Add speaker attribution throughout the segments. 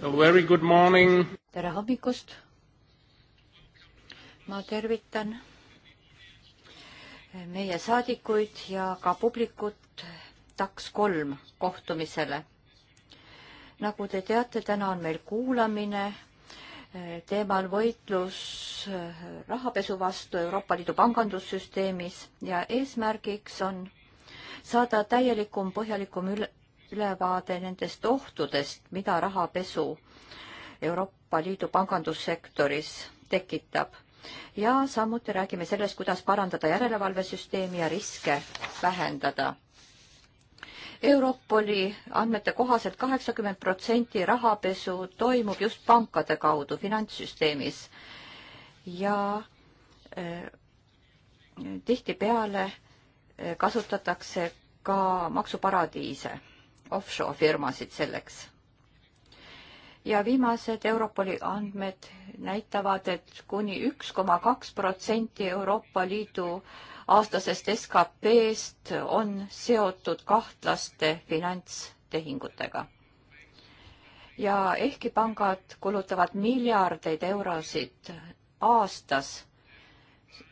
Speaker 1: Very good morning.
Speaker 2: tere hommikust. ma tervitan meie saadikuid ja ka publikut TAKS kolm kohtumisele. nagu te teate, täna on meil kuulamine teemal võitlus rahapesu vastu Euroopa Liidu pangandussüsteemis ja eesmärgiks on saada täielikum, põhjalikum üle ülevaade nendest ohtudest, mida rahapesu Euroopa Liidu pangandussektoris tekitab ja samuti räägime sellest, kuidas parandada järelevalvesüsteemi ja riske vähendada. Europoli andmete kohaselt kaheksakümmend protsenti rahapesu toimub just pankade kaudu finantssüsteemis ja äh, tihtipeale eh, kasutatakse ka maksuparadiise offshore firmasid selleks. ja viimased Europoli andmed näitavad, et kuni üks koma kaks protsenti Euroopa Liidu aastasest SKP-st on seotud kahtlaste finantstehingutega. ja ehkki pangad kulutavad miljardeid eurosid aastas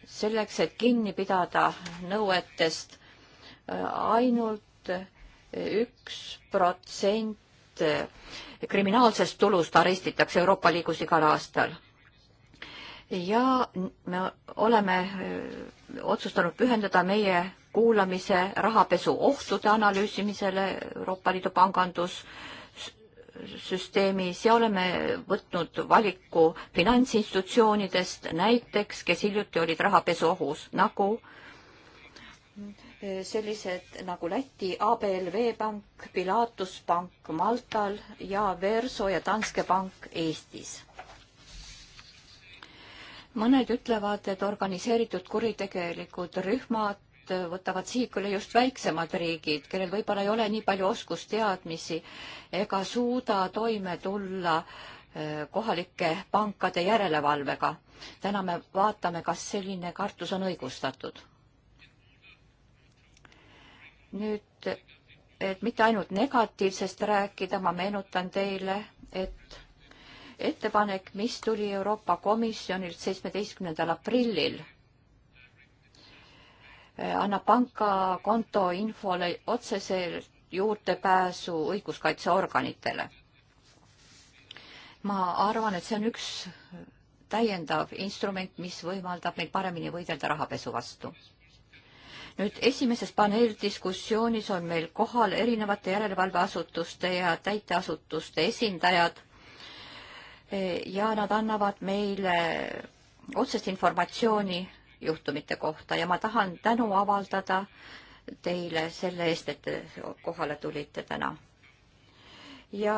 Speaker 2: selleks, et kinni pidada nõuetest, äh, ainult üks protsent kriminaalsest tulust arestitakse Euroopa Liigus igal aastal. ja me oleme äh, otsustanud pühendada meie kuulamise rahapesu ohtude analüüsimisele Euroopa Liidu pangandussüsteemis ja oleme võtnud valiku finantsinstitutsioonidest näiteks, kes hiljuti olid rahapesu ohus, nagu sellised nagu Läti ABLV pank, Pilatus pank Maltal ja Verso ja Danske pank Eestis. mõned ütlevad, et organiseeritud kuritegelikud rühmad võtavad sihikule just väiksemad riigid, kellel võib-olla ei ole nii palju oskusteadmisi ega suuda toime tulla eh, kohalike pankade järelevalvega. täna me vaatame, kas selline kartus on õigustatud nüüd, et mitte ainult negatiivsest rääkida, ma meenutan teile, et ettepanek, mis tuli Euroopa Komisjonilt seitsmeteistkümnendal aprillil, eh, annab pangakonto infole otseselt juurdepääsu õiguskaitseorganitele. ma arvan, et see on üks täiendav instrument, mis võimaldab meil paremini võidelda rahapesu vastu nüüd esimeses paneeldiskussioonis on meil kohal erinevate järelevalveasutuste ja täiteasutuste esindajad e, ja nad annavad meile otsest informatsiooni juhtumite kohta ja ma tahan tänu avaldada teile selle eest, et te kohale tulite täna. ja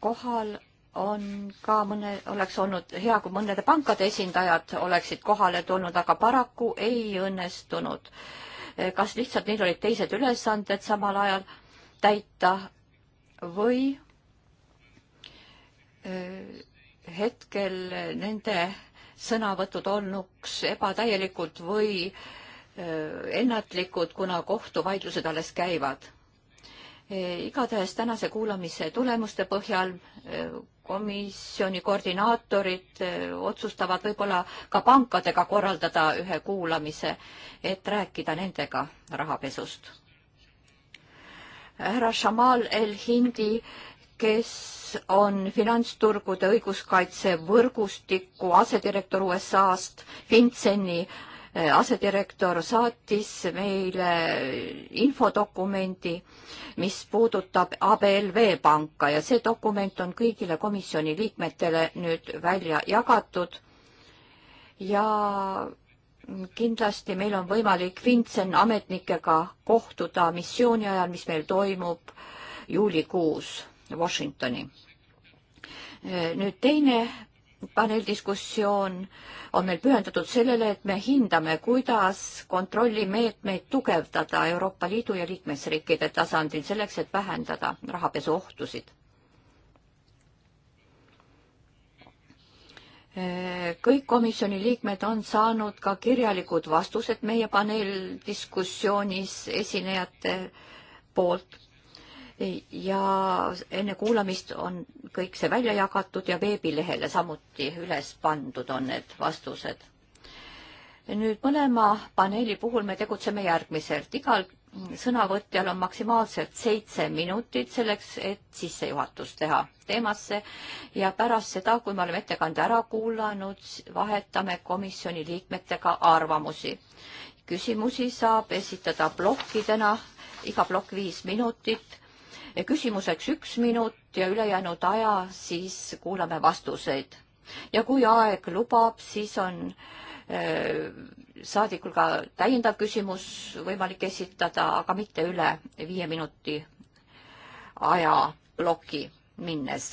Speaker 2: kohal on ka mõne, oleks olnud hea, kui mõnede pankade esindajad oleksid kohale tulnud, aga paraku ei õnnestunud. kas lihtsalt neil olid teised ülesanded samal ajal täita või hetkel nende sõnavõtud olnuks ebatäielikud või ennatlikud, kuna kohtuvaidlused alles käivad igatahes tänase kuulamise tulemuste põhjal komisjoni koordinaatorid eh, otsustavad võib-olla ka pankadega korraldada ühe kuulamise, et rääkida nendega rahapesust. härra Shamal El-Hindi, kes on finantsturgude õiguskaitse võrgustiku asedirektor USA-st, FinCEN-i äh, asedirektor saatis meile infodokumendi, mis puudutab ABLV panka ja see dokument on kõigile komisjoni liikmetele nüüd välja jagatud. ja kindlasti meil on võimalik Vintsen ametnikega kohtuda missiooni ajal, mis meil toimub juulikuus Washingtoni. nüüd teine paneeldiskussioon on meil pühendatud sellele, et me hindame, kuidas kontrollimeetmeid tugevdada Euroopa Liidu ja liikmesriikide tasandil selleks, et vähendada rahapesu ohtusid. kõik komisjoni liikmed on saanud ka kirjalikud vastused meie paneeldiskussioonis esinejate poolt ja enne kuulamist on kõik see välja jagatud ja veebilehele samuti üles pandud on need vastused. nüüd mõlema paneeli puhul me tegutseme järgmiselt. igal sõnavõtjal on maksimaalselt seitse minutit selleks, et sissejuhatus teha teemasse ja pärast seda, kui me oleme ettekande ära kuulanud, vahetame komisjoni liikmetega arvamusi. küsimusi saab esitada plokkidena, iga plokk viis minutit ja küsimuseks üks minut ja ülejäänud aja siis kuulame vastuseid. ja kui aeg lubab, siis on äh, saadikul ka täiendav küsimus võimalik esitada, aga mitte üle viie minuti ajaploki minnes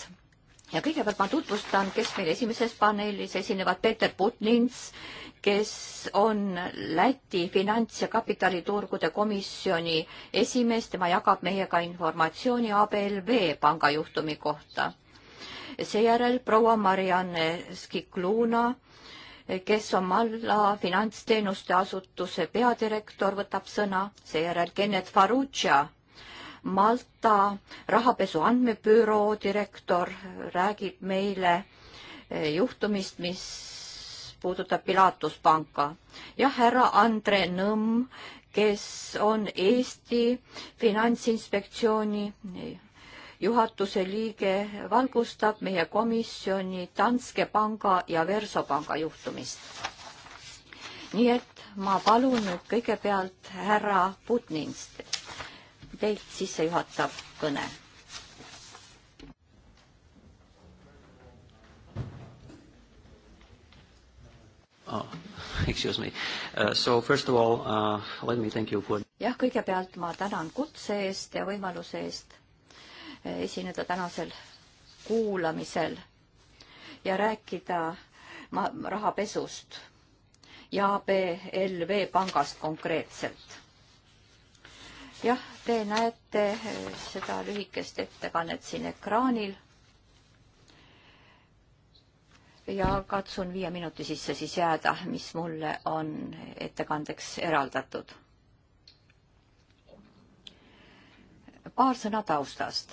Speaker 2: ja kõigepealt ma tutvustan, kes meil esimeses paneelis esinevad, Peeter Putnins, kes on Läti finants- ja kapitaliturgude komisjoni esimees, tema jagab meiega informatsiooni ABLV pangajuhtumi kohta. seejärel proua Marianne Skikluna, kes on Malla finantsteenuste asutuse peadirektor, võtab sõna, seejärel Kenneth Farrugia Malta rahapesu andmebüroo direktor räägib meile eh, juhtumist, mis puudutab Pilatus panka. jah, härra Andre Nõmm, kes on Eesti Finantsinspektsiooni juhatuse liige, valgustab meie komisjoni Danske panga ja Versobanga juhtumist. nii et ma palun nüüd kõigepealt härra Putninst, teilt sissejuhatav kõne. Oh, excuse me. Uh, so first of all uh, let me thank you for jah, kõigepealt ma tänan kutse eest ja võimaluse eest eh, esineda tänasel kuulamisel ja rääkida ma rahapesust ja ABLV pangast konkreetselt jah, te näete eh, seda lühikest ettekannet siin ekraanil. ja katsun viie minuti sisse siis jääda, mis mulle on ettekandeks eraldatud. paar sõna taustast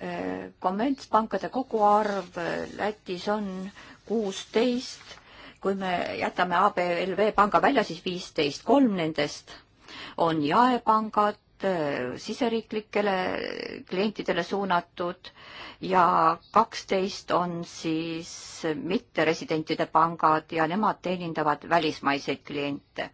Speaker 2: eh, kommertspankade koguarv eh, Lätis on kuusteist, kui me jätame ABLV panga välja, siis viisteist, kolm nendest on jaepangad, äh, siseriiklikele klientidele suunatud ja kaksteist on siis mitteresidentide pangad ja nemad teenindavad välismaiseid kliente.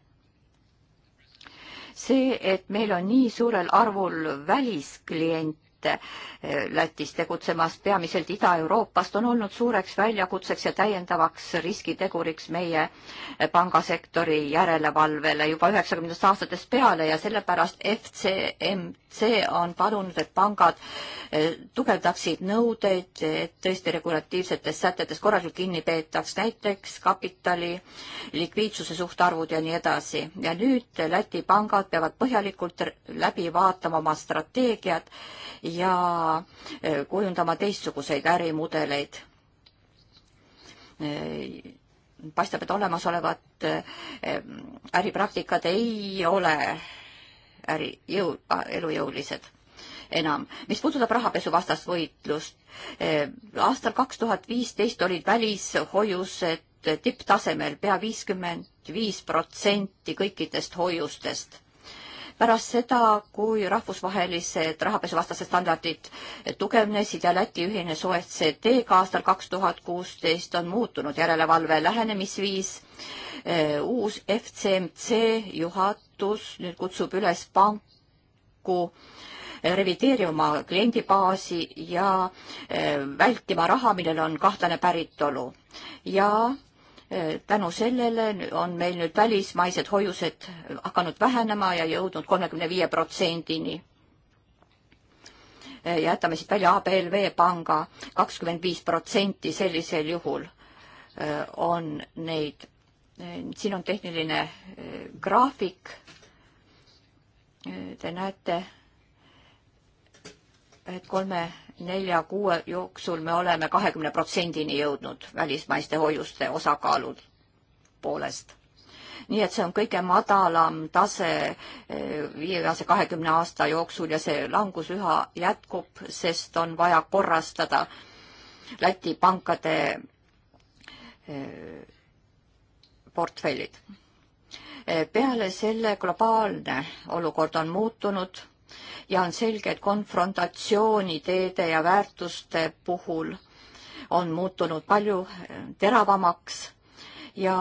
Speaker 2: see, et meil on nii suurel arvul väliskliente, mitte eh, Lätis tegutsemas, peamiselt Ida-Euroopast, on olnud suureks väljakutseks ja täiendavaks riskiteguriks meie eh, pangasektori järelevalvele juba üheksakümnendast aastatest peale ja sellepärast FCMC on palunud, et pangad eh, tugevdaksid nõudeid, et tõesti regulatiivsetest sätetest korralikult kinni peetaks, näiteks kapitali, likviidsuse suhtarvud ja nii edasi. ja nüüd Läti pangad peavad põhjalikult läbi vaatama oma strateegiad ja e, kujundama teistsuguseid ärimudeleid. E, paistab, et olemasolevad e, äripraktikad ei ole äri jõu, elujõulised enam. mis puudutab rahapesuvastast võitlust, aastal kaks tuhat viisteist olid välishoiused tipptasemel pea viiskümmend viis protsenti kõikidest hoiustest pärast seda, kui rahvusvahelised rahapesuvastased standardid tugevnesid ja Läti ühines OECD-ga aastal kaks tuhat kuusteist, on muutunud järelevalve lähenemisviis. uus FCMC juhatus nüüd kutsub üles panku revideerima oma kliendibaasi ja vältima raha, millel on kahtlane päritolu ja Eh, tänu sellele on meil nüüd välismaised hoiused hakanud vähenema ja jõudnud kolmekümne viie protsendini. Eh, jätame siit välja ABLV panga kakskümmend viis protsenti sellisel juhul eh, on neid. siin on tehniline graafik. Te näete, et kolme nelja-kuue jooksul me oleme kahekümne protsendini jõudnud välismaiste hoiuste osakaalu poolest. nii et see on kõige madalam tase eh, viimase kahekümne aasta jooksul ja see langus üha jätkub, sest on vaja korrastada Läti pankade eh, portfellid. Eh, peale selle globaalne olukord on muutunud ja on selge, et konfrontatsiooniteede ja väärtuste puhul on muutunud palju eh, teravamaks ja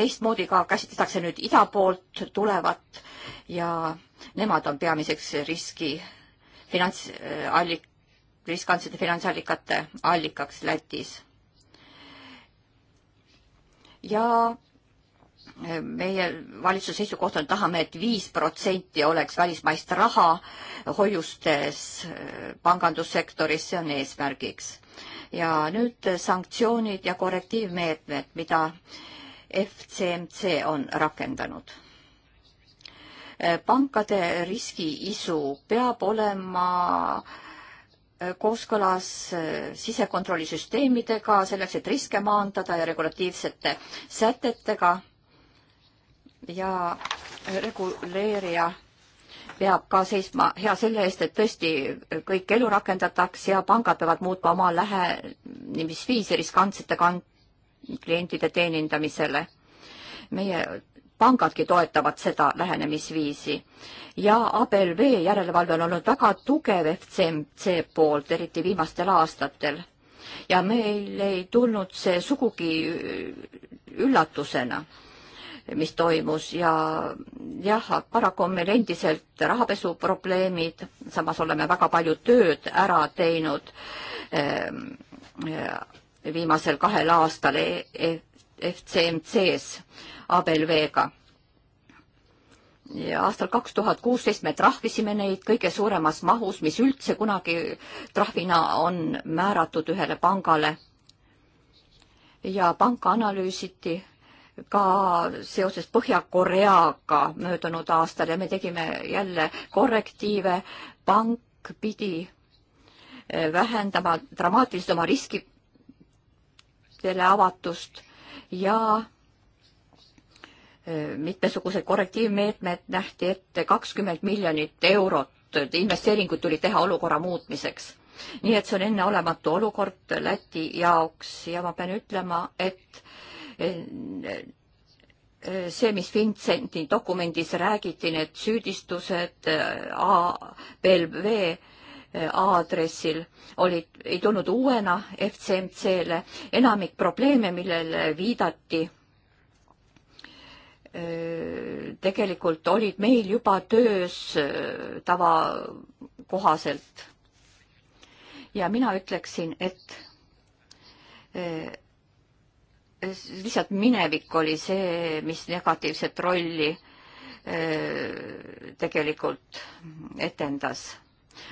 Speaker 2: teistmoodi ka käsitletakse nüüd ida poolt tulevat ja nemad on peamiseks riski finantsallik-, eh, riskantsete finantsallikate allikaks Lätis. ja meie valitsuse seisukoht on, tahame et, et viis protsenti oleks välismaist raha hoiustes äh, pangandussektoris, see on eesmärgiks. ja nüüd sanktsioonid ja korrektiivmeetmed, mida FCMC on rakendanud äh, pankade riskiisu peab olema äh, kooskõlas sisekontrollisüsteemidega selleks, et riske maandada ja regulatiivsete sätetega ja reguleerija peab ka seisma hea selle eest, et tõesti kõik elu rakendataks ja pangad peavad muutma oma lähenemisviisi riskantsete klientide teenindamisele. meie pangadki toetavad seda lähenemisviisi ja ABLV järelevalve on olnud väga tugev FCMC poolt, eriti viimastel aastatel. ja meil ei tulnud see sugugi üllatusena mis toimus ja jah, paraku on meil endiselt rahapesuprobleemid, samas oleme väga palju tööd ära teinud ehm, viimasel kahel aastal e, e, FCMC-s ABLV-ga. Ja aastal kaks tuhat kuusteist me trahvisime neid kõige suuremas mahus, mis üldse kunagi trahvina on määratud ühele pangale. ja panka analüüsiti ka seoses Põhja-Koreaga möödunud aastal ja me tegime jälle korrektiive. pank pidi eh, vähendama dramaatiliselt oma riskidele avatust ja eh, mitmesugused korrektiivmeetmed nähti ette kakskümmend miljonit eurot investeeringut tuli teha olukorra muutmiseks. nii et see on enneolematu olukord Läti jaoks ja ma pean ütlema, et see, mis Vincenti dokumendis räägiti, need süüdistused ABLV aadressil olid, ei tulnud uuena FCMC-le, enamik probleeme, millele viidati, tegelikult olid meil juba töös äh, tava kohaselt. ja mina ütleksin, et äh, lihtsalt minevik oli see, mis negatiivset rolli tegelikult etendas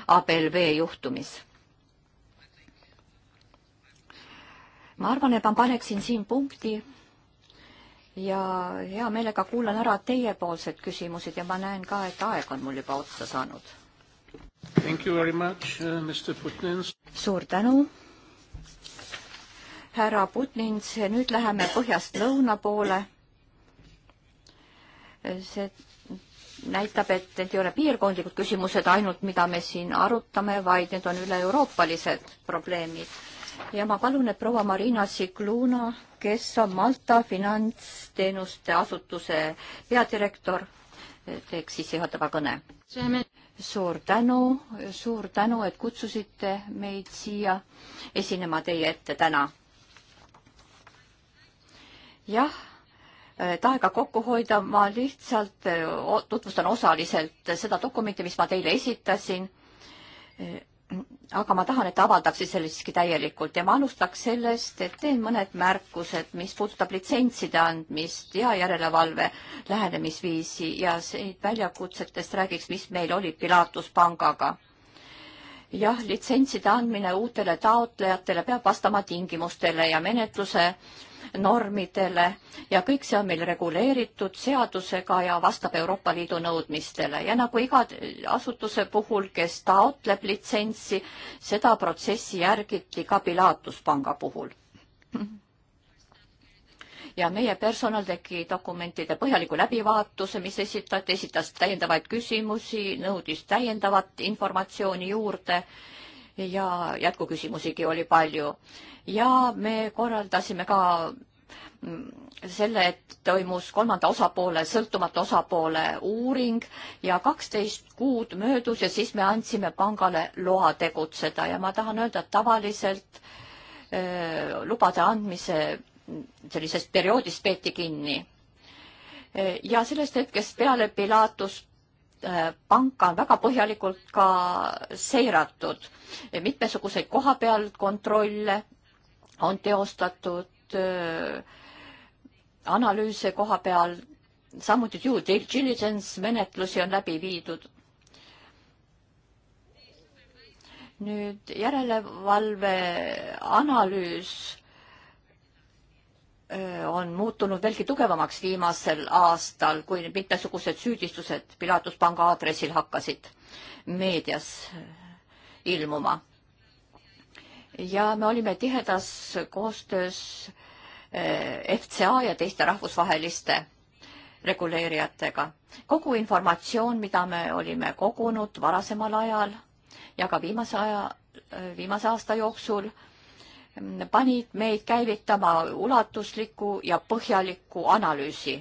Speaker 2: ABLV juhtumis. ma arvan, et ma paneksin siin punkti ja hea meelega kuulan ära teiepoolsed küsimused ja ma näen ka, et aeg on mul juba otsa saanud.
Speaker 1: Uh,
Speaker 2: suur tänu härra Putnins, nüüd läheme põhjast lõuna poole. see näitab, et need ei ole piirkondlikud küsimused ainult, mida me siin arutame, vaid need on üle-euroopalised probleemid. ja ma palun, et proua Marina Sikluna, kes on Malta finantsteenuste asutuse peadirektor, teeks sissejuhatava kõne. suur tänu, suur tänu, et kutsusite meid siia esinema teie ette täna jah, eh, et aega kokku hoida, ma lihtsalt eh, tutvustan osaliselt seda dokumenti, mis ma teile esitasin. Eh, aga ma tahan, et avaldaksid selle siiski täielikult ja ma alustaks sellest, et teen mõned märkused, mis puudutab litsentside andmist ja järelevalve lähenemisviisi ja neid väljakutsetest räägiks, mis meil oli Pilatus pangaga jah, litsentside andmine uutele taotlejatele peab vastama tingimustele ja menetluse äh, normidele ja kõik see on meil reguleeritud seadusega ja vastab Euroopa Liidu nõudmistele ja nagu iga asutuse puhul, kes taotleb litsentsi, seda protsessi järgiti ka Pilatus panga puhul ja meie personal tegi dokumentide põhjaliku läbivaatuse, mis esitati, esitas täiendavaid küsimusi, nõudis täiendavat informatsiooni juurde ja jätkuküsimusigi oli palju. ja me korraldasime ka mm, selle, et toimus kolmanda osapoole, sõltumatu osapoole uuring ja kaksteist kuud möödus ja siis me andsime pangale loa tegutseda ja ma tahan öelda, et tavaliselt öö, lubade andmise sellisest perioodist peeti kinni. ja sellest hetkest peale Pilatus Äh, panka on väga põhjalikult ka seiratud. mitmesuguseid kohapeal kontrolle on teostatud, äh, analüüse koha peal, samuti due diligence menetlusi on läbi viidud. nüüd järelevalve analüüs Äh, on muutunud veelgi tugevamaks viimasel aastal, kui mitmesugused süüdistused Pilatus panga aadressil hakkasid meedias äh, ilmuma. ja me olime tihedas koostöös äh, FCA ja teiste rahvusvaheliste reguleerijatega. kogu informatsioon, mida me olime kogunud varasemal ajal ja ka viimase aja, viimase aasta jooksul panid meid käivitama ulatusliku ja põhjaliku analüüsi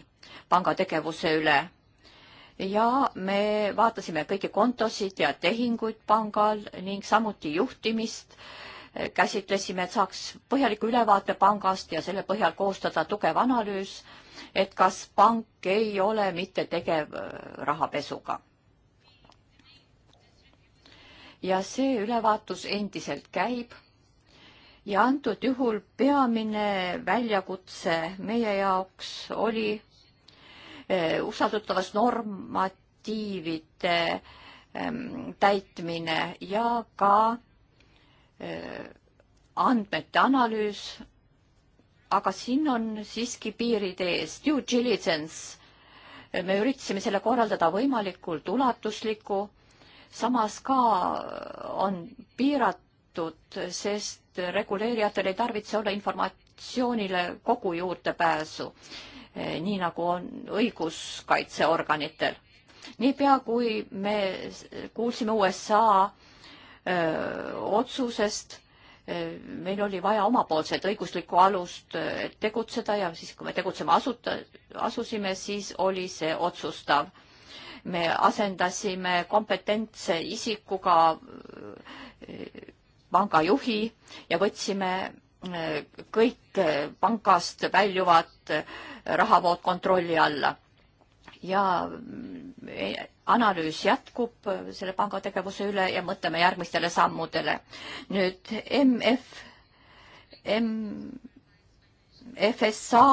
Speaker 2: panga tegevuse üle. ja me vaatasime kõiki kontosid ja tehinguid pangal ning samuti juhtimist käsitlesime, et saaks põhjaliku ülevaate pangast ja selle põhjal koostada tugev analüüs, et kas pank ei ole mitte tegev äh, rahapesuga. ja see ülevaatus endiselt käib ja antud juhul peamine väljakutse meie jaoks oli eh, usaldatavas normatiivide ehm, täitmine ja ka eh, andmete analüüs. aga siin on siiski piirid ees. Due diligence, eh, me üritasime selle korraldada võimalikult ulatusliku, samas ka on piiratud tagatud, sest reguleerijatel ei tarvitse olla informatsioonile kogu juurdepääsu, eh, nii nagu on õiguskaitseorganitel. niipea, kui me kuulsime USA öö, eh, otsusest, eh, meil oli vaja omapoolset õiguslikku alust tegutseda ja siis, kui me tegutsema asuta, asusime, siis oli see otsustav. me asendasime kompetentse isikuga pangajuhi ja võtsime eh, kõik eh, pangast väljuvad eh, rahavood kontrolli alla. ja mm, analüüs jätkub selle panga tegevuse üle ja mõtleme järgmistele sammudele. nüüd MF, M, FSA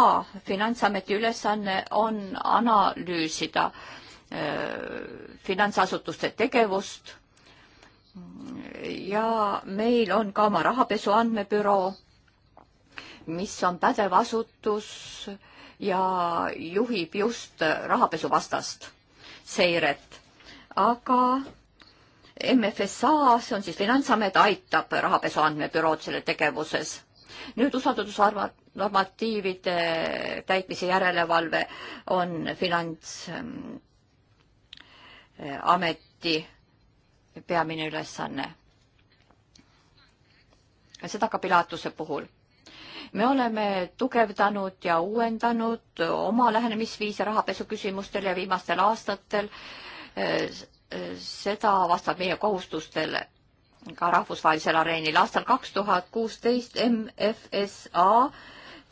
Speaker 2: finantsameti ülesanne on analüüsida finantsasutuste tegevust ja meil on ka oma rahapesu andmebüroo, mis on pädev asutus ja juhib just rahapesuvastast seiret. aga MFSA, see on siis Finantsamet, aitab rahapesu andmebürood selle tegevuses. nüüd usaldusarvad normatiivide täitmise järelevalve on finantsameti peamine ülesanne. seda ka Pilatuse puhul. me oleme tugevdanud ja uuendanud oma lähenemisviise rahapesu küsimustele ja viimastel aastatel e, seda vastab meie kohustustele ka rahvusvahelisel areenil. aastal kaks tuhat kuusteist MFSA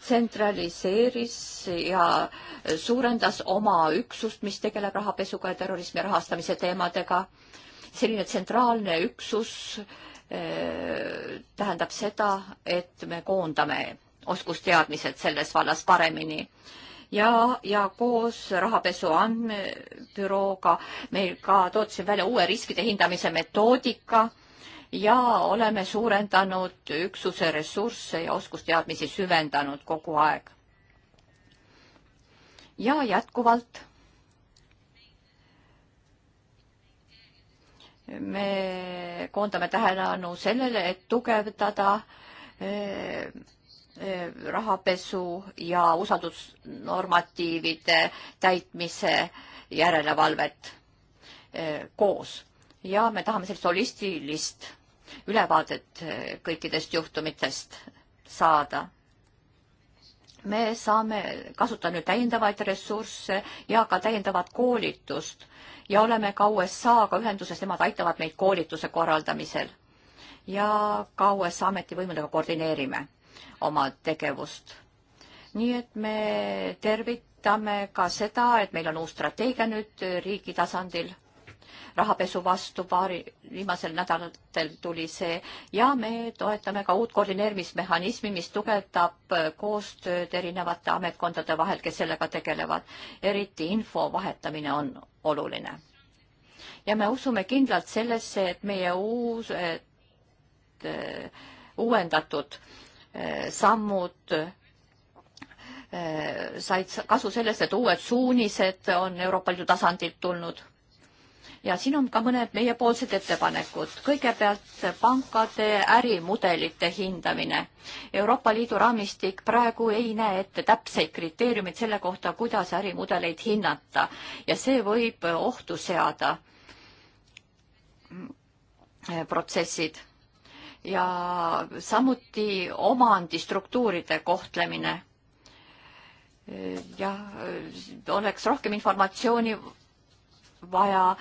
Speaker 2: tsentraliseeris ja suurendas oma üksust, mis tegeleb rahapesuga ja terrorismi rahastamise teemadega selline tsentraalne üksus eh, tähendab seda, et me koondame oskusteadmised selles vallas paremini ja, ja koos rahapesu andmebürooga meil ka tootsime välja uue riskide hindamise metoodika ja oleme suurendanud üksuse ressursse ja oskusteadmisi süvendanud kogu aeg. ja jätkuvalt me koondame tähelepanu sellele, et tugevdada e, e, rahapesu ja usaldusnormatiivide täitmise järelevalvet e, koos ja me tahame sellist holistilist ülevaadet kõikidest juhtumitest saada. me saame kasutada nüüd täiendavaid ressursse ja ka täiendavat koolitust ja oleme ka USA-ga ühenduses, nemad aitavad meid koolituse korraldamisel ja ka USA ametivõimudega koordineerime oma tegevust. nii et me tervitame ka seda, et meil on uus strateegia nüüd riigi tasandil rahapesu vastu paari viimasel nädalatel tuli see ja me toetame ka uut koordineerimismehhanismi, mis tugevdab koostööd erinevate ametkondade vahel, kes sellega tegelevad. eriti info vahetamine on oluline. ja me usume kindlalt sellesse, et meie uus, äh, uuendatud äh, sammud äh, said kasu sellest, et uued suunised on Euroopa Liidu tasandilt tulnud ja siin on ka mõned meiepoolsed ettepanekud. kõigepealt pankade ärimudelite hindamine. Euroopa Liidu raamistik praegu ei näe ette täpseid kriteeriumeid selle kohta, kuidas ärimudeleid hinnata ja see võib ohtu seada protsessid ja samuti omandistruktuuride kohtlemine jah, oleks rohkem informatsiooni vaja.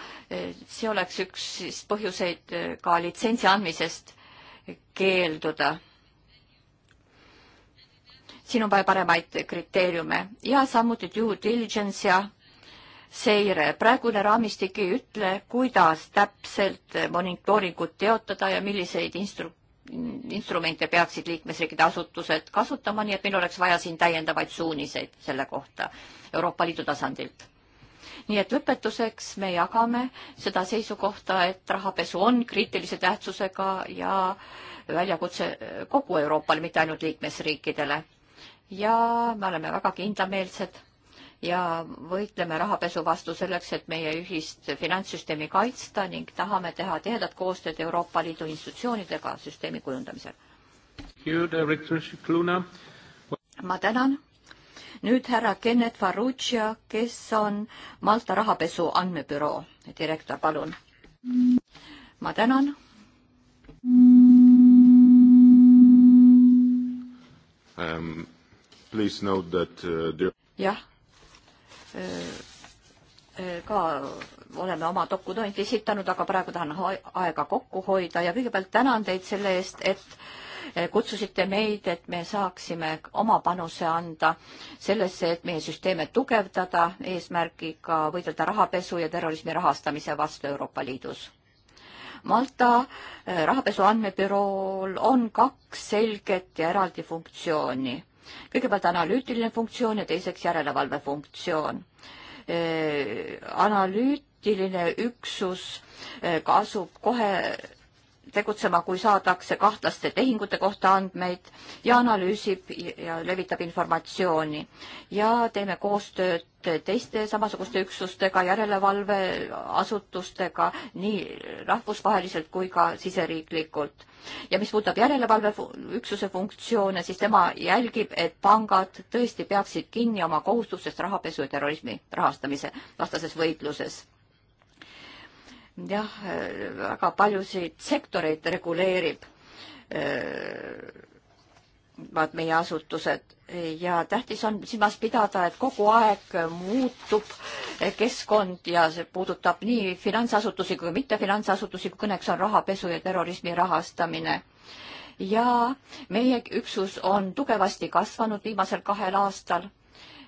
Speaker 2: see oleks üks siis põhjuseid ka litsentsi andmisest keelduda. siin on vaja paremaid kriteeriume ja samuti due diligence ja seire. praegune raamistik ei ütle, kuidas täpselt monitooringut teotada ja milliseid instru-, instrumente peaksid liikmesriikide asutused kasutama, nii et meil oleks vaja siin täiendavaid suuniseid selle kohta Euroopa Liidu tasandilt nii et lõpetuseks me jagame seda seisukohta, et rahapesu on kriitilise tähtsusega ja väljakutse kogu Euroopale, mitte ainult liikmesriikidele. ja me oleme väga kindlameelsed ja võitleme rahapesu vastu selleks, et meie ühist finantssüsteemi kaitsta ning tahame teha tihedat koostööd Euroopa Liidu institutsioonidega süsteemi kujundamisel. ma tänan nüüd härra Kennet Farrugia, kes on Malta rahapesu andmebüroo direktor, palun. ma tänan.
Speaker 3: Um, please note that uh, there...
Speaker 2: jah ka oleme oma dokumendid esitanud, aga praegu tahan aega kokku hoida ja kõigepealt tänan teid selle eest, et Äh, kutsusite meid, et me saaksime oma panuse anda sellesse, et meie süsteeme tugevdada eesmärgiga võidelda rahapesu ja terrorismi rahastamise vastu Euroopa Liidus. Malta äh, rahapesu andmebürool on kaks selget ja eraldi funktsiooni. kõigepealt analüütiline funktsioon ja teiseks järelevalve funktsioon. Äh, analüüt- poliitiline üksus kasub kohe tegutsema, kui saadakse kahtlaste tehingute kohta andmeid ja analüüsib ja levitab informatsiooni. ja teeme koostööd teiste samasuguste üksustega, järelevalveasutustega nii rahvusvaheliselt kui ka siseriiklikult. ja mis puudutab järelevalveüksuse funktsioone, siis tema jälgib, et pangad tõesti peaksid kinni oma kohustustest rahapesu ja terrorismi rahastamise vastases võitluses jah, väga paljusid sektoreid reguleerib äh, vaat meie asutused ja tähtis on silmas pidada, et kogu aeg muutub keskkond ja see puudutab nii finantsasutusi kui mitte finantsasutusi, kui kõneks on rahapesu ja terrorismi rahastamine. ja meie üksus on tugevasti kasvanud viimasel kahel aastal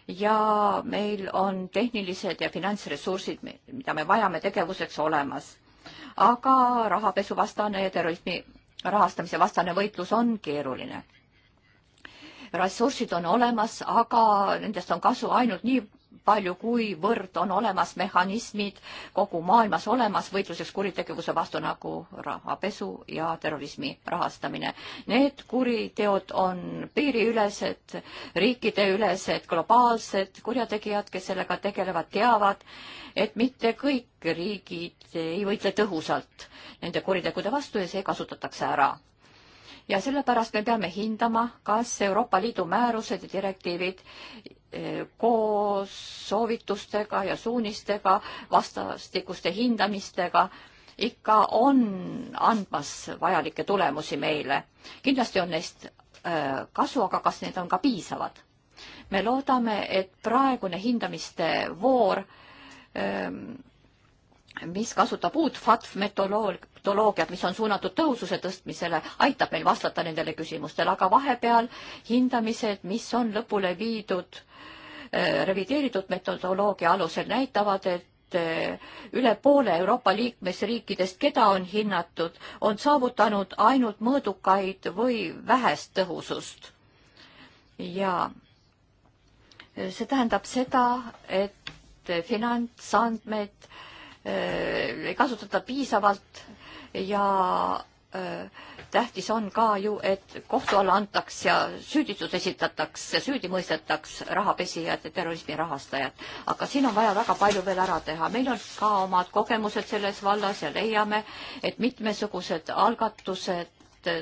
Speaker 2: ja meil on tehnilised ja finantsressursid, mida me vajame tegevuseks olemas. aga rahapesuvastane ja terrorismi rahastamise vastane võitlus on keeruline. ressursid on olemas, aga nendest on kasu ainult nii palju, kuivõrd on olemas mehhanismid kogu maailmas olemas võitluseks kuritegevuse vastu nagu rahapesu ja terrorismi rahastamine. Need kuriteod on piiriülesed, riikideülesed, globaalsed, kurjategijad, kes sellega tegelevad, teavad, et mitte kõik riigid ei võitle tõhusalt nende kuritegude vastu ja see kasutatakse ära ja sellepärast me peame hindama, kas Euroopa Liidu määrused ja direktiivid koos soovitustega ja suunistega, vastastikuste hindamistega ikka on andmas vajalikke tulemusi meile. kindlasti on neist äh, kasu, aga kas need on ka piisavad? me loodame, et praegune hindamiste voor, ähm, mis kasutab uut FATF metoloog-, metodoloogiat, mis on suunatud tõhususe tõstmisele, aitab meil vastata nendele küsimustele, aga vahepeal hindamised, mis on lõpule viidud äh, revideeritud metodoloogia alusel, näitavad, et äh, üle poole Euroopa liikmesriikidest, keda on hinnatud, on saavutanud ainult mõõdukaid või vähest tõhusust. ja äh, see tähendab seda, et finantsandmeid ei kasutata piisavalt ja tähtis on ka ju, et kohtu alla antaks ja süüdistus esitataks, süüdi mõistetaks rahapesijad ja terrorismi rahastajad. aga siin on vaja väga palju veel ära teha. meil on ka omad kogemused selles vallas ja leiame, et mitmesugused algatused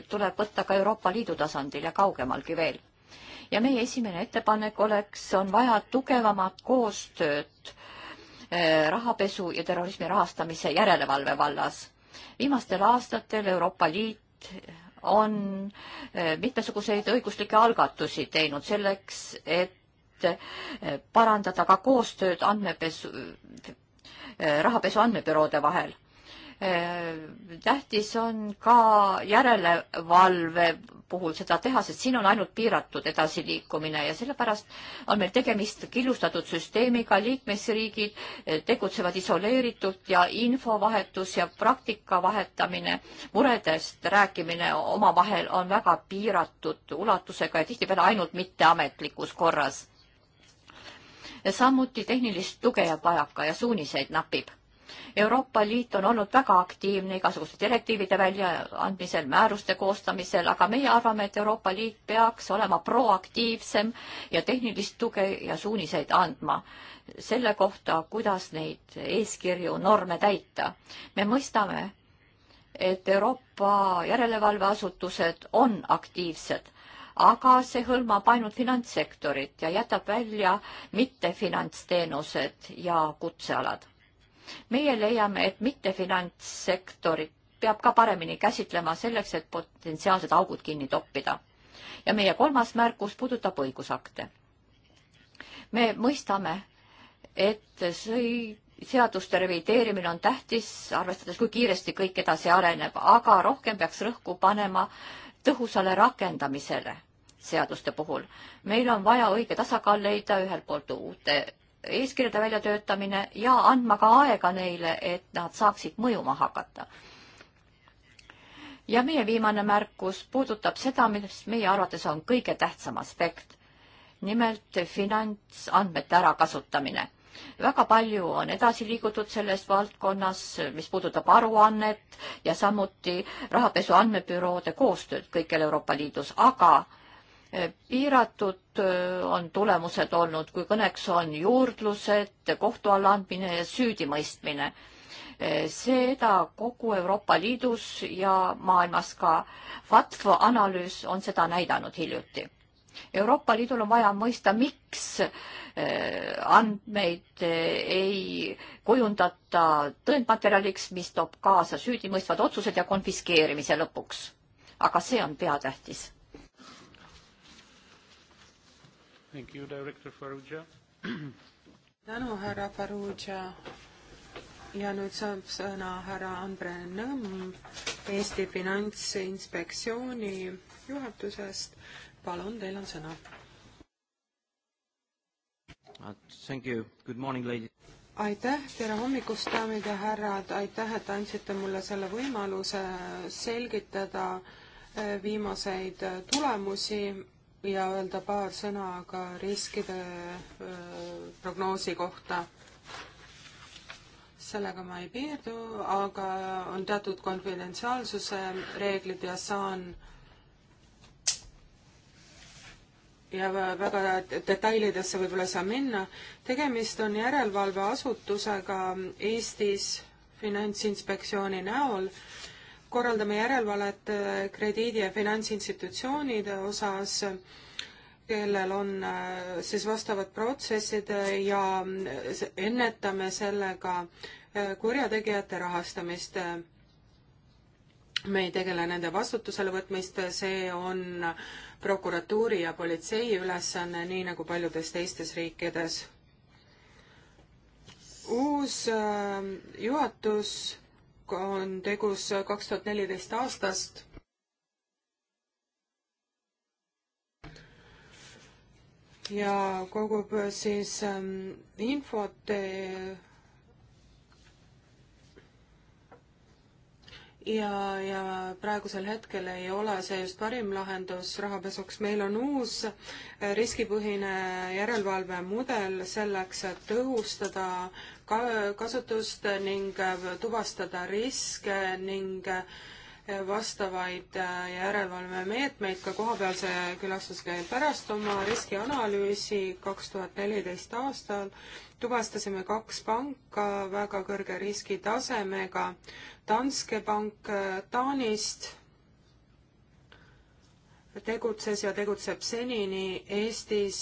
Speaker 2: tuleb võtta ka Euroopa Liidu tasandil ja kaugemalgi veel. ja meie esimene ettepanek oleks, on vaja tugevamat koostööd rahapesu ja terrorismi rahastamise järelevalve vallas viimastel aastatel Euroopa Liit on eh, mitmesuguseid õiguslikke algatusi teinud selleks, et eh, parandada ka koostööd andmepesu, eh, rahapesu andmebüroode vahel tähtis on ka järelevalve puhul seda teha, sest siin on ainult piiratud edasiliikumine ja sellepärast on meil tegemist killustatud süsteemiga, liikmesriigid eh, tegutsevad isoleeritult ja infovahetus ja praktika vahetamine, muredest rääkimine omavahel on väga piiratud ulatusega ja tihtipeale ainult mitteametlikus korras. samuti tehnilist tuge jääb vajaka ja suuniseid napib Euroopa Liit on olnud väga aktiivne igasuguste direktiivide väljaandmisel, määruste koostamisel, aga meie arvame, et Euroopa Liit peaks olema proaktiivsem ja tehnilist tuge ja suuniseid andma selle kohta, kuidas neid eeskirju, norme täita. me mõistame, et Euroopa järelevalveasutused on aktiivsed, aga see hõlmab ainult finantssektorit ja jätab välja mittefinantsteenused ja kutsealad meie leiame, et mittefinantssektorit peab ka paremini käsitlema selleks, et potentsiaalsed augud kinni toppida. ja meie kolmas märkus puudutab õigusakte. me mõistame, et sõi-, seaduste revideerimine on tähtis, arvestades, kui kiiresti kõik edasi areneb, aga rohkem peaks rõhku panema tõhusale rakendamisele seaduste puhul. meil on vaja õige tasakaal leida ühelt poolt uute eeskirjade väljatöötamine ja andma ka aega neile, et nad saaksid mõjuma hakata. ja meie viimane märkus puudutab seda, mis meie arvates on kõige tähtsam aspekt. nimelt finantsandmete ärakasutamine. väga palju on edasi liigutud selles valdkonnas, mis puudutab aruannet ja samuti rahapesu andmebüroode koostööd kõikjal Euroopa Liidus, aga piiratud on tulemused olnud, kui kõneks on juurdlused, kohtu alla andmine ja süüdimõistmine. seda kogu Euroopa Liidus ja maailmas ka. FATFO analüüs on seda näidanud hiljuti. Euroopa Liidul on vaja mõista, miks andmeid ei kujundata tõendmaterjaliks, mis toob kaasa süüdimõistvad otsused ja konfiskeerimise lõpuks. aga see on peatähtis
Speaker 3: Thank you, Director Farrugia. tänu, härra Farrugia. ja nüüd saab sõna härra Andre Nõmm Eesti Finantsinspektsiooni juhatusest. palun, teil on sõna. Uh, thank you, good morning, ladies aitäh, tere hommikust, daamid ja härrad, aitäh, et andsite mulle selle võimaluse selgitada eh, viimaseid eh, tulemusi ja öelda paar sõna ka riskide prognoosi kohta. sellega ma ei piirdu, aga on teatud konfidentsiaalsuse reeglid ja saan ja väga detailidesse võib-olla ei saa minna. tegemist on järelevalveasutusega Eestis Finantsinspektsiooni näol korraldame järelevalvet äh, krediidi- ja finantsinstitutsioonide osas, kellel on äh, siis vastavad protsessid äh, ja ennetame sellega kurjategijate rahastamist me ei tegele nende vastutusele võtmist, see on prokuratuuri ja politsei ülesanne, nii nagu paljudes teistes riikides. uus juhatus on tegus kaks tuhat neliteist aastast. ja kogub siis ähm, infot äh, ja, ja praegusel hetkel ei ole see just parim lahendus rahapesuks. meil on uus äh, riskipõhine järelevalvemudel selleks, et tõhustada ka-, kasutust ning äh, tuvastada riske ning äh, vastavaid äh, järelevalvemeetmeid ka kohapealse külastuskäi pärast oma riskianalüüsi kaks tuhat neliteist aastal tuvastasime kaks panka väga kõrge riskitasemega, Danske Bank Taanist tegutses ja tegutseb senini Eestis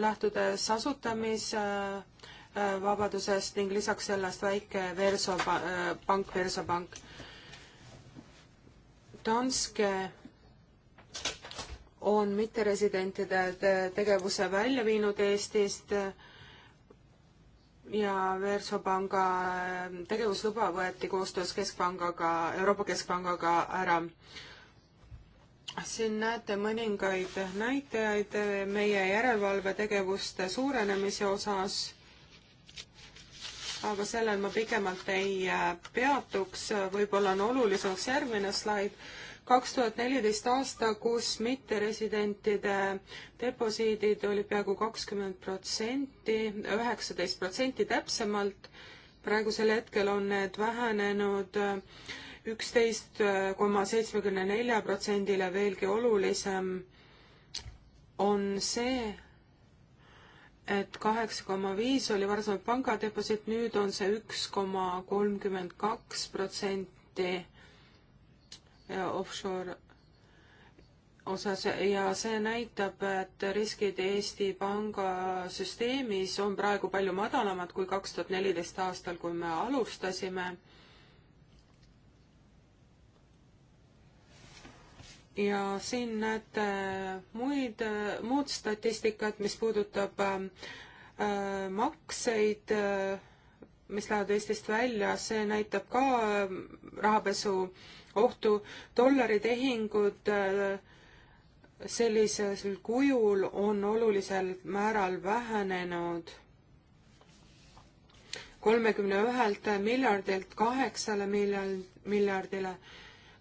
Speaker 3: lähtudes asutamisvabadusest ning lisaks sellest väike Versopank, äh, Versopank. Danske on mitteresidentide tegevuse välja viinud Eestist ja Versobanga äh, tegevusluba võeti koostöös Keskpangaga, Euroopa Keskpangaga ära siin näete mõningaid näitajaid meie järelevalvetegevuste suurenemise osas, aga sellel ma pikemalt ei äh, peatuks, võib-olla on olulisemaks järgmine slaid, kaks tuhat neliteist aasta, kus mitteresidentide deposiidid olid peaaegu kakskümmend protsenti, üheksateist protsenti täpsemalt, praegusel hetkel on need vähenenud äh, üksteist koma seitsmekümne nelja protsendile, veelgi olulisem on see, et kaheksa koma viis oli varasemalt pangadeposiit, nüüd on see üks koma kolmkümmend kaks protsenti offshore osas ja see näitab, et riskid Eesti pangasüsteemis on praegu palju madalamad kui kaks tuhat neliteist aastal, kui me alustasime ja siin näete muid, muud statistikat, mis puudutab ähm, äh, makseid äh,, mis lähevad Eestist välja, see näitab ka äh, rahapesu ohtu, dollaritehingud äh, sellisel kujul on olulisel määral vähenenud kolmekümne ühelt miljardilt kaheksale miljard, miljardile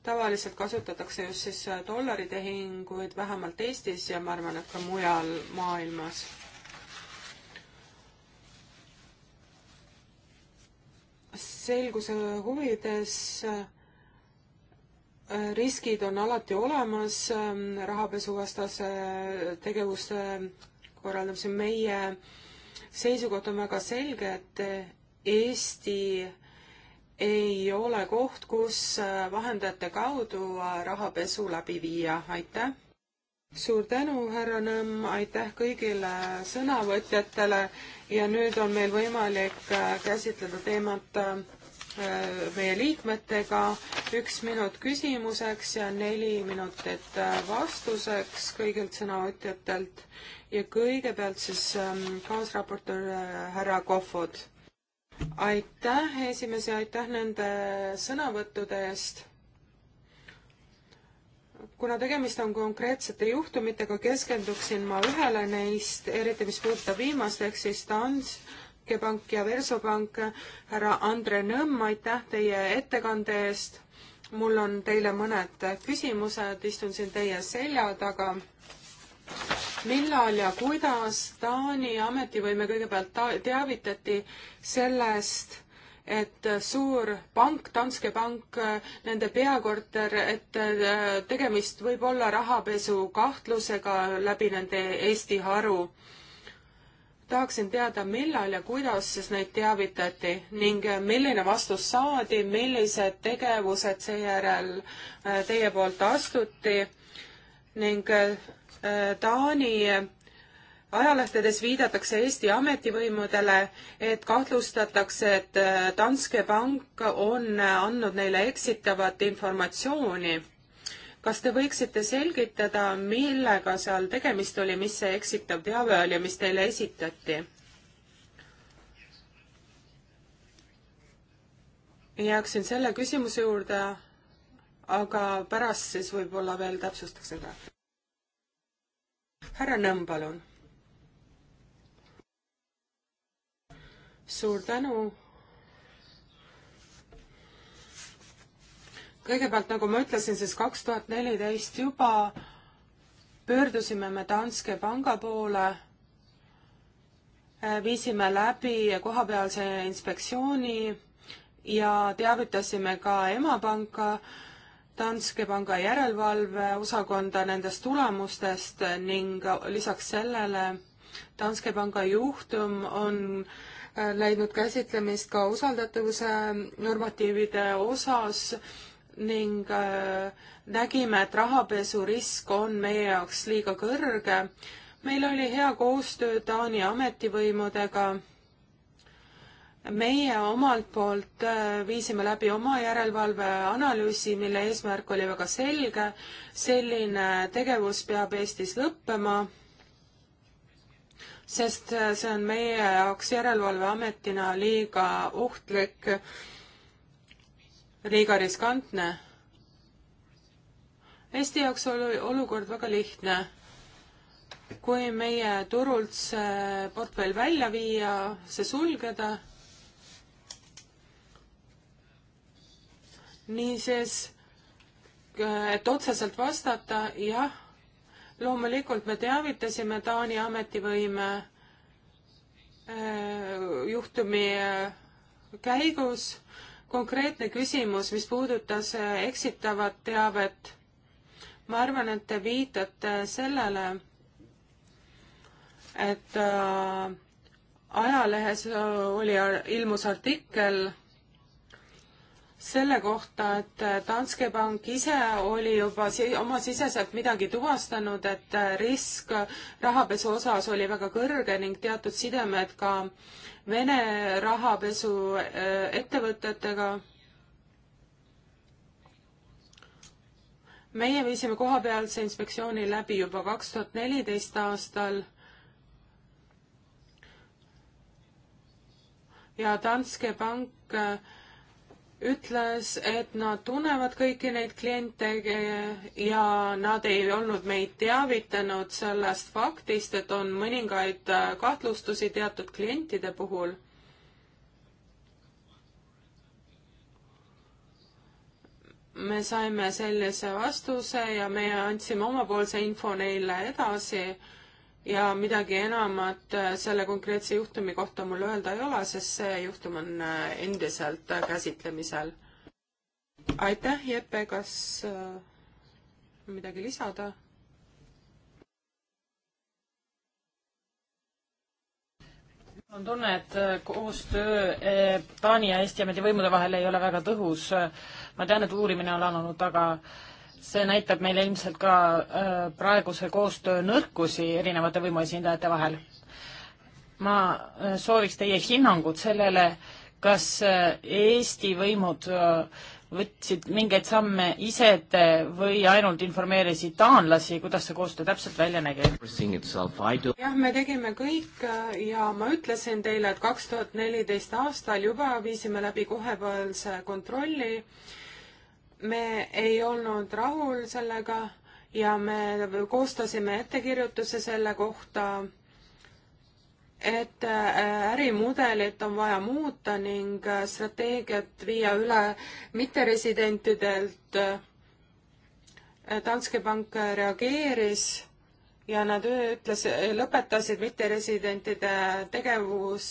Speaker 3: tavaliselt kasutatakse just siis äh, dollaritehinguid, vähemalt Eestis ja ma arvan, et ka mujal maailmas. selguse huvides äh, riskid on alati olemas ähm, rahapesuvastase äh, tegevuse korraldamisel. meie seisukoht on väga selge, et Eesti ei ole koht, kus äh, vahendajate kaudu äh, rahapesu läbi viia, aitäh! suur tänu, härra Nõmm, aitäh kõigile sõnavõtjatele ja nüüd on meil võimalik äh, käsitleda teemat meie liikmetega, üks minut küsimuseks ja neli minutit vastuseks kõigilt sõnavõtjatelt ja kõigepealt siis ähm, kaasraportöör härra Kohvod aitäh, esimees, ja aitäh nende sõnavõttude eest. kuna tegemist on konkreetsete juhtumitega, keskenduksin ma ühele neist, eriti mis puudutab viimast, ehk siis Danske Bank ja Versobank. härra Andre Nõmm, aitäh teie ettekande eest. mul on teile mõned küsimused, istun siin teie selja taga millal ja kuidas Taani ametivõime kõigepealt ta teavitati sellest, et suur pank, Danske Bank, nende peakorter, et äh, tegemist võib olla rahapesukahtlusega läbi nende Eesti haru. tahaksin teada, millal ja kuidas siis neid teavitati ning milline vastus saadi, millised tegevused seejärel äh, teie poolt astuti ning äh, Taani ajalehtedes viidatakse Eesti ametivõimudele, et kahtlustatakse, et äh, Danske Bank on andnud neile eksitavat informatsiooni. kas te võiksite selgitada, millega seal tegemist oli, mis see eksitav teave oli, mis teile esitati? jääksin selle küsimuse juurde, aga pärast siis võib-olla veel täpsustaks seda härra Nõmm, palun. suur tänu. kõigepealt, nagu ma ütlesin, siis kaks tuhat neliteist juba pöördusime me Danske panga poole, äh, viisime läbi kohapealse inspektsiooni ja teavitasime ka emapanka Danske panga järelevalveosakonda nendest tulemustest ning lisaks sellele Danske panga juhtum on äh, leidnud käsitlemist ka usaldatavuse normatiivide osas ning äh, nägime, et rahapesurisk on meie jaoks liiga kõrge. meil oli hea koostöö Taani ametivõimudega meie omalt poolt äh, viisime läbi oma järelevalveanalüüsi, mille eesmärk oli väga selge. selline tegevus peab Eestis lõppema, sest äh, see on meie jaoks Järelevalveametina liiga ohtlik, liiga riskantne. Eesti jaoks oli olukord väga lihtne kui meie turult see portfell välja viia, see sulgeda, niisiis, et otseselt vastata, jah, loomulikult me teavitasime Taani ametivõime äh, juhtumi äh, käigus konkreetne küsimus, mis puudutas äh, eksitavat teavet. ma arvan, et te viitate sellele, et ajalehes oli, ilmus artikkel selle kohta, et äh, Danske Bank ise oli juba si oma siseselt midagi tuvastanud, et äh, risk rahapesu osas oli väga kõrge ning teatud sidemed ka Vene rahapesu äh, ettevõtetega. meie viisime kohapealse inspektsiooni läbi juba kaks tuhat neliteist aastal ja Danske Bank ütles, et nad tunnevad kõiki neid kliente ja nad ei olnud meid teavitanud sellest faktist, et on mõningaid kahtlustusi teatud klientide puhul. me saime sellise vastuse ja me andsime omapoolse info neile edasi ja midagi enamat äh, selle konkreetse juhtumi kohta mul öelda ei ole, sest see juhtum on äh, endiselt äh, käsitlemisel. aitäh, Jeppe, kas on midagi lisada? on tunne, et koostöö
Speaker 1: Taani ja Eesti ameti võimude vahel ei ole väga tõhus. ma tean, et uurimine on alanud, aga see näitab meile ilmselt ka äh, praeguse koostöö nõrkusi erinevate võimuesindajate vahel. ma äh, sooviks teie hinnangut sellele, kas äh, Eesti võimud võtsid mingeid samme ise ette või ainult informeerisid taanlasi, kuidas see koostöö täpselt välja nägi?
Speaker 3: jah, me tegime kõik ja ma ütlesin teile, et kaks tuhat neliteist aastal juba viisime läbi kohepealse kontrolli me ei olnud rahul sellega ja me koostasime ettekirjutuse selle kohta, et äh, ärimudelit on vaja muuta ning äh, strateegiat viia üle mitteresidentidelt. Äh, Danske Bank reageeris ja nad ütles, lõpetasid mitteresidentide tegevus,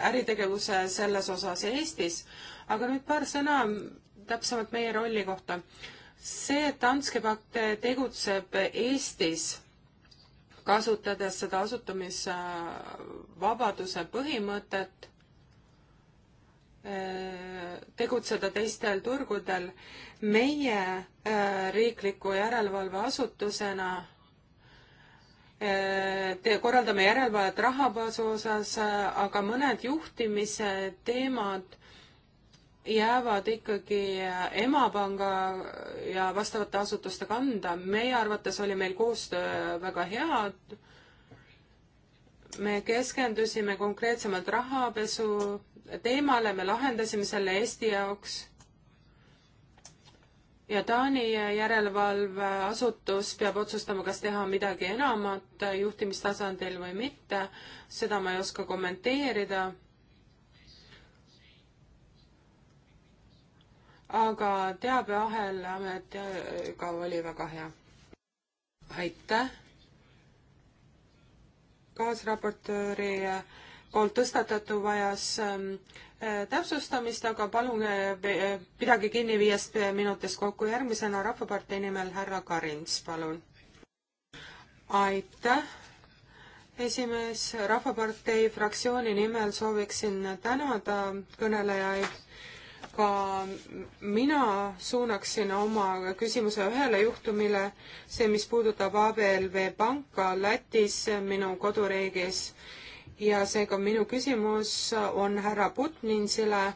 Speaker 3: äritegevuse selles osas Eestis. aga nüüd paar sõna täpsemalt meie rolli kohta. see, et Danske Bank tegutseb Eestis, kasutades seda asutamisvabaduse põhimõtet, tegutseda teistel turgudel, meie äh, riikliku järelevalveasutusena äh, te korraldame järelevalvet rahapesu osas, äh, aga mõned juhtimise teemad jäävad ikkagi emapanga ja vastavate asutuste kanda. meie arvates oli meil koostöö väga hea. me keskendusime konkreetsemalt rahapesu teemale, me lahendasime selle Eesti jaoks. ja Taani järelevalveasutus peab otsustama, kas teha midagi enamat juhtimistasandil või mitte. seda ma ei oska kommenteerida aga teabeahel ametiga oli väga hea. aitäh! kaasraportööri poolt tõstatatu vajas ähm, äh, täpsustamist, aga palun äh, pidage kinni viiest minutist kokku. järgmisena Rahvapartei nimel härra Karins, palun. aitäh, esimees. rahvapartei fraktsiooni nimel sooviksin tänada kõnelejaid ka mina suunaksin oma küsimuse ühele juhtumile, see, mis puudutab ABLV panka Lätis, minu koduriigis. ja seega minu küsimus on härra Putninsile.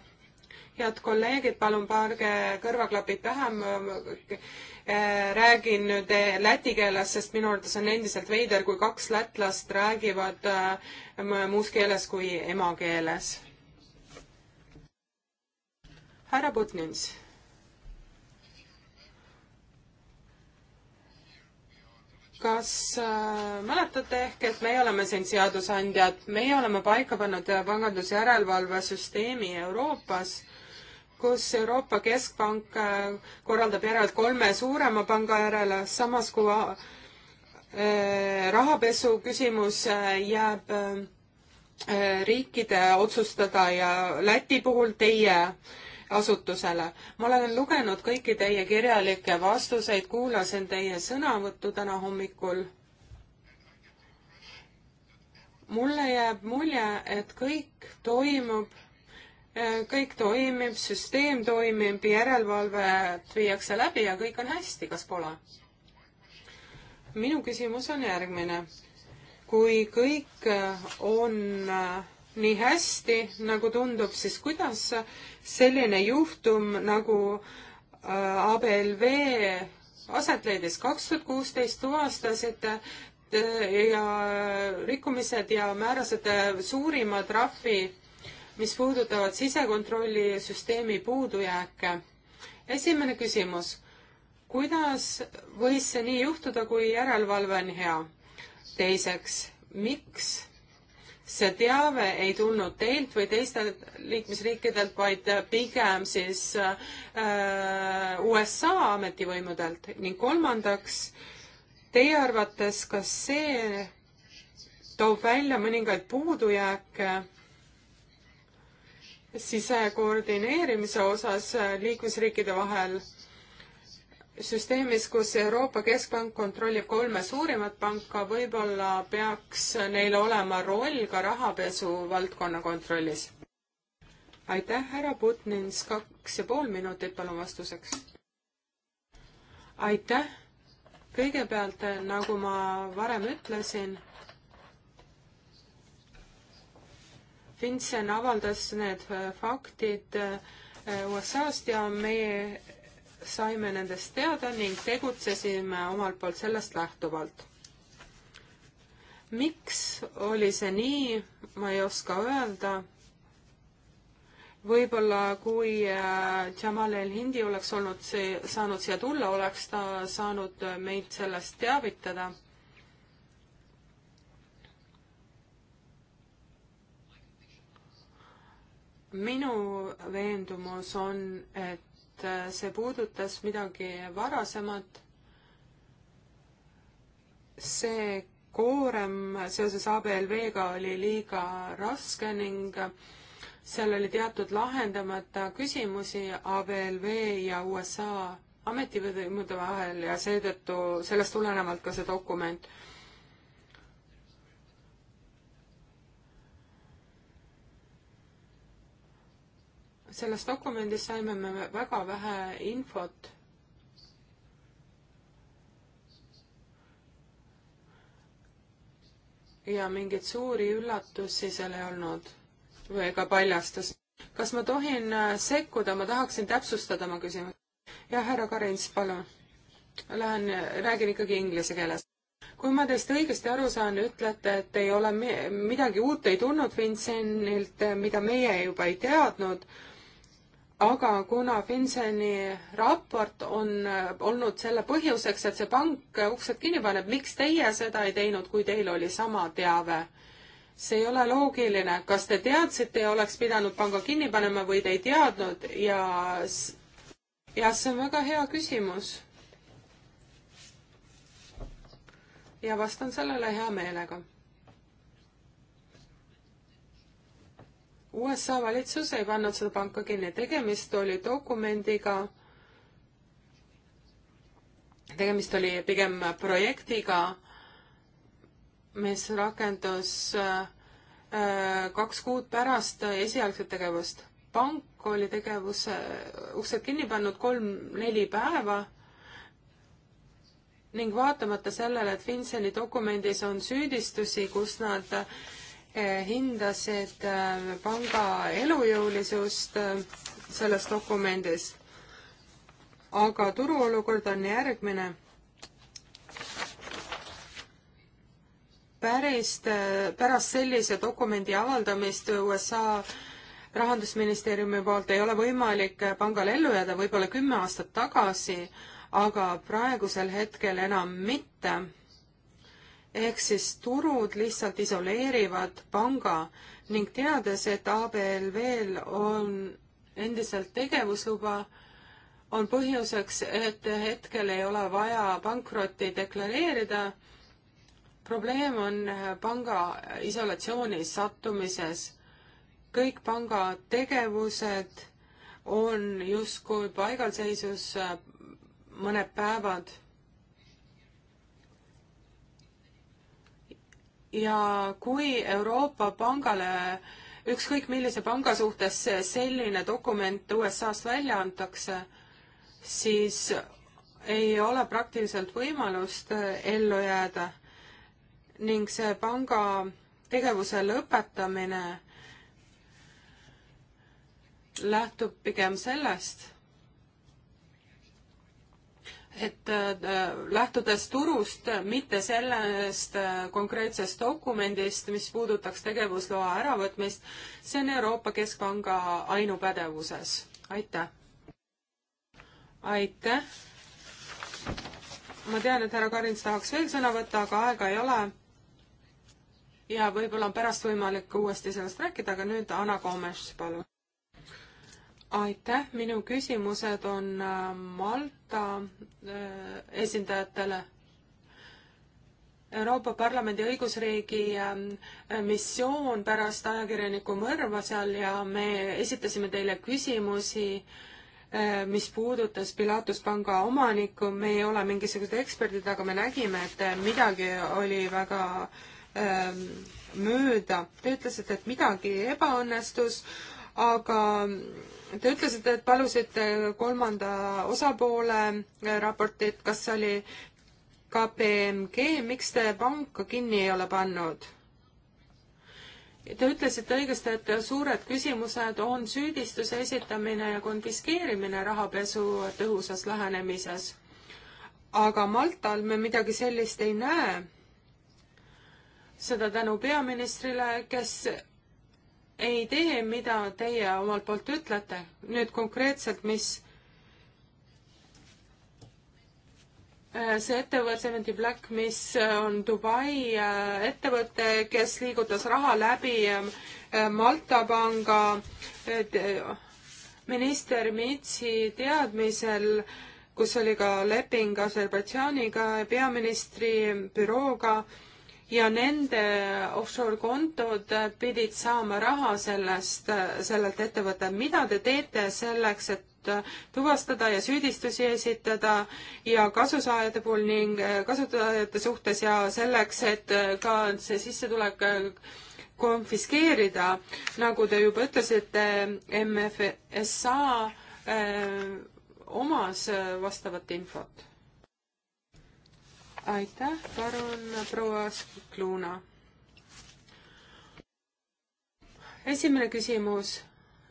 Speaker 3: head kolleegid, palun pange kõrvaklapid pähe, ma äh, räägin nüüd äh, läti keeles, sest minu arvates on endiselt veider, kui kaks lätlast räägivad äh, muus keeles kui emakeeles härra Botnens. kas äh, mäletate ehk, et meie oleme siin seadusandjad, meie oleme paika pannud pangandusjärelevalvesüsteemi Euroopas, kus Euroopa Keskpank äh, korraldab järelevalvet kolme suurema panga järele, samas kui äh, rahapesu küsimus äh, jääb äh, äh, riikide otsustada ja Läti puhul teie asutusele. ma olen lugenud kõiki teie kirjalikke vastuseid, kuulasin teie sõnavõttu täna hommikul. mulle jääb mulje, et kõik toimub, eh, kõik toimib, süsteem toimib, järelevalvet viiakse läbi ja kõik on hästi, kas pole? minu küsimus on järgmine. kui kõik eh, on äh, nii hästi, nagu tundub, siis kuidas selline juhtum nagu äh, ABLV aset leidis kaks tuhat kuusteist, tuvastasite äh, ja rikkumised ja määrasite suurima trahvi, mis puudutavad sisekontrollisüsteemi puudujääke. esimene küsimus, kuidas võis see nii juhtuda, kui järelevalve on hea? teiseks, miks see teave ei tulnud teilt või teistelt liikmesriikidelt, vaid pigem siis äh, USA ametivõimudelt ning kolmandaks, teie arvates, kas see toob välja mõningaid puudujääke sisekoordineerimise osas liikmesriikide vahel süsteemis, kus Euroopa Keskpank kontrollib kolme suurimat panka, võib-olla peaks neil olema roll ka rahapesu valdkonna kontrollis. aitäh, härra Putnins, kaks ja pool minutit palun vastuseks. aitäh. kõigepealt, nagu ma varem ütlesin, FinCEN avaldas need faktid eh, USA-st ja meie saime nendest teada ning tegutsesime omalt poolt sellest lähtuvalt. miks oli see nii, ma ei oska öelda. võib-olla kui äh, Jamal El Hindi oleks olnud see, saanud siia tulla, oleks ta saanud meid sellest teavitada minu veendumus on, et et äh, see puudutas midagi varasemat. see koorem seoses ABLV-ga oli liiga raske ning äh, seal oli teatud lahendamata küsimusi ABLV ja USA ametivõimude vahel ja seetõttu sellest tulenevalt ka see dokument selles dokumendis saime me väga vähe infot. ja mingeid suuri üllatusi seal ei olnud või ka paljastus. kas ma tohin äh, sekkuda, ma tahaksin täpsustada oma küsimust. jah, härra Karins, palun. Lähen, äh, räägin ikkagi inglise keeles kui ma teist õigesti aru saan, ütlete, et ei ole me, midagi uut ei tulnud Vincentilt, mida meie juba ei teadnud aga kuna pensioniraport on äh, olnud selle põhjuseks, et see pank uksed kinni paneb, miks teie seda ei teinud, kui teil oli sama teave? see ei ole loogiline, kas te teadsite ja oleks pidanud panga kinni panema või te ei teadnud ja jah, see on väga hea küsimus. ja vastan sellele hea meelega USA valitsus ei pannud seda panka kinni, tegemist oli dokumendiga, tegemist oli pigem projektiga, mis rakendus äh, äh, kaks kuud pärast esialgset tegevust. pank oli tegevuse uksed kinni pannud kolm-neli päeva ning vaatamata sellele, et Vinceni dokumendis on süüdistusi, kus nad hindasid äh, panga elujõulisust äh, selles dokumendis. aga turuolukord on järgmine. pärist, äh, pärast sellise dokumendi avaldamist USA rahandusministeeriumi poolt ei ole võimalik pangal ellu jääda, võib-olla kümme aastat tagasi, aga praegusel hetkel enam mitte ehk siis turud lihtsalt isoleerivad panga ning teades, et ABLV-l on endiselt tegevusluba, on põhjuseks, et hetkel ei ole vaja pankrotti deklareerida. probleem on panga isolatsiooni sattumises. kõik panga tegevused on justkui paigalseisus mõned päevad ja kui Euroopa pangale, ükskõik millise panga suhtes selline dokument USA-st välja antakse, siis ei ole praktiliselt võimalust äh, ellu jääda ning see panga tegevuse lõpetamine lähtub pigem sellest et äh, lähtudes turust, mitte sellest äh, konkreetsest dokumendist, mis puudutaks tegevusloa äravõtmist, see on Euroopa Keskpanga ainupädevuses. aitäh! aitäh! ma tean, et härra Karins tahaks veel sõna võtta, aga aega ei ole. ja võib-olla on pärast võimalik uuesti sellest rääkida, aga nüüd Anna Komes, palun aitäh, minu küsimused on äh, Malta äh, esindajatele. Euroopa Parlamendi õigusriigi äh, missioon pärast ajakirjaniku mõrva seal ja me esitasime teile küsimusi, mis puudutas Pilatus panga omanikku, me ei ole mingisugused eksperdid, aga me nägime, et midagi oli väga ähm, mööda. Te ütlesite, et midagi ebaõnnestus, aga Te ütlesite, et palusite kolmanda osapoole eh, raportit, kas see oli KPMG, miks te panka kinni ei ole pannud? Te ütlesite õigesti, et suured küsimused on süüdistuse esitamine ja konfiskeerimine rahapesu tõhusas lähenemises. aga Maltal me midagi sellist ei näe seda tänu peaministrile, kes ei tee, mida teie omalt poolt ütlete. nüüd konkreetselt, mis äh, see ettevõte Seventy Black, mis äh, on Dubai äh, ettevõte, kes liigutas raha läbi ähm, Malta panga minister Mitsi teadmisel, kus oli ka leping Aserbaidžaaniga, peaministri bürooga ja nende offshore kontod pidid saama raha sellest, sellelt ettevõttelt. mida te teete selleks, et tuvastada ja süüdistusi esitada ja kasusaajate puhul ning kasutajate suhtes ja selleks, et ka see sissetulek konfiskeerida, nagu te juba ütlesite, MFSA öö, eh, omas vastavat infot aitäh, palun proua Skikluna. esimene küsimus,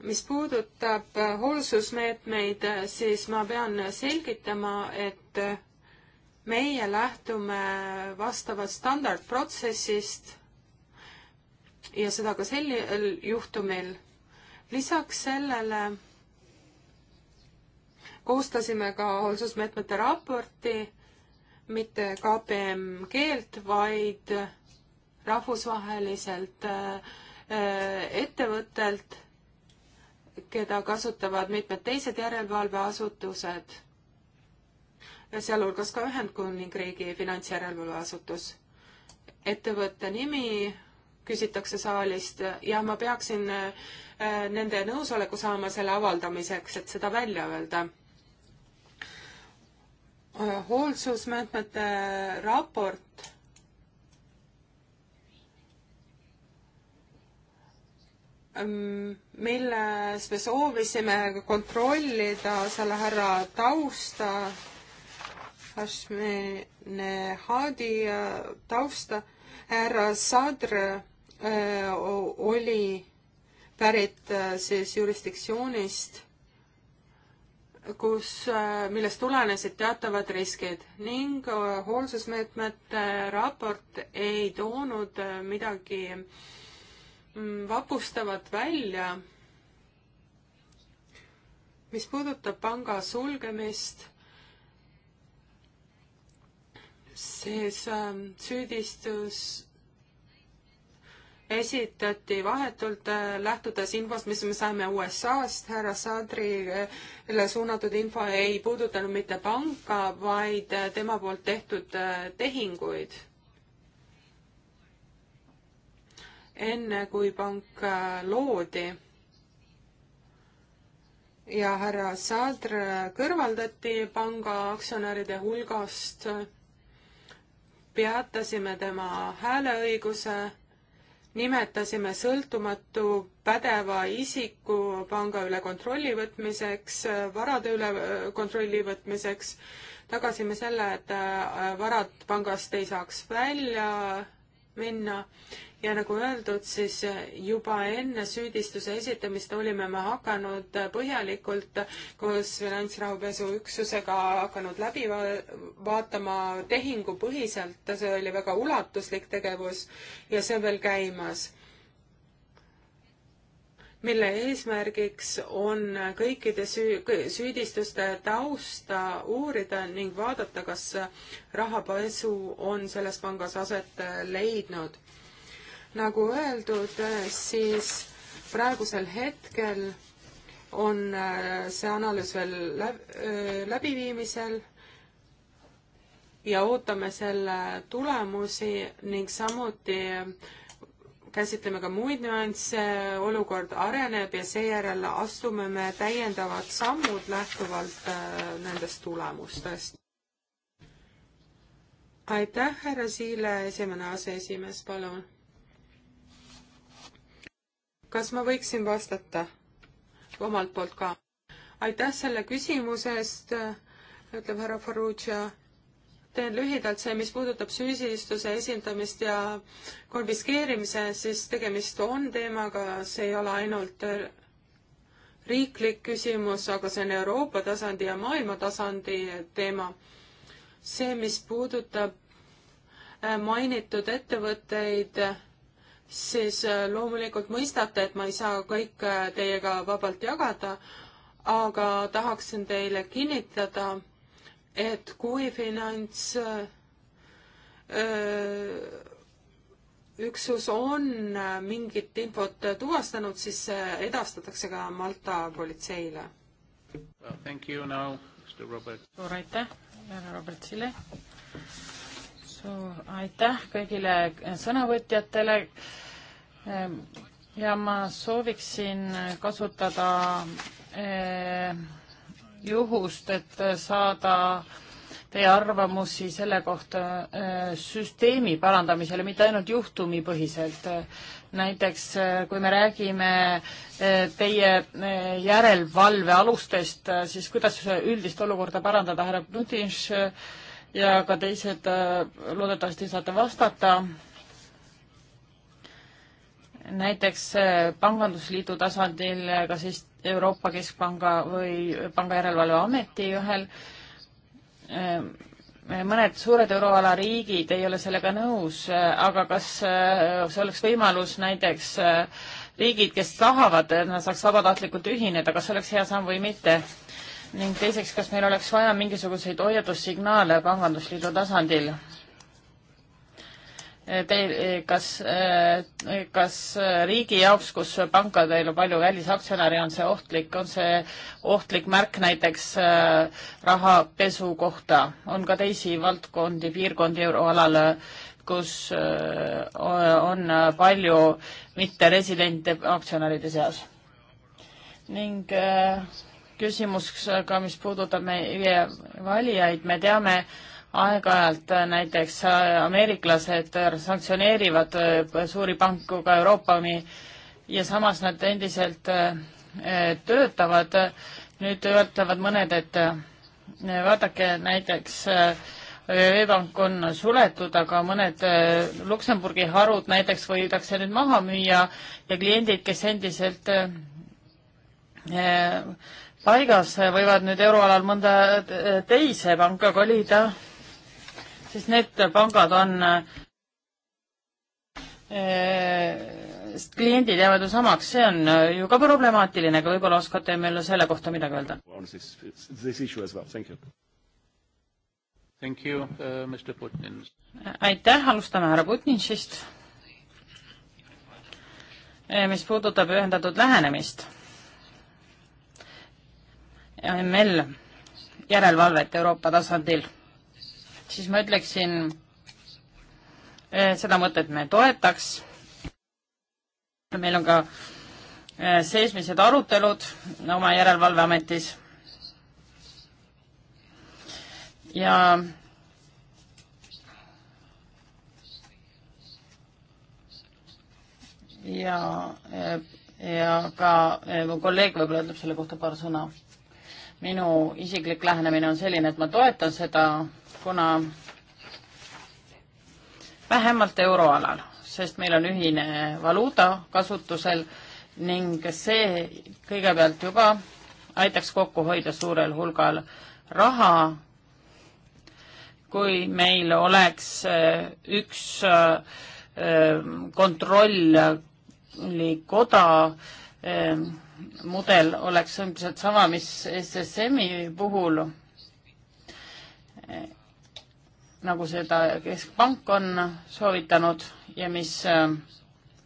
Speaker 3: mis puudutab hoolsusmeetmeid, siis ma pean selgitama, et meie lähtume vastavast standardprotsessist ja seda ka sel juhtumil. lisaks sellele koostasime ka hoolsusmeetmete raporti mitte KPM keelt, vaid rahvusvaheliselt äh, ettevõttelt, keda kasutavad mitmed teised järelevalveasutused, sealhulgas ka Ühendkuningriigi finantsjärelevalveasutus. ettevõtte nimi küsitakse saalist ja ma peaksin äh, nende nõusoleku saama selle avaldamiseks, et seda välja öelda Äh, hoolsusmeetmete raport ähm, milles me soovisime kontrollida selle härra tausta, Hashmine Hadi äh, tausta. härra Sadr äh, oli pärit siis jurisdiktsioonist, kus, äh, millest tulenesid teatavad riskid ning äh, hoolsusmeetmete raport ei toonud äh, midagi mm, vapustavat välja. mis puudutab panga sulgemist, siis ähm, süüdistus esitati vahetult äh, lähtudes infost, mis me saime USA-st, härra Sadrile suunatud info ei puudutanud mitte panka, vaid äh, tema poolt tehtud äh, tehinguid. enne kui pank loodi ja härra Sadr kõrvaldati panga aktsionäride hulgast, peatasime tema hääleõiguse nimetasime sõltumatu pädeva isiku panga üle kontrolli võtmiseks, varade üle äh, kontrolli võtmiseks, tagasime selle, et äh, varad pangast ei saaks välja minna ja nagu öeldud, siis juba enne süüdistuse esitamist olime me hakanud põhjalikult koos finantsrahupesu üksusega hakanud läbi va vaatama tehingupõhiselt, see oli väga ulatuslik tegevus ja see on veel käimas mille eesmärgiks on kõikide süü-, süüdistuste tausta uurida ning vaadata, kas rahapesu on selles pangas aset leidnud. nagu öeldud, siis praegusel hetkel on äh, see analüüs veel läb-, äh, läbiviimisel ja ootame selle tulemusi ning samuti käsitleme ka muid nüansse, olukord areneb ja seejärel astume me täiendavad sammud lähtuvalt äh, nendest tulemustest. aitäh, härra Siile, esimene aseesimees, palun. kas ma võiksin vastata omalt poolt ka? aitäh selle küsimuse eest, ütleb härra Farrugia teen lühidalt, see, mis puudutab süüdistuse esindamist ja konfiskeerimise, siis tegemist on teemaga, see ei ole ainult riiklik küsimus, aga see on Euroopa tasandi ja maailma tasandi teema. see, mis puudutab äh, mainitud ettevõtteid, siis äh, loomulikult mõistate, et ma ei saa kõike äh, teiega vabalt jagada, aga tahaksin teile kinnitada, et kui finants äh, üksus on äh, mingit infot tuvastanud, siis see edastatakse ka Malta politseile
Speaker 1: well,. suur aitäh, härra Robert Sile. suur aitäh kõigile sõnavõtjatele ähm, ja ma sooviksin kasutada eh, juhust, et saada teie arvamusi selle kohta äh, süsteemi parandamisele, mitte ainult juhtumipõhiselt. näiteks äh, kui me räägime äh, teie järelevalve alustest, siis kuidas üldist olukorda parandada, härra Plutins ja ka teised, loodetavasti saate vastata näiteks pangandusliidu tasandil, ka siis Euroopa Keskpanga või Pangajärelevalveameti vahel. Ehm, mõned suured euroala riigid ei ole sellega nõus, eh, aga kas eh, see oleks võimalus näiteks eh, riigid, kes tahavad, et nad saaks vabatahtlikult ühineda, kas see oleks hea samm või mitte? ning teiseks, kas meil oleks vaja mingisuguseid hoiatussignaale pangandusliidu tasandil? Eh, teil, eh, kas, eh, kas riigi jaoks, kus pankadel on palju välisaktsionäre, on see ohtlik, on see ohtlik märk näiteks rahapesu kohta? on ka teisi valdkondi, piirkondi euroalal, kus on palju mitteresidente aktsionäride seas? ning küsimus ka, mis puudutab meie valijaid, me teame, aeg-ajalt äh, näiteks äh, ameeriklased äh, sanktsioneerivad suuri panku ka Euroopani ja samas nad endiselt töötavad. nüüd ütlevad mõned, et vaadake näiteks veepank on suletud, aga mõned Luksemburgi harud näiteks võidakse nüüd maha müüa ja kliendid, kes endiselt paigas, võivad nüüd euroalal mõnda teise panka kolida siis need pangad on eh, sest kliendid jäävad ju samaks, see on eh, ju ka problemaatiline, aga võib-olla oskate meile selle kohta midagi öelda? Uh, aitäh, alustame härra Putinšist, eh, mis puudutab ühendatud lähenemist. meil järelevalvet Euroopa tasandil siis ma ütleksin, eh, seda mõtet me toetaks. meil on ka eh, seesmised arutelud oma järelevalveametis. ja ja, eh, ja ka mu kolleeg võib-olla ütleb selle kohta paar sõna. minu isiklik lähenemine on selline, et ma toetan seda tervikuna vähemalt euroalal, sest meil on ühine valuuta kasutusel ning see kõigepealt juba aitaks kokku hoida suurel hulgal raha, kui meil oleks äh, üks äh, äh, kontrollikoda, mudel oleks ilmselt sama, mis SSM-i puhul nagu seda Keskpank on soovitanud ja mis äh,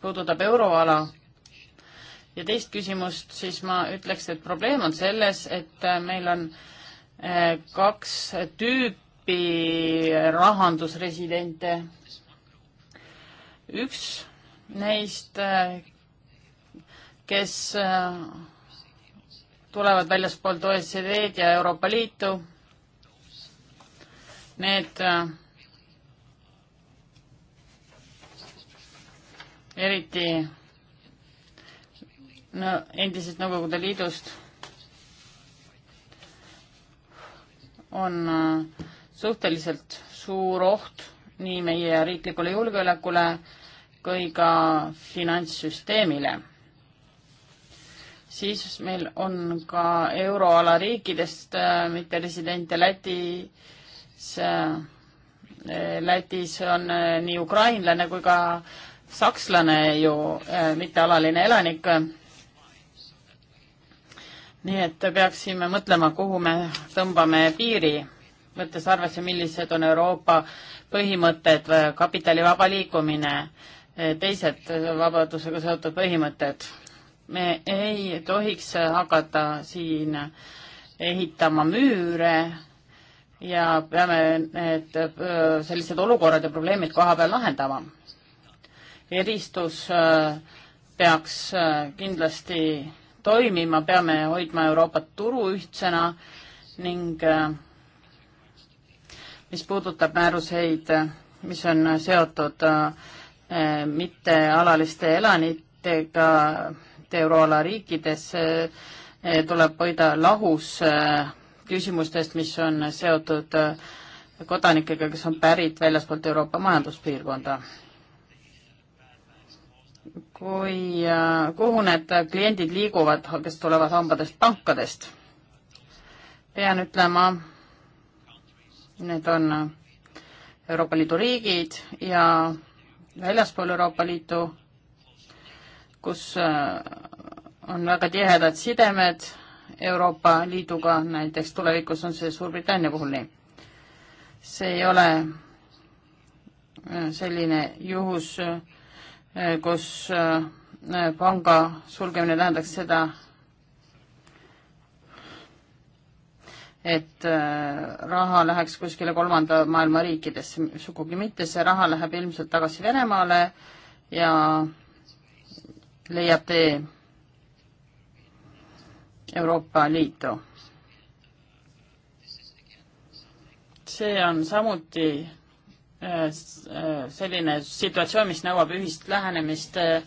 Speaker 1: puudutab euroala ja teist küsimust, siis ma ütleks, et probleem on selles, et äh, meil on äh, kaks tüüpi rahandusresidente. üks neist, kes tulevad väljaspoolt OECD-d ja Euroopa Liitu need äh, eriti no, endisest Nõukogude Liidust on äh, suhteliselt suur oht nii meie riiklikule julgeolekule kui ka finantssüsteemile. siis meil on ka euroala riikidest äh, mitteresidente Läti, Eh, Lätis on eh, nii ukrainlane kui ka sakslane ju eh, mittealaline elanik. nii et peaksime mõtlema, kuhu me tõmbame piiri, võttes arvesse, millised on Euroopa põhimõtted, kapitali vaba liikumine, teised vabadusega seotud põhimõtted. me ei tohiks hakata siin ehitama müüre ja peame need äh, sellised olukorrad ja probleemid koha peal lahendama. eristus äh, peaks äh, kindlasti toimima, peame hoidma Euroopat turu ühtsena ning mis puudutab määruseid, mis on seotud mittealaliste elanikega euroala riikides, tuleb hoida lahus küsimustest, mis on seotud äh, kodanikega, kes on pärit väljaspoolt Euroopa majanduspiirkonda. kui, äh, kuhu need kliendid liiguvad, kes tulevad hambadest pankadest? pean ütlema, need on Euroopa Liidu riigid ja väljaspool Euroopa Liitu, kus äh, on väga tihedad sidemed Euroopa Liiduga, näiteks tulevikus on see Suurbritannia puhul nii. see ei ole äh, selline juhus, äh, kus äh, panga sulgemine tähendaks seda, et raha läheks kuskile kolmanda maailma riikidesse, sugugi mitte, see raha läheb ilmselt tagasi Venemaale ja leiab tee Euroopa Liitu. see on samuti äh, äh, selline situatsioon, mis nõuab ühist lähenemist. Äh,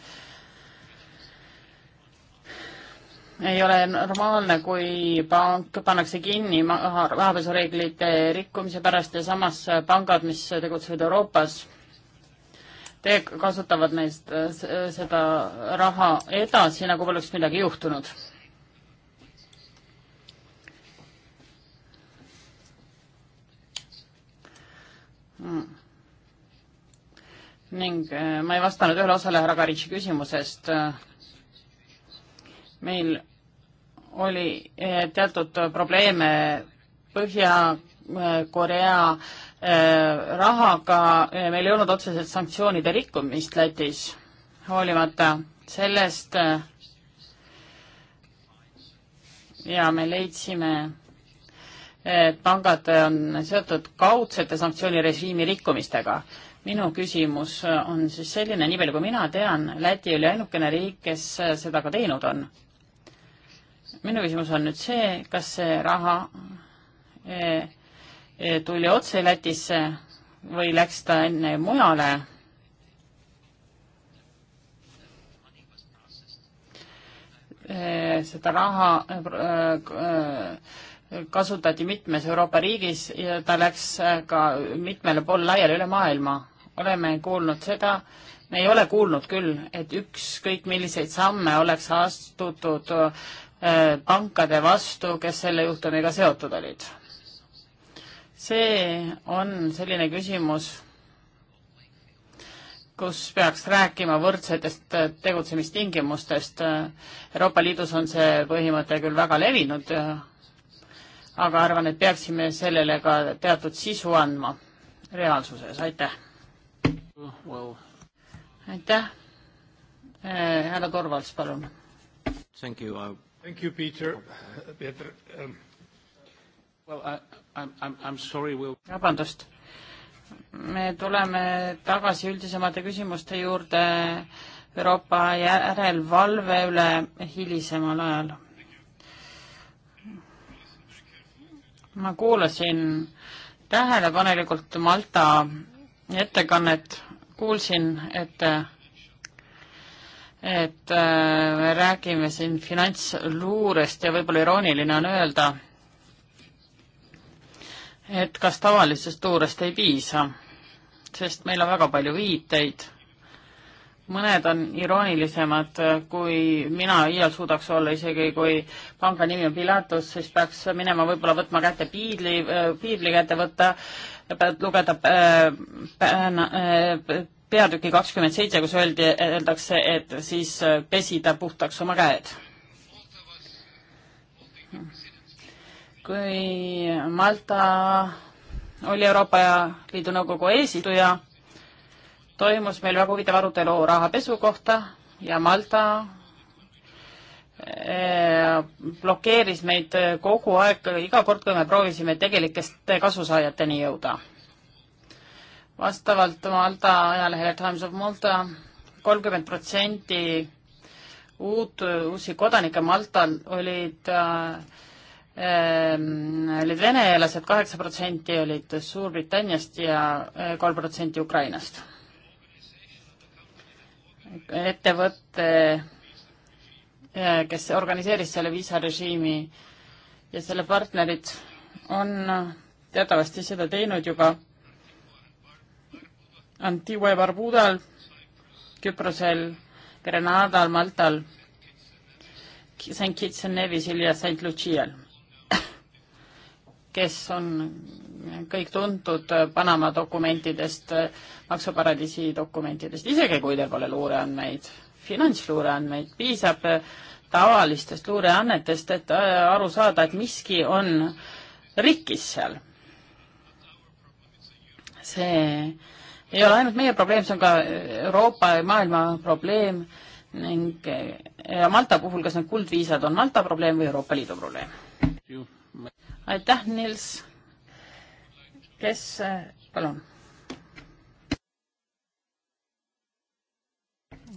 Speaker 1: ei ole normaalne, kui pank pannakse kinni rahapesureeglite rikkumise pärast ja samas pangad, mis tegutsevad Euroopas, te kasutavad neist seda raha edasi, nagu poleks midagi juhtunud Mm. ning äh, ma ei vastanud ühele osale härra Karitši küsimusest. Äh, meil oli äh, teatud probleeme Põhja-Korea rahaga, meil ei olnud otseselt sanktsioonide rikkumist Lätis, hoolimata sellest ja me leidsime pangad on seotud kaudsete sanktsioonirežiimi rikkumistega. minu küsimus on siis selline, nii palju kui mina tean, Läti oli ainukene riik, kes seda ka teinud on. minu küsimus on nüüd see, kas see raha e, e, tuli otse Lätisse või läks ta enne mujale? E, seda raha äh, äh, kasutati mitmes Euroopa riigis ja ta läks äh, ka mitmele poole laiali üle maailma. oleme kuulnud seda, me ei ole kuulnud küll, et ükskõik milliseid samme oleks astutud äh, pankade vastu, kes selle juhtumiga seotud olid. see on selline küsimus, kus peaks rääkima võrdsetest äh, tegutsemistingimustest. Euroopa Liidus on see põhimõte küll väga levinud aga arvan, et peaksime sellele ka teatud sisu andma reaalsuses, aitäh well.. aitäh. Eh, härra Torvalds, palun. Thank you uh.... Thank you, Peter. Peeter um.... Well, I, I'm, I'm, I'm sorry, we'll. vabandust. me tuleme tagasi üldisemate küsimuste juurde Euroopa järelevalve üle hilisemal ajal ma kuulasin tähelepanelikult Malta ettekannet, kuulsin, et et äh, me räägime siin finantsluurest ja võib-olla irooniline on öelda, et kas tavalisest luurest ei piisa, sest meil on väga palju viiteid mõned on iroonilisemad, kui mina iial suudaks olla, isegi kui panga nimi on Pilatus, siis peaks minema võib-olla võtma kätte piidli, äh, piibli kätte võtta, pead lugeda äh, äh, peatüki kakskümmend seitse, kus öeldi, öeldakse, et siis pesida puhtaks oma käed. kui Malta oli Euroopa Liidu Nõukogu eesistuja toimus meil väga huvitav arutelu rahapesu kohta ja Malta eh, blokeeris meid kogu aeg, iga kord, kui me proovisime tegelikest kasusaajateni jõuda. vastavalt Malta ajalehele Times of Malta kolmkümmend protsenti uut, uusi kodanikke Maltal olid äh, olid venelased, kaheksa protsenti olid Suurbritanniast ja eh, kolm protsenti Ukrainast ettevõte, kes organiseeris selle viisarežiimi ja selle partnerid on teatavasti seda teinud juba Antigua ja Barbudal, Küprosel, Grenadal, Maltal, St Kitts and Nevis'il ja St Lucia'l kes on kõik tuntud Panama dokumentidest, maksuparadiisi dokumentidest, isegi kui teil pole luureandmeid, finantsluureandmeid, piisab tavalistest luureannetest, et äh, aru saada, et miski on rikkis seal. see ei ole ainult meie probleem, see on ka Euroopa ja maailma probleem ning äh, Malta puhul, kas need kuldviisad on Malta probleem või Euroopa Liidu probleem? aitäh, Nils. kes, äh, palun?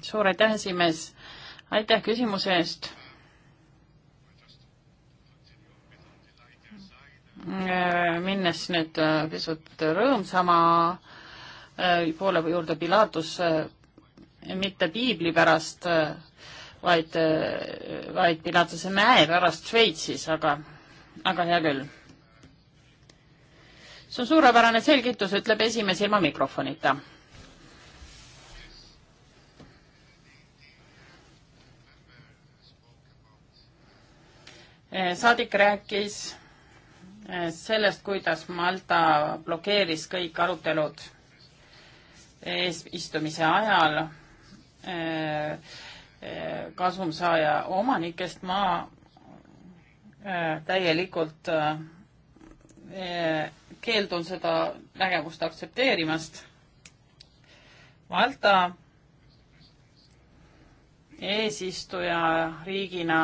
Speaker 1: suur aitäh, esimees. aitäh küsimuse eest. Äh, minnes nüüd äh, pisut rõõmsama poole juurde Pilatus, mitte piibli pärast, vaid, vaid Pilatuse mäe pärast Šveitsis, aga aga hea küll. see on suurepärane selgitus, ütleb esimees ilma mikrofonita. Eh, saadik rääkis eh, sellest, kuidas Malta blokeeris kõik arutelud eesistumise ajal eh, kasumsaaja omanikest. ma Äh, täielikult äh, äh, keeldun seda nägemust aktsepteerimast. Malta eesistuja riigina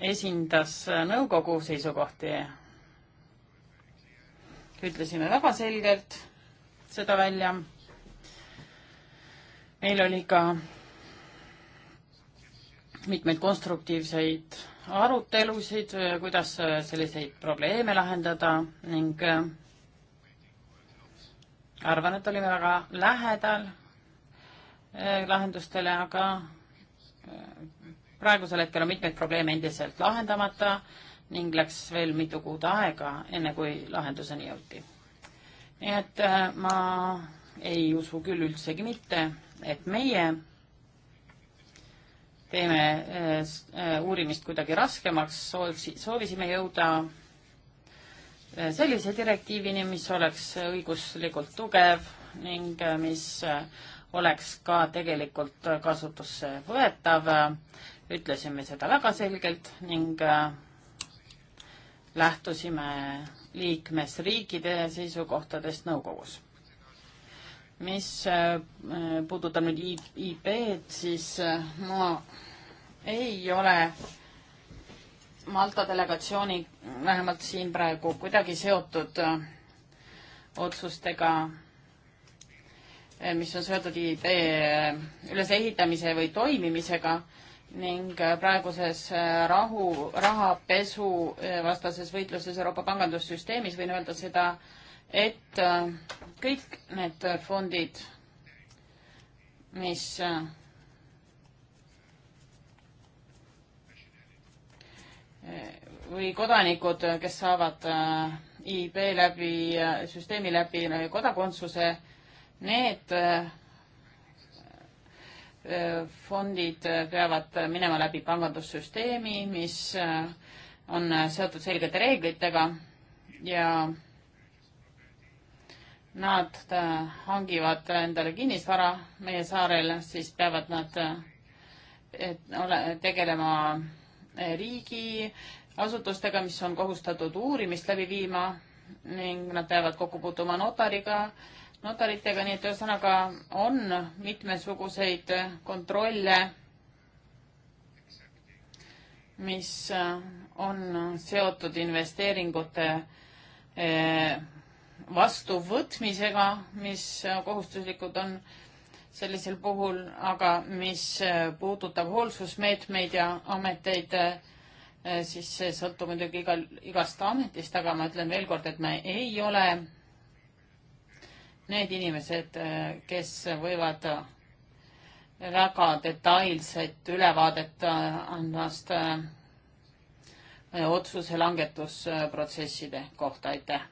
Speaker 1: esindas nõukogu seisukohti. ütlesime väga selgelt seda välja. meil oli ka mitmeid konstruktiivseid arutelusid, kuidas selliseid probleeme lahendada ning äh, arvan, et olime väga lähedal äh, lahendustele, aga äh, praegusel hetkel on mitmeid probleeme endiselt lahendamata ning läks veel mitu kuud aega, enne kui lahenduseni jõuti. nii et ma ei usu küll üldsegi mitte, et meie teeme äh, äh, uurimist kuidagi raskemaks, soovisime jõuda äh, sellise direktiivini, mis oleks õiguslikult tugev ning mis oleks ka tegelikult kasutusse võetav. ütlesime seda väga selgelt ning lähtusime liikmesriikide seisukohtadest nõukogus mis äh, puudutab nüüd IP-d, siis äh, ma ei ole Malta delegatsiooni, vähemalt siin praegu, kuidagi seotud äh, otsustega, mis on seotud IP ülesehitamise või toimimisega ning praeguses rahu, rahapesu vastases võitluses Euroopa pangandussüsteemis võin öelda seda, et äh, kõik need fondid, mis äh, või kodanikud, kes saavad äh, IB läbi, süsteemi läbi kodakondsuse, need fondid peavad minema läbi pangandussüsteemi, mis on seotud selgete reeglitega ja nad äh, hangivad endale kinnisvara meie saarel, siis peavad nad äh, ole, tegelema äh, riigiasutustega, mis on kohustatud uurimist läbi viima ning nad peavad kokku puutuma notariga, notaritega, nii et ühesõnaga on mitmesuguseid kontrolle, mis on seotud investeeringute vastuvõtmisega, mis äh, kohustuslikud on sellisel puhul, aga mis äh, puudutab hoolsusmeetmeid ja ameteid, äh, siis see sõltub muidugi igal, igast ametist, aga ma ütlen veelkord, et me ei ole need inimesed, kes võivad väga detailset ülevaadet andmast otsuse langetusprotsesside kohta, aitäh.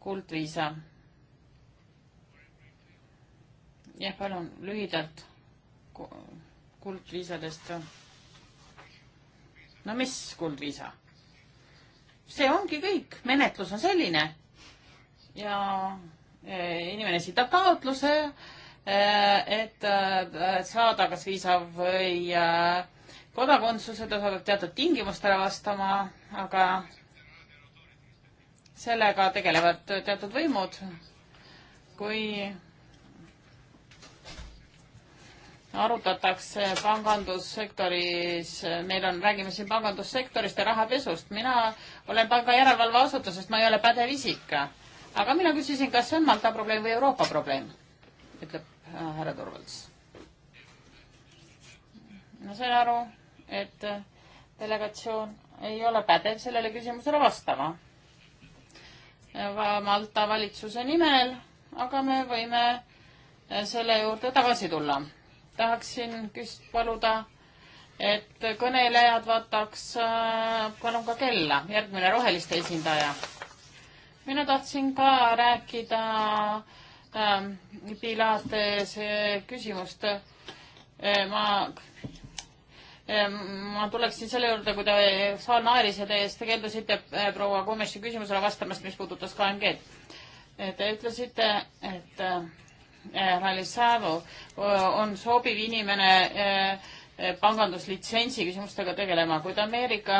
Speaker 1: kuldviisa. jah, palun lühidalt kuldviisadest. no mis kuldviisa? see ongi kõik, menetlus on selline ja e, inimene esitab taotluse, e, et e, saada kas viisa või kodakondsuse, ta peab teatud tingimustele vastama, aga sellega tegelevad teatud võimud, kui arutatakse pangandussektoris, meil on, räägime siin pangandussektorist ja rahapesust. mina olen panga järelevalveasutusest, ma ei ole pädev isik. aga mina küsisin, kas see on Malta probleem või Euroopa probleem, ütleb äh, härra Turvalts. ma sain aru, et delegatsioon ei ole pädev sellele küsimusele vastama Malta valitsuse nimel, aga me võime eh, selle juurde tagasi tulla. tahaksin küs-, paluda, et kõnelejad vaataks eh, palun ka kella, järgmine roheliste esindaja. mina tahtsin ka rääkida äh, Pilates küsimust. ma Ehm, ma tuleksin selle juurde, kui te saal naeris ja te keeldusite eh, proua Komeši küsimusele vastamast, mis puudutas KMG-d. Eh, te ütlesite, et eh, Rally Säävo on sobiv inimene panganduslitsentsi küsimustega tegelema, kuid Ameerika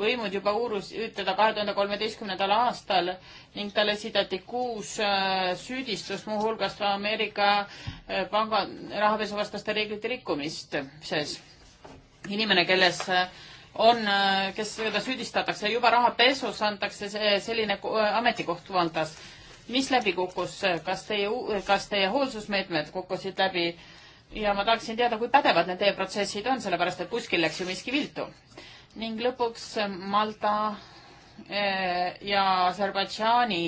Speaker 1: võimud juba uurus, ütleda kahe tuhande kolmeteistkümnendal aastal ning talle esitati kuus äh, süüdistust, muuhulgas ka Ameerika äh, panga rahapesuvastaste reeglite rikkumises. inimene, kelles äh, on, kes, keda süüdistatakse juba rahapesus, antakse selline ametikoht valdas. mis läbi kukkus, kas teie, kas teie hoolsusmeetmed kukkusid läbi ja ma tahaksin teada, kui pädevad need teie protsessid on, sellepärast et kuskil läks ju miski viltu ning lõpuks Malta eh, ja Aserbaidžaani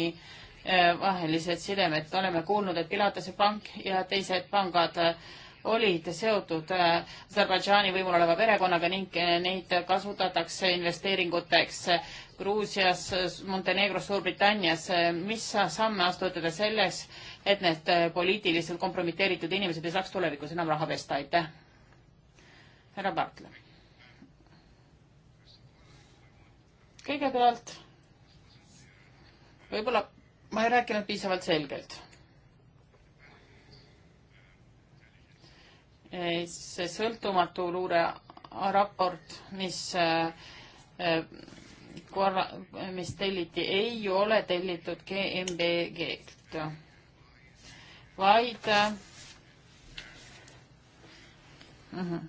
Speaker 1: eh, vahelised sidemed. oleme kuulnud, et Pilatese pank ja teised pangad eh, olid seotud Aserbaidžaani võimul oleva perekonnaga ning neid kasutatakse investeeringuteks Gruusias, Montenegros, Suurbritannias. mis samme astute te selles, et need poliitiliselt kompromiteeritud inimesed ei saaks tulevikus enam raha pesta? aitäh. härra Partle kõigepealt võib-olla ma ei rääkinud piisavalt selgelt. see sõltumatu luureraport, mis äh, korra-, mis telliti, ei ole tellitud GMBG-lt, vaid mhm,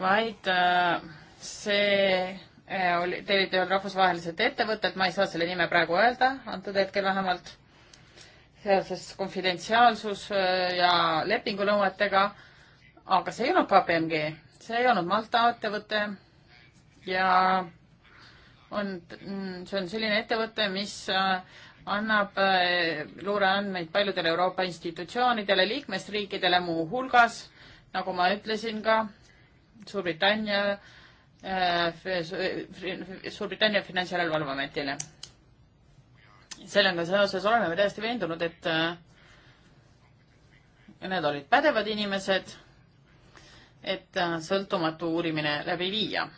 Speaker 1: vaid äh, see Äh, oli, te olite veel rahvusvahelised ettevõtted, ma ei saa selle nime praegu öelda, antud hetkel vähemalt, seoses konfidentsiaalsus äh, ja lepingunõuetega, aga see ei olnud KPMG, see ei olnud Malta ettevõte ja on, mm, see on selline ettevõte, mis äh, annab luureandmeid paljudele Euroopa institutsioonidele, liikmesriikidele muuhulgas, nagu ma ütlesin ka, Suurbritannia Äh, Suurbritannia finantsjärelevalveametile. sellega seoses oleme me täiesti veendunud, et äh, need olid pädevad inimesed, et äh, sõltumatu uurimine läbi viia.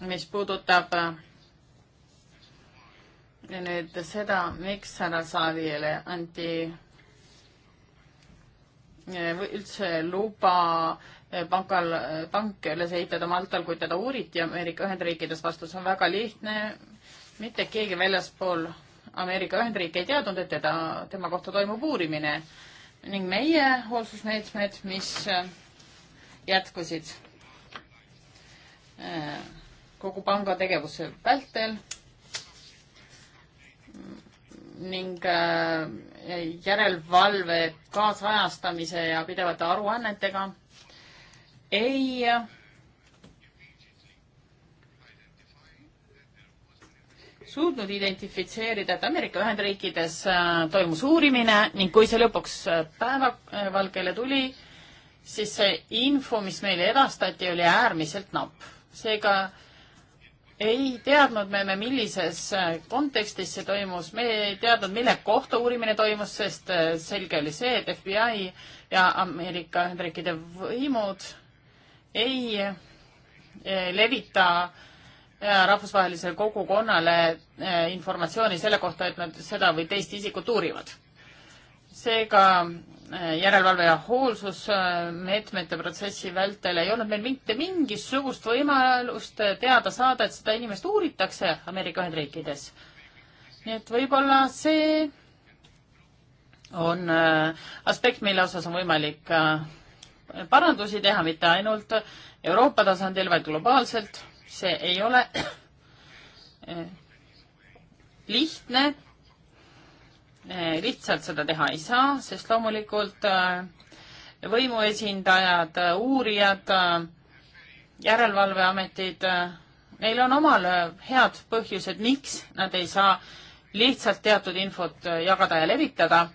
Speaker 1: mis puudutab nüüd seda, miks härra Saavile anti üldse luba äh, pangal, pank üles ehitada Maltal, kui teda uuriti Ameerika Ühendriikides, vastus on väga lihtne. mitte keegi väljaspool Ameerika Ühendriike ei teadnud, et teda, tema kohta toimub uurimine ning meie hoolsusmeetmed, mis äh, jätkusid äh, kogu panga tegevuse vältel ning äh, järelevalve kaasajastamise ja pidevate aruannetega ei suutnud identifitseerida, et Ameerika Ühendriikides äh, toimus uurimine ning kui see lõpuks äh, päevavalgele tuli, siis see info, mis meile edastati, oli äärmiselt napp. seega ei teadnud me, me millises äh, kontekstis see toimus, me ei teadnud, mille kohta uurimine toimus, sest selge oli see, et FBI ja Ameerika Ühendriikide võimud ei eh, levita eh, rahvusvahelisele kogukonnale eh, informatsiooni selle kohta, et nad seda või teist isikut uurivad. seega järelevalve ja hoolsusmeetmete protsessi vältel ei olnud meil mitte mingisugust võimalust teada saada, et seda inimest uuritakse Ameerika Ühendriikides. nii et võib-olla see on aspekt, mille osas on võimalik parandusi teha mitte ainult Euroopa tasandil, vaid globaalselt. see ei ole lihtne. lihtsalt seda teha ei saa, sest loomulikult äh, võimuesindajad, äh, uurijad, äh, järelevalveametid, neil on omal head põhjused, miks nad ei saa lihtsalt teatud infot jagada ja levitada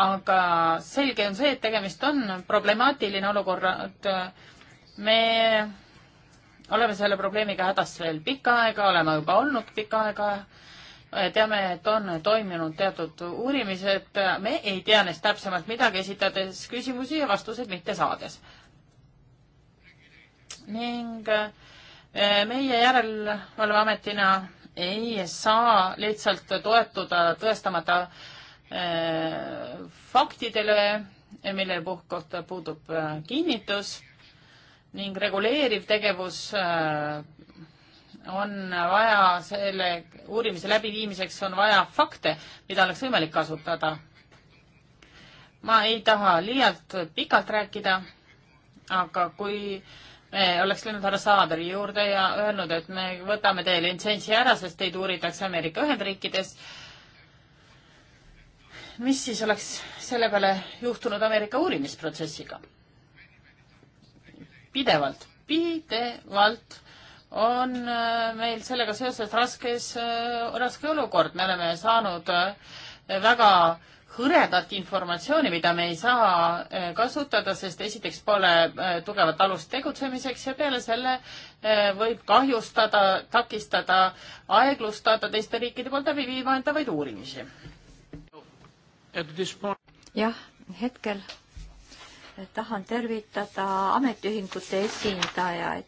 Speaker 1: aga selge on see, et tegemist on problemaatiline olukorra, et äh, me oleme selle probleemiga hädas veel pikka aega, oleme juba olnud pikka aega, teame, et on toimunud teatud uurimised, me ei tea neist täpsemalt midagi, esitades küsimusi ja vastuseid mitte saades. ning äh, meie järelevalveametina ei saa lihtsalt toetuda tõestamata äh, Äh, faktidele, mille kohta puudub äh, kinnitus ning reguleeriv tegevus äh, on vaja selle uurimise läbiviimiseks on vaja fakte, mida oleks võimalik kasutada. ma ei taha liialt pikalt rääkida, aga kui me oleks läinud härra Saadri juurde ja öelnud, et me võtame teie litsentsi ära, sest teid uuritakse Ameerika Ühendriikides mis siis oleks selle peale juhtunud Ameerika uurimisprotsessiga? pidevalt, pidevalt on äh, meil sellega seoses raskes, äh, raske olukord, me oleme saanud äh, väga hõredat informatsiooni, mida me ei saa kasutada, sest esiteks pole tugevat alust tegutsemiseks ja peale selle võib kahjustada, takistada, aeglustada teiste riikide poolt läbi viima endavaid uurimisi
Speaker 2: jah, hetkel tahan tervitada ametiühingute esindajaid,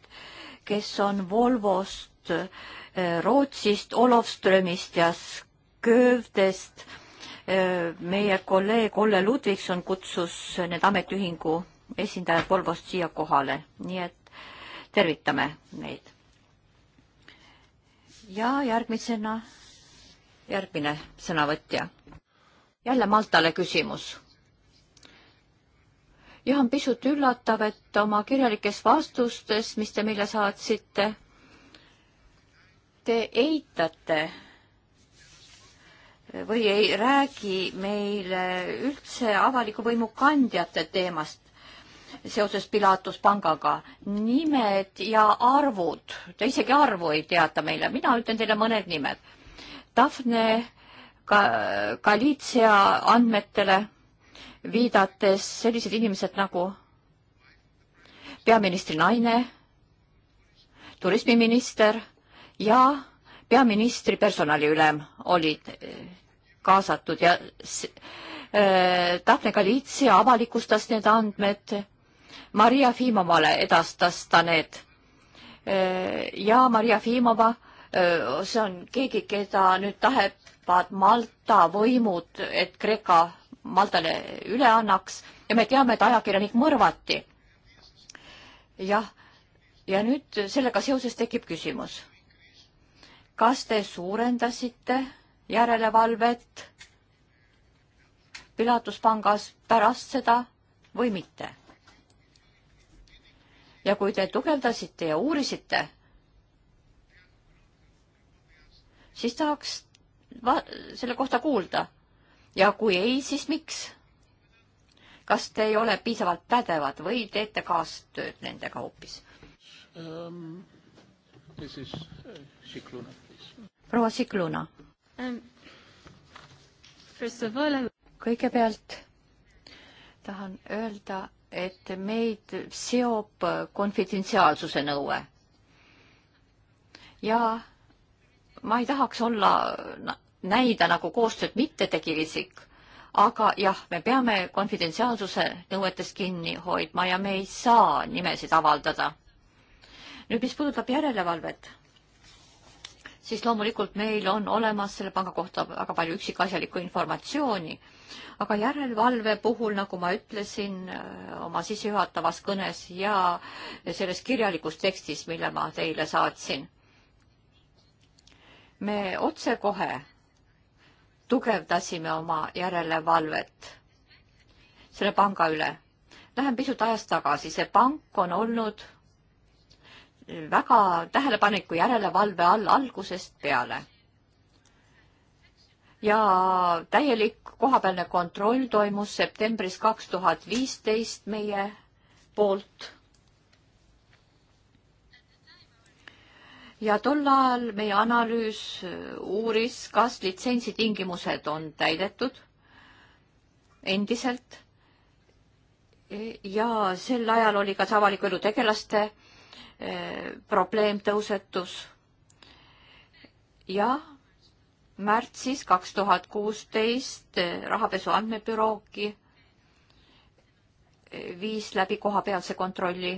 Speaker 2: kes on Volvost, eh, Rootsist, Olofströmist ja Skövdest. Eh, meie kolleeg Olle Ludvigson kutsus need ametiühingu esindajad Volvost siia kohale, nii et tervitame neid. ja järgmisena järgmine sõnavõtja jälle Maltale küsimus. jah, on pisut üllatav, et oma kirjalikes vastustes, mis te meile saatsite, te eitate või ei räägi meile üldse avaliku võimu kandjate teemast seoses Pilatus pangaga. nimed ja arvud, te isegi arvu ei teata meile, mina ütlen teile mõned nimed. Daphne ka Galiitsia andmetele viidates sellised inimesed nagu peaministri naine, turismiminister ja peaministri personaliülem olid eh, kaasatud ja äh, Daphne Galizia avalikustas need andmed. Maria Fimovale edastas ta need äh,. ja Maria Fimova äh,, see on keegi, keda nüüd tahab tapavad Malta võimud, et Kreeka Maltale üle annaks ja me teame, et ajakirjanik mõrvati. jah, ja nüüd sellega seoses tekib küsimus. kas te suurendasite järelevalvet Pilatuspangas pärast seda või mitte? ja kui te tugevdasite ja uurisite, siis tahaks va-, selle kohta kuulda? ja kui ei, siis miks? kas te ei ole piisavalt pädevad või teete kaastööd nendega hoopis um,? Uh, proua Sikluna um,. kõigepealt tahan öelda, et meid seob konfidentsiaalsuse nõue. ja ma ei tahaks olla näida nagu koostööd mittetegiv isik. aga jah, me peame konfidentsiaalsuse nõuetest kinni hoidma ja me ei saa nimesid avaldada. nüüd, mis puudutab järelevalvet, siis loomulikult meil on olemas selle panga kohta väga palju üksikasjalikku informatsiooni, aga järelevalve puhul, nagu ma ütlesin äh, oma sissejuhatavas kõnes ja selles kirjalikus tekstis, mille ma teile saatsin me otsekohe tugevdasime oma järelevalvet selle panga üle. Lähen pisut ajas tagasi, see pank on olnud väga tähelepaneku järelevalve all algusest peale. ja täielik kohapealne kontroll toimus septembris kaks tuhat viisteist meie poolt ja tol ajal meie analüüs äh, uuris, kas litsentsitingimused on täidetud endiselt. E, ja sel ajal oli ka see avaliku elu tegelaste e, probleem tõusetus. ja märtsis kaks tuhat kuusteist e, rahapesu andmebürooki viis läbi kohapealse kontrolli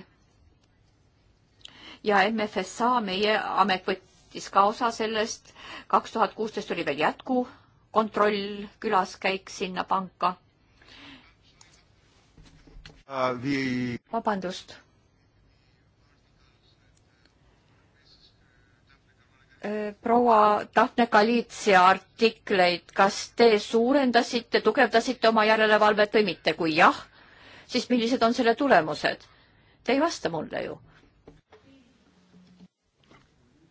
Speaker 2: ja MFSA, meie amet võttis ka osa sellest. kaks tuhat kuusteist oli veel jätkukontroll, külaskäik sinna panka
Speaker 3: uh,. The...
Speaker 2: vabandust. proua Tahtne Galitsia artikleid, kas te suurendasite, tugevdasite oma järelevalvet või mitte, kui jah, siis millised on selle tulemused? Te ei vasta mulle ju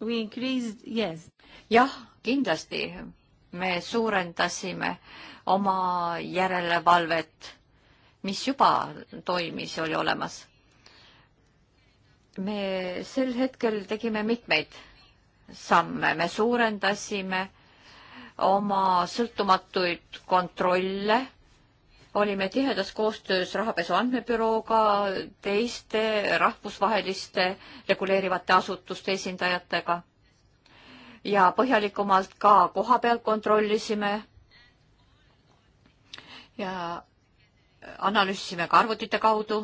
Speaker 2: Yes. jah, kindlasti me suurendasime oma järelevalvet, mis juba toimis, oli olemas. me sel hetkel tegime mitmeid samme, me suurendasime oma sõltumatuid kontrolle olime tihedas koostöös Rahapesu Andmebürooga, teiste rahvusvaheliste reguleerivate asutuste esindajatega ja põhjalikumalt ka kohapeal kontrollisime ja analüüsisime ka arvutite kaudu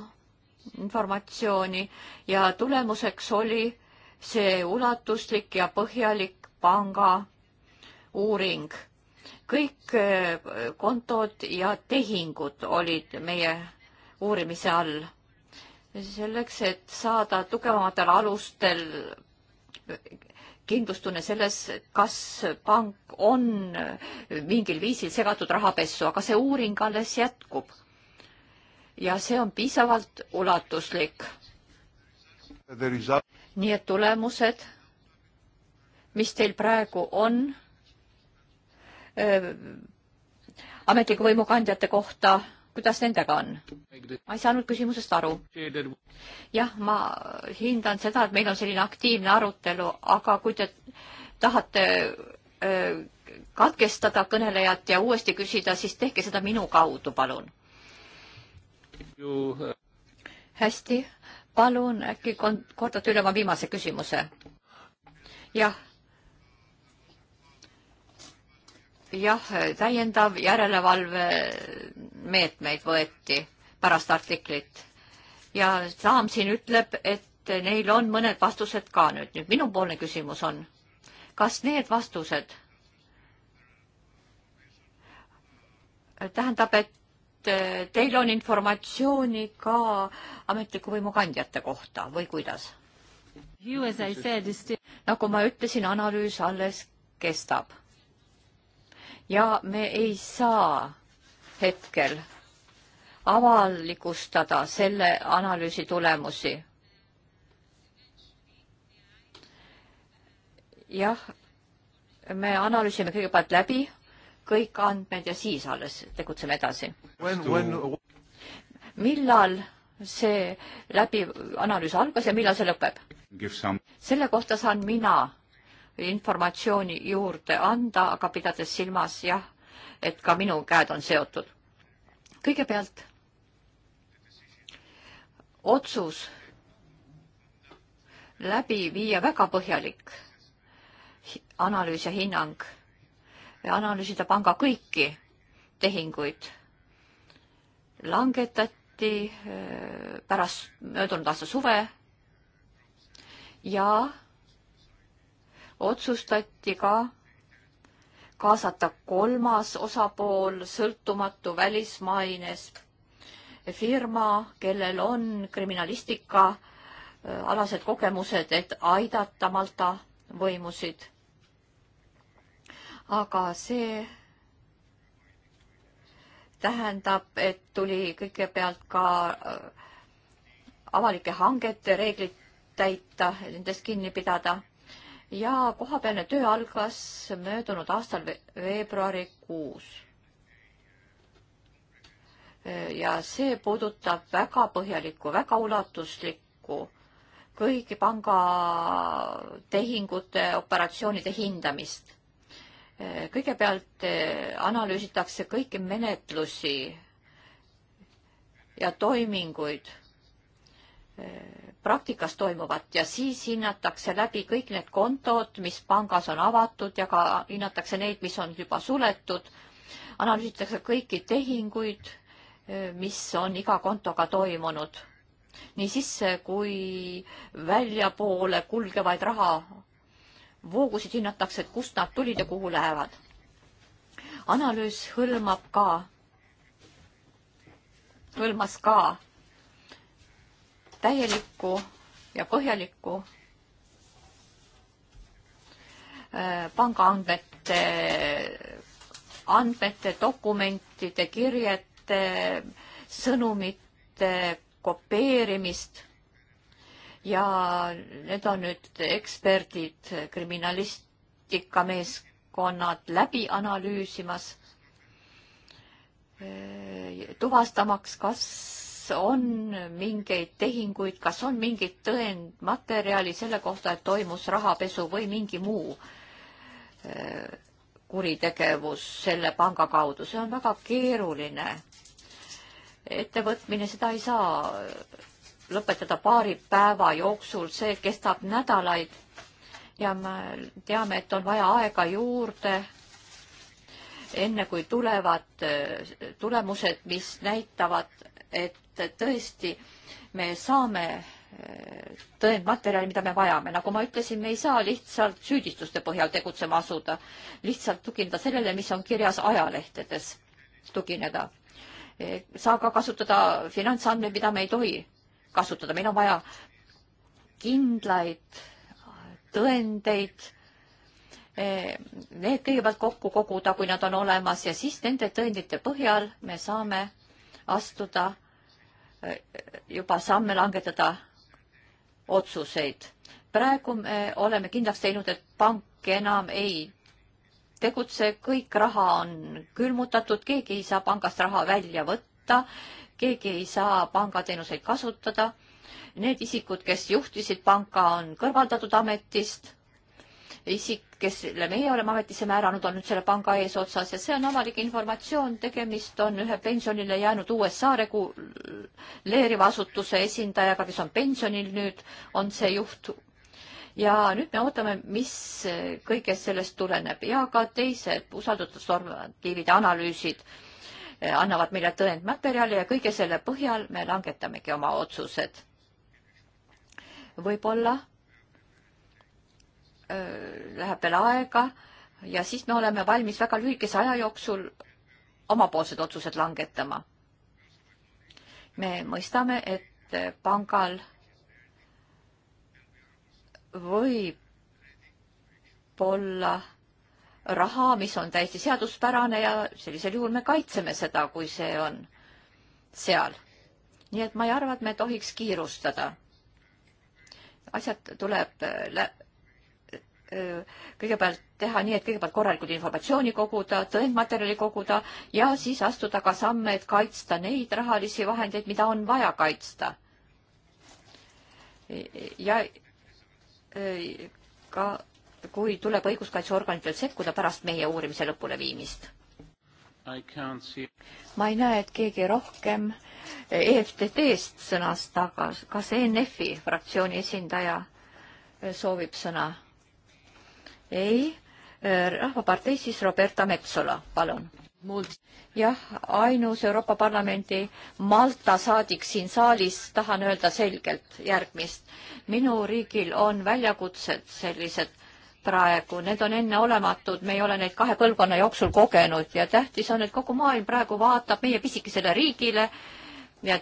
Speaker 2: informatsiooni ja tulemuseks oli see ulatuslik ja põhjalik panga uuring kõik eh, kontod ja tehingud olid meie uurimise all. selleks, et saada tugevamatel alustel kindlustunne selles, kas pank on mingil viisil segatud rahapessu, aga see uuring alles jätkub. ja see on piisavalt ulatuslik. nii et tulemused, mis teil praegu on Äh, ametliku võimu kandjate kohta, kuidas nendega on? ma ei saanud küsimusest aru. jah, ma hindan seda, et meil on selline aktiivne arutelu, aga kui te tahate öö, äh, katkestada kõnelejat ja uuesti küsida, siis tehke seda minu kaudu, palun. hästi, palun äkki kordate üle oma viimase küsimuse. jah jah, täiendav järelevalvemeetmeid võeti pärast artiklit ja Saam siin ütleb, et neil on mõned vastused ka nüüd. nüüd minupoolne küsimus on, kas need vastused tähendab, et teil on informatsiooni ka ametliku võimu kandjate kohta või kuidas? nagu ma ütlesin, analüüs alles kestab ja me ei saa hetkel avalikustada selle analüüsi tulemusi. jah, me analüüsime kõigepealt läbi kõik andmed ja siis alles tegutseme edasi. millal see läbi analüüs algas ja millal see lõpeb? Some... selle kohta saan mina informatsiooni juurde anda, aga pidades silmas jah, et ka minu käed on seotud. kõigepealt otsus läbi viia väga põhjalik analüüs ja hinnang ja analüüsida panga kõiki tehinguid langetati äh, pärast möödunud aasta suve ja otsustati ka kaasata kolmas osapool, sõltumatu välismaines firma, kellel on kriminalistika äh, alased kogemused, et aidata Malta võimusid. aga see tähendab, et tuli kõigepealt ka äh, avalike hangete reeglid täita, nendest kinni pidada ja kohapealne töö algas möödunud aastal veebruarikuus. ja see puudutab väga põhjalikku, väga ulatuslikku kõigi pangatehingute, operatsioonide hindamist. kõigepealt eh, analüüsitakse kõiki menetlusi ja toiminguid eh, praktikas toimuvat ja siis hinnatakse läbi kõik need kontod, mis pangas on avatud ja ka hinnatakse neid, mis on juba suletud. analüüsitakse kõiki tehinguid, mis on iga kontoga toimunud, nii sisse kui väljapoole kulgevaid rahavoogusid hinnatakse, et kust nad tulid ja kuhu lähevad. analüüs hõlmab ka, hõlmas ka täielikku ja põhjalikku äh, pangaandmete, andmete, dokumentide, kirjete, sõnumite kopeerimist. ja need on nüüd eksperdid, kriminalistikameeskonnad läbi analüüsimas, äh, tuvastamaks, kas on mingeid tehinguid, kas on mingit tõendmaterjali selle kohta, et toimus rahapesu või mingi muu eh, kuritegevus selle panga kaudu, see on väga keeruline ettevõtmine, seda ei saa lõpetada paari päeva jooksul, see kestab nädalaid ja me teame, et on vaja aega juurde enne kui tulevad eh, tulemused, mis näitavad, et tõesti me saame eh, tõendmaterjali, mida me vajame. nagu ma ütlesin, me ei saa lihtsalt süüdistuste põhjal tegutsema asuda, lihtsalt tugineda sellele, mis on kirjas ajalehtedes, tugineda. Eh, saab ka kasutada finantsandmeid, mida me ei tohi kasutada, meil on vaja kindlaid tõendeid eh, need kõigepealt kokku koguda, kui nad on olemas ja siis nende tõendite põhjal me saame astuda eh, juba samme langetada otsuseid. praegu me oleme kindlaks teinud, et pank enam ei tegutse, kõik raha on külmutatud, keegi ei saa pangast raha välja võtta, keegi ei saa pangateenuseid kasutada. Need isikud, kes juhtisid panka, on kõrvaldatud ametist isik, kesle meie oleme ametisse määranud, on nüüd selle panga eesotsas ja see on avalik informatsioon, tegemist on ühe pensionile jäänud USA reguleeriva asutuse esindajaga, kes on pensionil nüüd, on see juht. ja nüüd me ootame, mis kõigest sellest tuleneb ja ka teised usaldatusnormatiivide analüüsid eh, annavad meile tõendmaterjali ja kõige selle põhjal me langetamegi oma otsused. võib-olla Äh, läheb veel aega ja siis me oleme valmis väga lühikese aja jooksul omapoolsed otsused langetama. me mõistame, et pangal võib olla raha, mis on täiesti seaduspärane ja sellisel juhul me kaitseme seda, kui see on seal. nii et ma ei arva, et me tohiks kiirustada asjad tuleb lä kõigepealt teha nii, et kõigepealt korralikult informatsiooni koguda, tõendmaterjali koguda ja siis astuda ka samme, et kaitsta neid rahalisi vahendeid, mida on vaja kaitsta. ja e, ka kui tuleb õiguskaitseorganitel sekkuda pärast meie uurimise lõpuleviimist. ma ei näe, et keegi rohkem EFTT-st sõnast tagas, kas ENF-i fraktsiooni esindaja soovib sõna? ei, äh, Rahvapartei siis Roberta Metsola, palun. jah, ainus Euroopa Parlamendi Malta saadik siin saalis, tahan öelda selgelt järgmist. minu riigil on väljakutsed sellised praegu, need on enneolematud, me ei ole neid kahe põlvkonna jooksul kogenud ja tähtis on, et kogu maailm praegu vaatab meie pisikesele riigile ja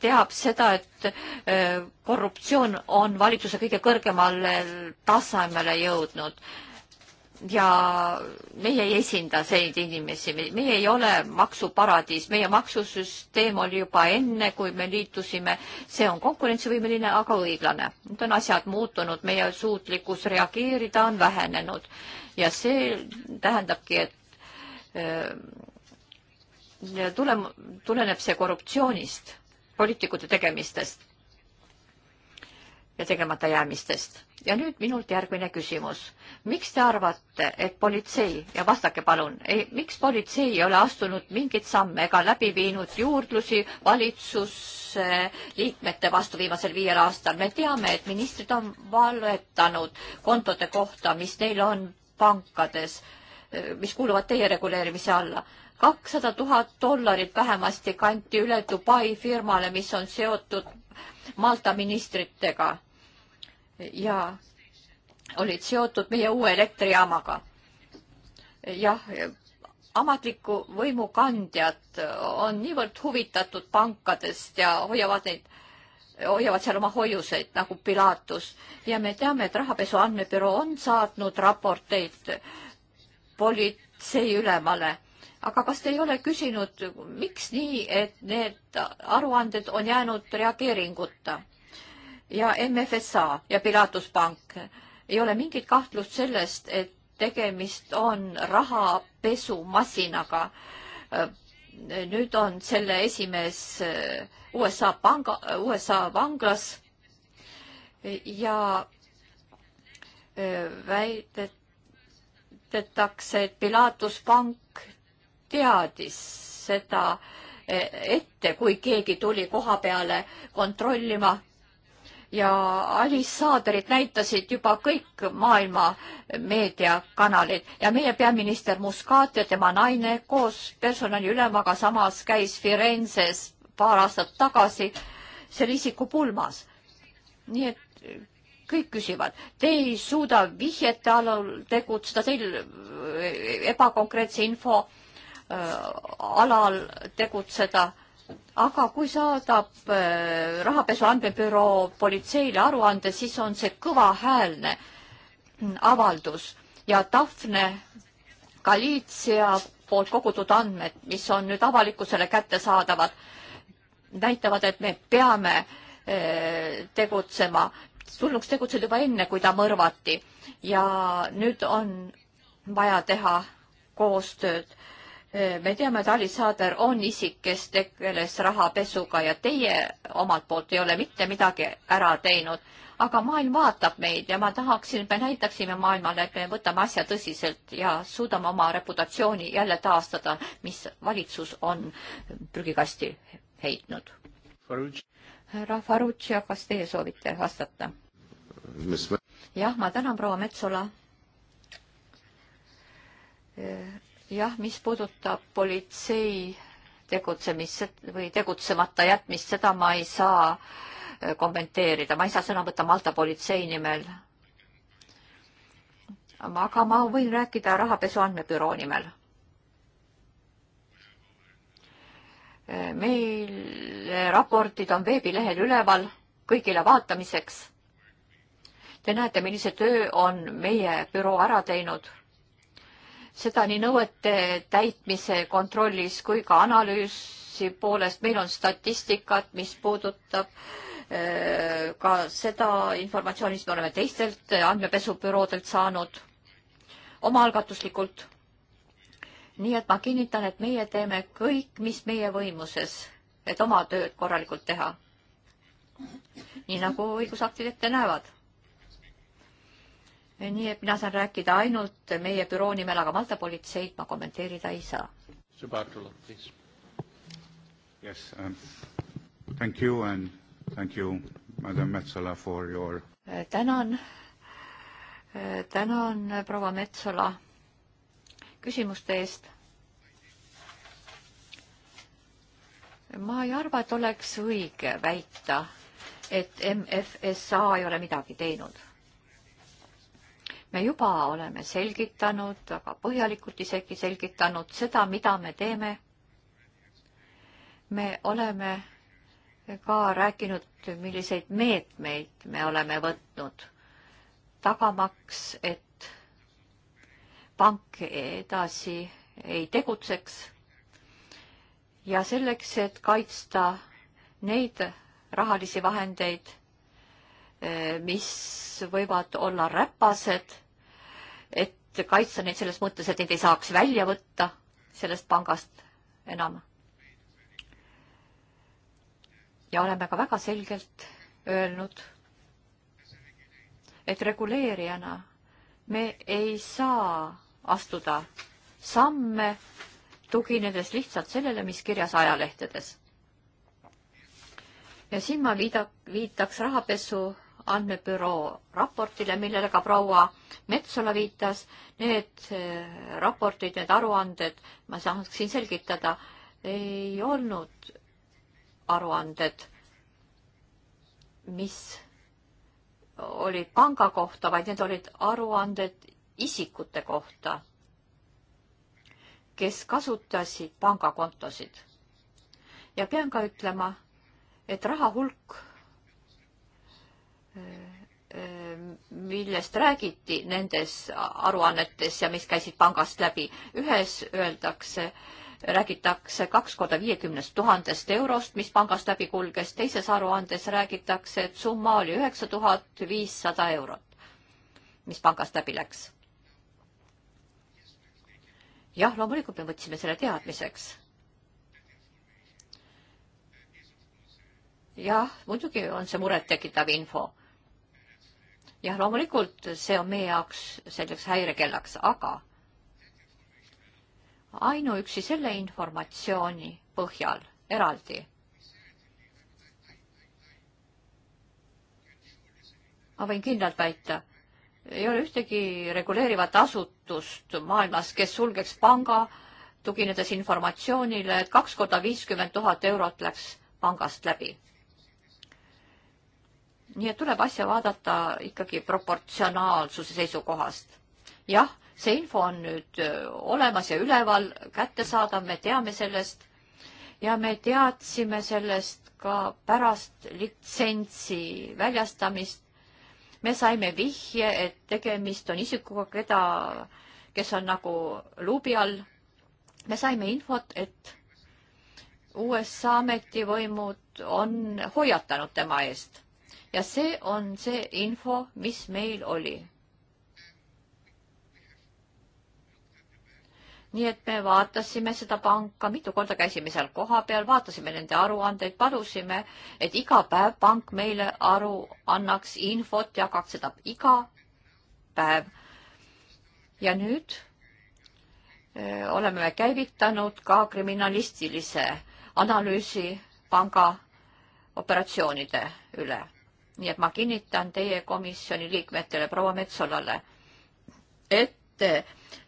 Speaker 2: teab seda, et äh, korruptsioon on valitsuse kõige kõrgemale tasemele jõudnud ja meie ei esinda selliseid inimesi, meie ei ole maksuparadiis, meie maksusüsteem oli juba enne, kui me liitusime, see on konkurentsivõimeline, aga õiglane. nüüd on asjad muutunud, meie suutlikkus reageerida on vähenenud ja see tähendabki, et äh, tulem-, tuleneb see korruptsioonist poliitikute tegemistest ja tegemata jäämistest. ja nüüd minult järgmine küsimus. miks te arvate, et politsei ja vastake palun, miks politsei ei ole astunud mingeid samme ega läbi viinud juurdlusi valitsuse liikmete vastu viimasel viiel aastal? me teame, et ministrid on valetanud kontode kohta, mis neil on pankades Eh, mis kuuluvad teie reguleerimise alla. kakssada tuhat dollarit vähemasti kanti üle Dubai firmale, mis on seotud Malta ministritega ja olid seotud meie uue elektrijaamaga. jah, ametliku võimu kandjad on niivõrd huvitatud pankadest ja hoiavad neid, hoiavad seal oma hoiuseid nagu Pilatus ja me teame, et rahapesu andmebüroo on saatnud raporteid politseiülemale. aga kas te ei ole küsinud, miks nii, et need aruanded on jäänud reageeringuta? ja MFSA ja Pilatus Pank ei ole mingit kahtlust sellest, et tegemist on rahapesumasinaga. nüüd on selle esimees äh, USA panga, USA vanglas ja äh, väidet, väidetakse, et Pilatus pank teadis seda e, ette, kui keegi tuli koha peale kontrollima ja alissaaderid näitasid juba kõik maailma meediakanalid ja meie peaminister Muscat ja tema naine koos personaliülemaga samas käis Firenzes paar aastat tagasi seal isiku pulmas. nii et kõik küsivad, te ei suuda vihjete alal tegutseda, teil eh, ebakonkreetse info äh, alal tegutseda, aga kui saadab äh, rahapesu andmebüroo politseile aruande, siis on see kõvahäälne avaldus ja Daphne Galizia poolt kogutud andmed, mis on nüüd avalikkusele kättesaadavad, näitavad, et me peame tegutsema surnuks tegutsenud juba enne, kui ta mõrvati ja nüüd on vaja teha koostööd. me teame, et Ali Saader on isik, kes tegeles rahapesuga ja teie omalt poolt ei ole mitte midagi ära teinud, aga maailm vaatab meid ja ma tahaksin, et me näitaksime maailmale, et me võtame asja tõsiselt ja suudame oma reputatsiooni jälle taastada, mis valitsus on prügikasti heitnud härra Farutša, kas teie soovite vastata? jah, ma tänan, proua Metsola. jah, mis puudutab politsei tegutsemist või tegutsemata jätmist, seda ma ei saa äh, kommenteerida, ma ei saa sõna võtta Malta politsei nimel. aga ma võin rääkida rahapesu andmebüroo nimel meil eh, raportid on veebilehel üleval kõigile vaatamiseks. Te näete, millise töö on meie büroo ära teinud. seda nii nõuete täitmise kontrollis kui ka analüüsi poolest. meil on statistikat, mis puudutab eh, ka seda informatsiooni, mis me oleme teistelt andmepesubüroodelt saanud omaalgatuslikult nii et ma kinnitan, et meie teeme kõik, mis meie võimuses, et oma tööd korralikult teha. nii nagu õigusaktid ette näevad. nii et mina saan rääkida ainult meie büroo nimel, aga Malta politseid ma kommenteerida ei saa.
Speaker 1: Yes, um, thank you and thank you, madam Metsola for your.
Speaker 2: tänan, tänan proua Metsola küsimuste eest. ma ei arva, et oleks õige väita, et MFSA ei ole midagi teinud. me juba oleme selgitanud, väga põhjalikult isegi selgitanud seda, mida me teeme. me oleme ka rääkinud, milliseid meetmeid me oleme võtnud, tagamaks, et pank edasi ei tegutseks. ja selleks, et kaitsta neid rahalisi vahendeid, eh, mis võivad olla räpased, et kaitsta neid selles mõttes, et neid ei saaks välja võtta sellest pangast enam. ja oleme ka väga selgelt öelnud, et reguleerijana me ei saa astuda samme, tuginedes lihtsalt sellele, mis kirjas ajalehtedes. ja siin ma viida-, viitaks rahapesu andmebüroo raportile, millele ka proua Metsola viitas. Need äh, raportid, need aruanded, ma saaksin selgitada, ei olnud aruanded, mis olid panga kohta, vaid need olid aruanded isikute kohta, kes kasutasid pangakontosid. ja pean ka ütlema, et raha hulk, äh, äh, millest räägiti nendes aruannetes ja mis käisid pangast läbi, ühes öeldakse, räägitakse kaks korda viiekümnest tuhandest eurost, mis pangast läbi kulges, teises aruandes räägitakse, et summa oli üheksa tuhat viissada eurot, mis pangast läbi läks jah, loomulikult me võtsime selle teadmiseks. jah, muidugi on see murettekitav info. jah, loomulikult see on meie jaoks selleks häirekellaks, aga ainuüksi selle informatsiooni põhjal eraldi ma võin kindlalt väita, ei ole ühtegi reguleerivat asutust maailmas, kes sulgeks panga, tuginedes informatsioonile, et kaks korda viiskümmend tuhat eurot läks pangast läbi. nii et tuleb asja vaadata ikkagi proportsionaalsuse seisukohast. jah, see info on nüüd äh, olemas ja üleval, kättesaadav, me teame sellest ja me teadsime sellest ka pärast litsentsi väljastamist me saime vihje, et tegemist on isikuga, keda, kes on nagu luubi all. me saime infot, et USA ametivõimud on hoiatanud tema eest ja see on see info, mis meil oli nii et me vaatasime seda panka, mitu korda käisime seal kohapeal, vaatasime nende aruandeid, palusime, et iga päev pank meile aru annaks, infot jagaks seda iga päev. ja nüüd öö, äh, oleme käivitanud ka kriminalistilise analüüsi panga operatsioonide üle. nii et ma kinnitan teie komisjoni liikmetele, proua Metsolale, et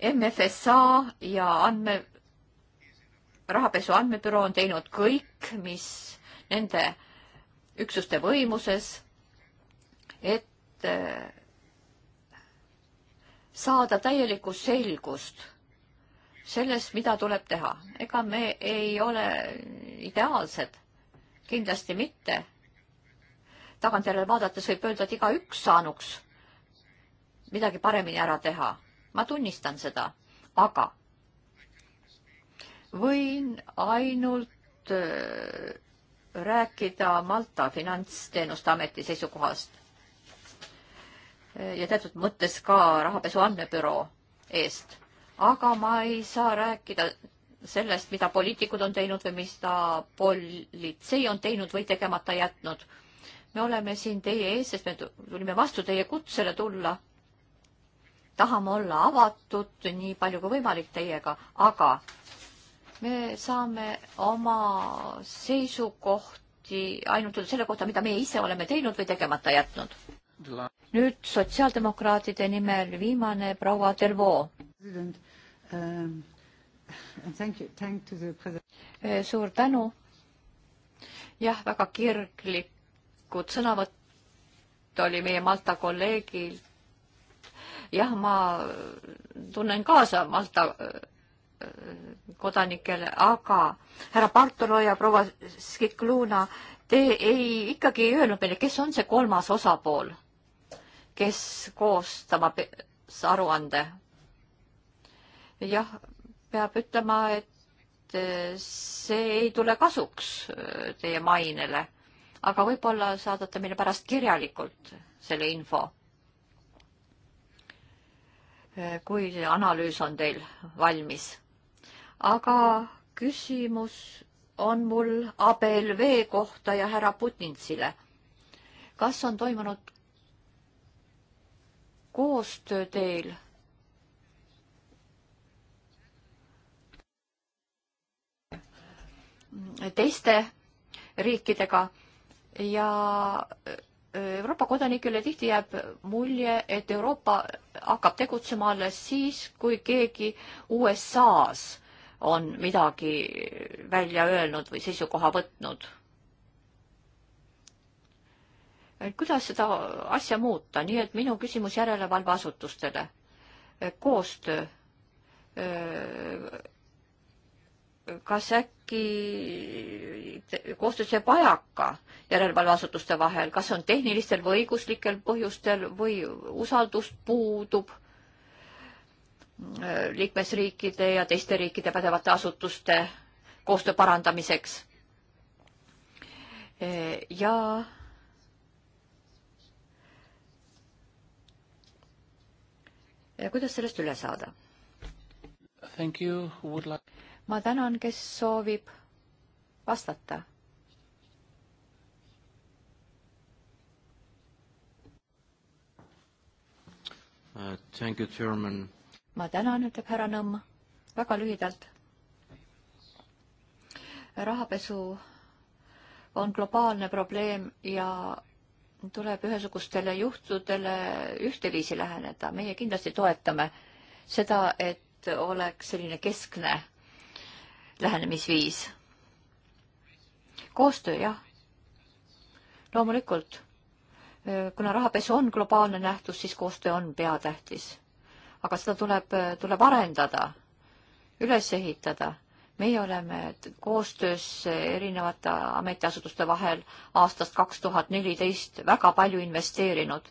Speaker 2: MFSA ja andme, rahapesu andmebüroo on teinud kõik, mis nende üksuste võimuses, et eh, saada täielikku selgust selles, mida tuleb teha. ega me ei ole ideaalsed, kindlasti mitte. tagantjärele vaadates võib öelda, et igaüks saanuks midagi paremini ära teha ma tunnistan seda, aga võin ainult äh, rääkida Malta finantsteenuste ameti seisukohast äh, ja teatud mõttes ka rahapesu andmebüroo eest. aga ma ei saa rääkida sellest, mida poliitikud on teinud või mida politsei on teinud või tegemata jätnud. me oleme siin teie ees, sest me tulime vastu teie kutsele tulla tahame olla avatud nii palju kui võimalik teiega, aga me saame oma seisukohti ainult selle kohta, mida meie ise oleme teinud või tegemata jätnud. nüüd sotsiaaldemokraatide nimel viimane proua Delvaux. Um, eh, suur tänu. jah, väga kirglikud sõnavõtt oli meie Malta kolleegilt jah, ma tunnen kaasa Malta äh, kodanikele, aga härra Bartolo ja proua Skikluna, te ei ikkagi ei öelnud meile, kes on see kolmas osapool, kes koostama aruande? jah, peab ütlema, et äh, see ei tule kasuks äh, teie mainele, aga võib-olla saadate meile pärast kirjalikult selle info kui analüüs on teil valmis. aga küsimus on mul ABLV kohta ja härra Putintsile. kas on toimunud koostöö teil? teiste riikidega ja Euroopa kodanikele tihti jääb mulje, et Euroopa hakkab tegutsema alles siis, kui keegi USA-s on midagi välja öelnud või seisukoha võtnud. et kuidas seda asja muuta, nii et minu küsimus järelevalveasutustele. koostöö kas äkki koostöös jääb ajaka järelevalveasutuste vahel, kas on tehnilistel või õiguslikel põhjustel või usaldus puudub äh, liikmesriikide ja teiste riikide pädevate asutuste koostöö parandamiseks. ja äh, ja kuidas sellest üle saada? Thank you, would like ma tänan, kes soovib vastata. Uh, ma tänan, ütleb härra Nõmm, väga lühidalt. rahapesu on globaalne probleem ja tuleb ühesugustele juhtudele ühteviisi läheneda. meie kindlasti toetame seda, et oleks selline keskne lähenemisviis. koostöö, jah. loomulikult, kuna rahapesu on globaalne nähtus, siis koostöö on peatähtis. aga seda tuleb, tuleb arendada, üles ehitada. meie oleme koostöös erinevate ametiasutuste vahel aastast kaks tuhat neliteist väga palju investeerinud,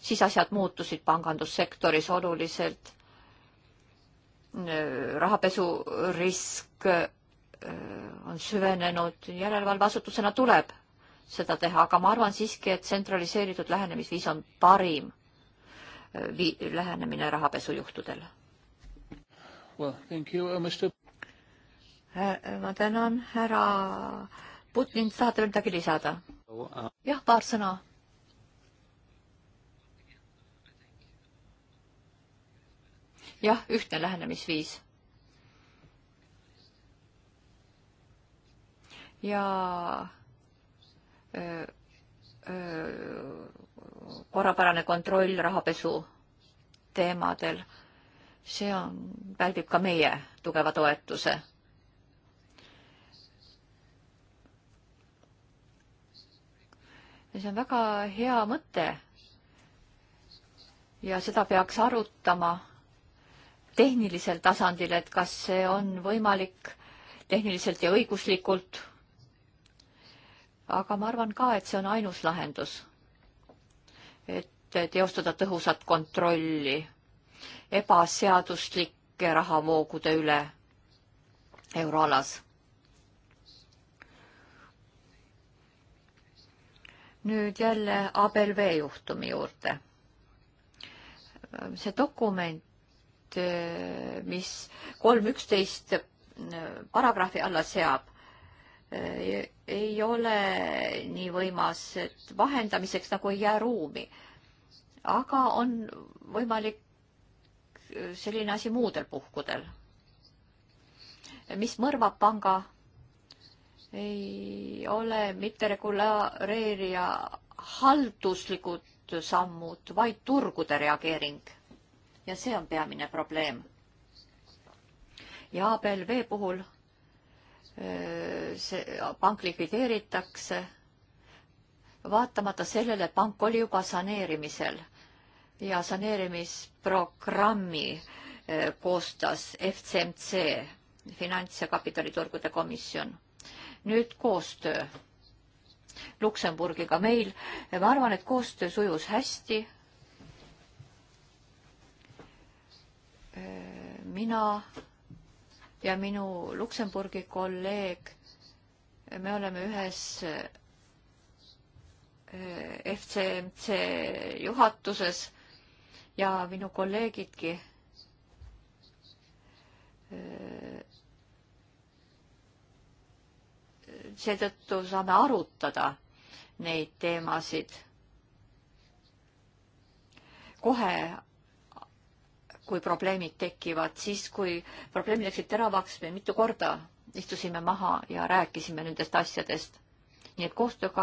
Speaker 2: siis asjad muutusid pangandussektoris oluliselt Äh, rahapesurisk äh, on süvenenud, järelevalveasutusena tuleb seda teha, aga ma arvan siiski, et tsentraliseeritud lähenemisviis on parim äh, vii-, lähenemine rahapesujuhtudel well,. Uh, ma tänan, härra Putin, tahate veel midagi lisada? Oh, uh- jah, paar sõna jah, ühtne lähenemisviis. ja öö, öö, korrapärane kontroll rahapesu teemadel, see on, pälvib ka meie tugeva toetuse ja see on väga hea mõte. ja seda peaks arutama tehnilisel tasandil, et kas see on võimalik tehniliselt ja õiguslikult. aga ma arvan ka, et see on ainus lahendus, et teostada tõhusat kontrolli ebaseaduslike rahavoogude üle euroalas. nüüd jälle ABLV juhtumi juurde. see dokument Äh, mis kolm üksteist äh, paragrahvi alla seab, äh, ei ole nii võimas, et vahendamiseks nagu ei jää ruumi. aga on võimalik selline asi muudel puhkudel. mis mõrvab panga, ei ole mitte regulaareerija halduslikud sammud, vaid turgude reageering ja see on peamine probleem. ja ABLV puhul see pank likvideeritakse, vaatamata sellele pank oli juba saneerimisel ja saneerimisprogrammi koostas FCMC, Finants- ja Kapitaliturgude Komisjon. nüüd koostöö Luksemburgiga meil, ma arvan, et koostöö sujus hästi, mina ja minu Luksemburgi kolleeg, me oleme ühes eh, FCMC juhatuses ja minu kolleegidki eh, seetõttu saame arutada neid teemasid kohe kui probleemid tekivad, siis kui probleemid läksid teravaks, me mitu korda istusime maha ja rääkisime nendest asjadest. nii et koostööga,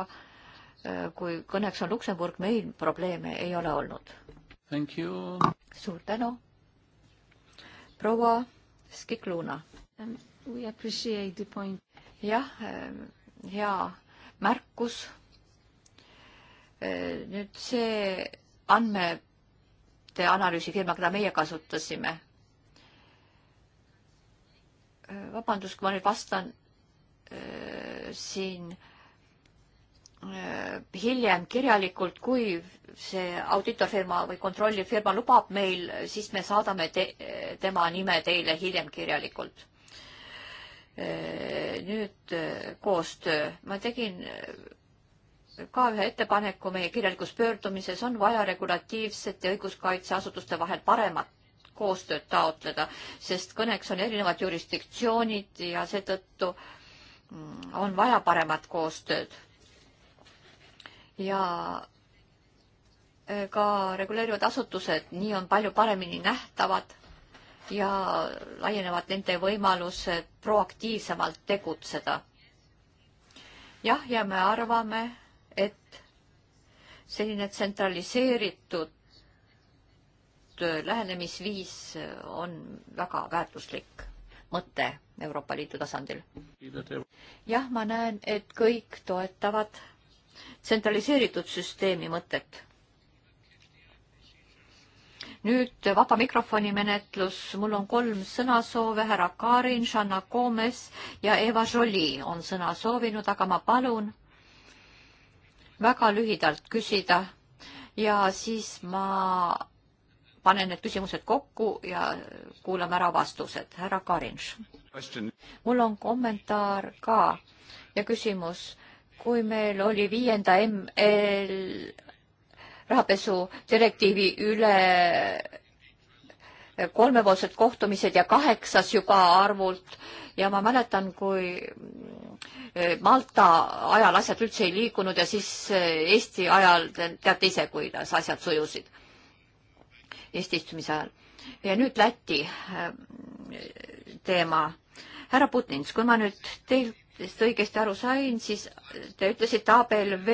Speaker 2: äh, kui kõneks on Luksemburg, meil probleeme ei ole olnud. suur tänu. proua Skikluna. Um, jah, ähm, hea märkus. Äh, nüüd see andme andmete analüüsifirma, keda meie kasutasime. vabandust, kui ma nüüd vastan äh, siin äh, hiljem kirjalikult, kui see audiitorfirma või kontrollifirma lubab meil, siis me saadame te tema nime teile hiljem kirjalikult äh, nüüd äh, koostöö. ma tegin äh, ka ühe ettepaneku meie kirjalikus pöördumises, on vaja regulatiivset ja õiguskaitseasutuste vahel paremat koostööd taotleda, sest kõneks on erinevad jurisdiktsioonid ja seetõttu mm, on vaja paremat koostööd. ja äh, ka reguleerivad asutused, nii on palju paremini nähtavad ja laienevad nende võimalused proaktiivsemalt tegutseda. jah, ja me arvame, et selline tsentraliseeritud äh, lähenemisviis äh, on väga väärtuslik mõte Euroopa Liidu tasandil. jah, ma näen, et kõik toetavad tsentraliseeritud süsteemi mõtet. nüüd vaba mikrofoni menetlus, mul on kolm sõnasoove, härra Karin, Shanna Gomes ja Eva Jolie on sõna soovinud, aga ma palun, väga lühidalt küsida ja siis ma panen need küsimused kokku ja kuulame ära vastused. härra Karinš. mul on kommentaar ka ja küsimus. kui meil oli viienda ML rahapesu direktiivi üle kolmepoolsed kohtumised ja kaheksas juba arvult ja ma mäletan, kui eh, Malta ajal asjad üldse ei liikunud ja siis eh, Eesti ajal teate ise, kuidas asjad sujusid. Eesti istumise ajal. ja nüüd Läti eh, teema. härra Putins, kui ma nüüd teilt õigesti aru sain, siis te ütlesite ABLV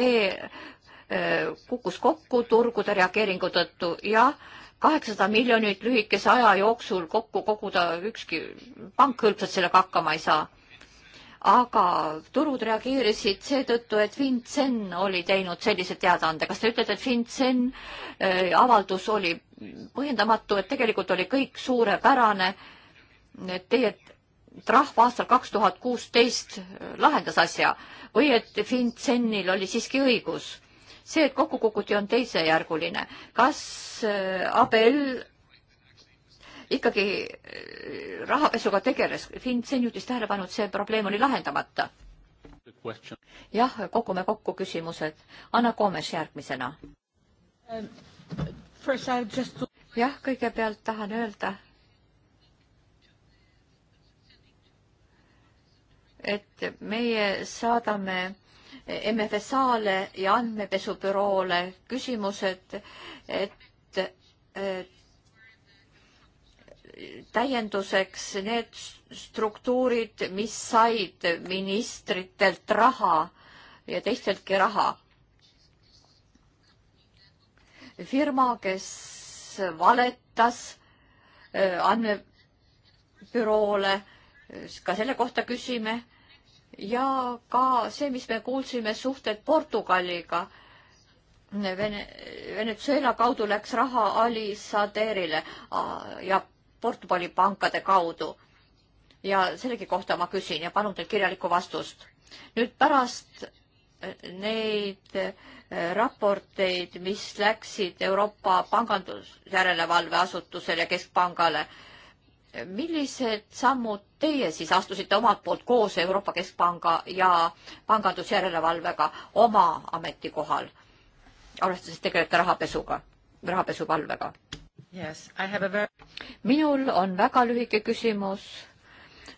Speaker 2: kukkus kokku turgude reageeringu tõttu ja äh, kaheksasada miljonit lühikese aja jooksul kokku koguda, ükski pank hõlpsalt sellega hakkama ei saa. aga turud reageerisid seetõttu, et FinCEN oli teinud sellise teadaande. kas te ütlete, et FinCEN äh, avaldus oli põhjendamatu, et tegelikult oli kõik suurepärane, et teie trahv aastal kaks tuhat kuusteist äh, lahendas asja või et FinCENil oli siiski õigus? see, et kokku kukuti, on teisejärguline. kas äh, Abel ikkagi
Speaker 1: äh,
Speaker 2: rahapesuga tegeles, Fintsen juhtis tähelepanu, et see probleem oli lahendamata. jah, kogume kokku küsimused. Anna Koomes järgmisena. jah, kõigepealt tahan öelda, et meie saadame MFSA-le ja andmepesubüroole küsimused, et, et täienduseks need struktuurid, mis said ministritelt raha ja teisteltki raha. firma, kes valetas eh, andmebüroole, ka selle kohta küsime ja ka see, mis me kuulsime, suhted Portugaliga. Vene, Venezuela kaudu läks raha Ali Saderile ja Portugali pankade kaudu. ja sellegi kohta ma küsin ja palun teil kirjalikku vastust. nüüd pärast eh, neid eh, raporteid, mis läksid Euroopa pangandusjärelevalveasutusele ja keskpangale äh, millised sammud teie siis astusite omalt poolt koos Euroopa Keskpanga ja pangandusjärelevalvega oma ametikohal, arvestades tegelete rahapesuga, rahapesuvalvega yes,? Very... minul on väga lühike küsimus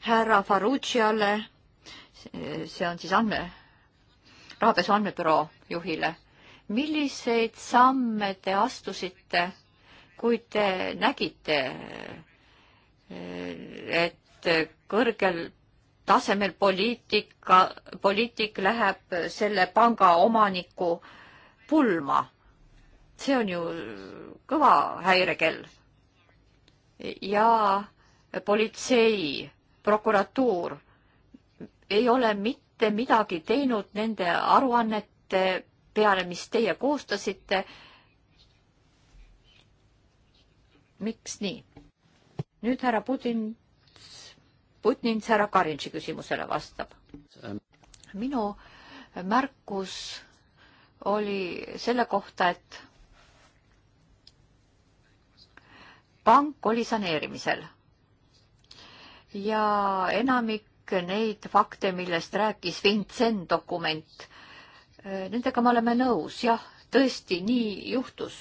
Speaker 2: härra Farrugiale, see on siis andme, rahapesu andmebüroo juhile. milliseid samme te astusite, kui te nägite et kõrgel tasemel poliitika, poliitik läheb selle panga omaniku pulma. see on ju kõva häirekell. ja politsei, prokuratuur ei ole mitte midagi teinud nende aruannete peale, mis teie koostasite. miks nii? nüüd härra Putin, Putins härra Karintši küsimusele vastab. minu märkus oli selle kohta, et pank oli saneerimisel ja enamik neid fakte, millest rääkis Vintsen dokument, nendega me oleme nõus, jah, tõesti nii juhtus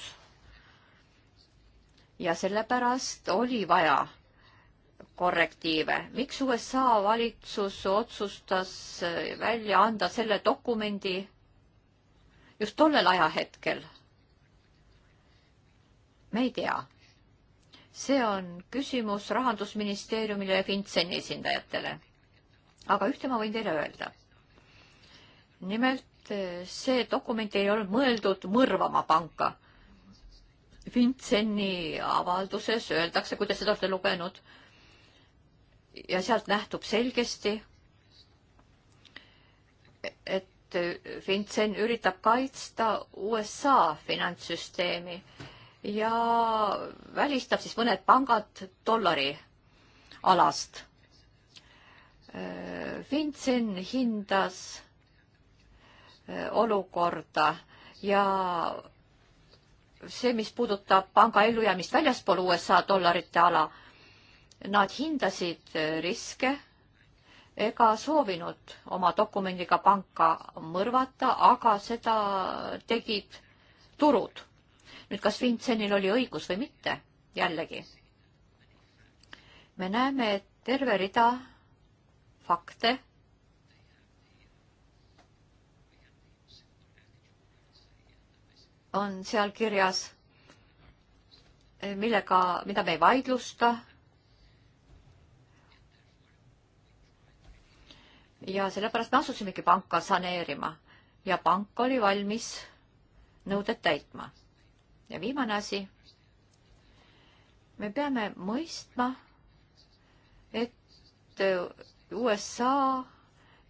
Speaker 2: ja sellepärast oli vaja korrektiive. miks USA valitsus otsustas äh, välja anda selle dokumendi just tollel ajahetkel? me ei tea. see on küsimus Rahandusministeeriumile ja FinCEN-i esindajatele. aga ühte ma võin teile öelda. nimelt äh, see dokument ei olnud mõeldud mõrvama panka Vintseni avalduses öeldakse, kui te seda olete lugenud, ja sealt nähtub selgesti, et Vintsen üritab kaitsta USA finantssüsteemi ja välistab siis mõned pangad dollari alast. Vintsen hindas olukorda ja see, mis puudutab panga ellujäämist väljaspool USA dollarite ala, nad hindasid eh, riske ega soovinud oma dokumendiga panka mõrvata, aga seda tegid turud. nüüd, kas Vintsenil oli õigus või mitte, jällegi. me näeme, et terve rida fakte on seal kirjas, millega, mida me ei vaidlusta. ja sellepärast me asusimegi panka saneerima ja pank oli valmis nõuded täitma. ja viimane asi. me peame mõistma, et USA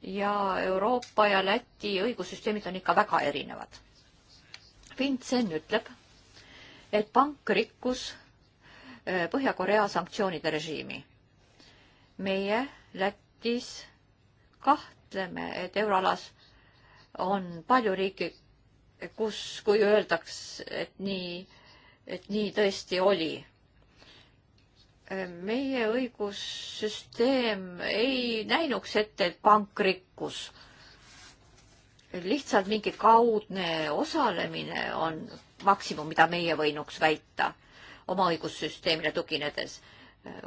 Speaker 2: ja Euroopa ja Läti õigussüsteemid on ikka väga erinevad Vintsen ütleb, et pank rikkus äh, Põhja-Korea sanktsioonide režiimi. meie Lätis kahtleme, et euroalas on palju riike, kus, kui öeldakse, et nii, et nii tõesti oli äh, meie õigussüsteem ei näinuks ette, et pank rikkus lihtsalt mingi kaudne osalemine on maksimum, mida meie võinuks väita oma õigussüsteemile tuginedes.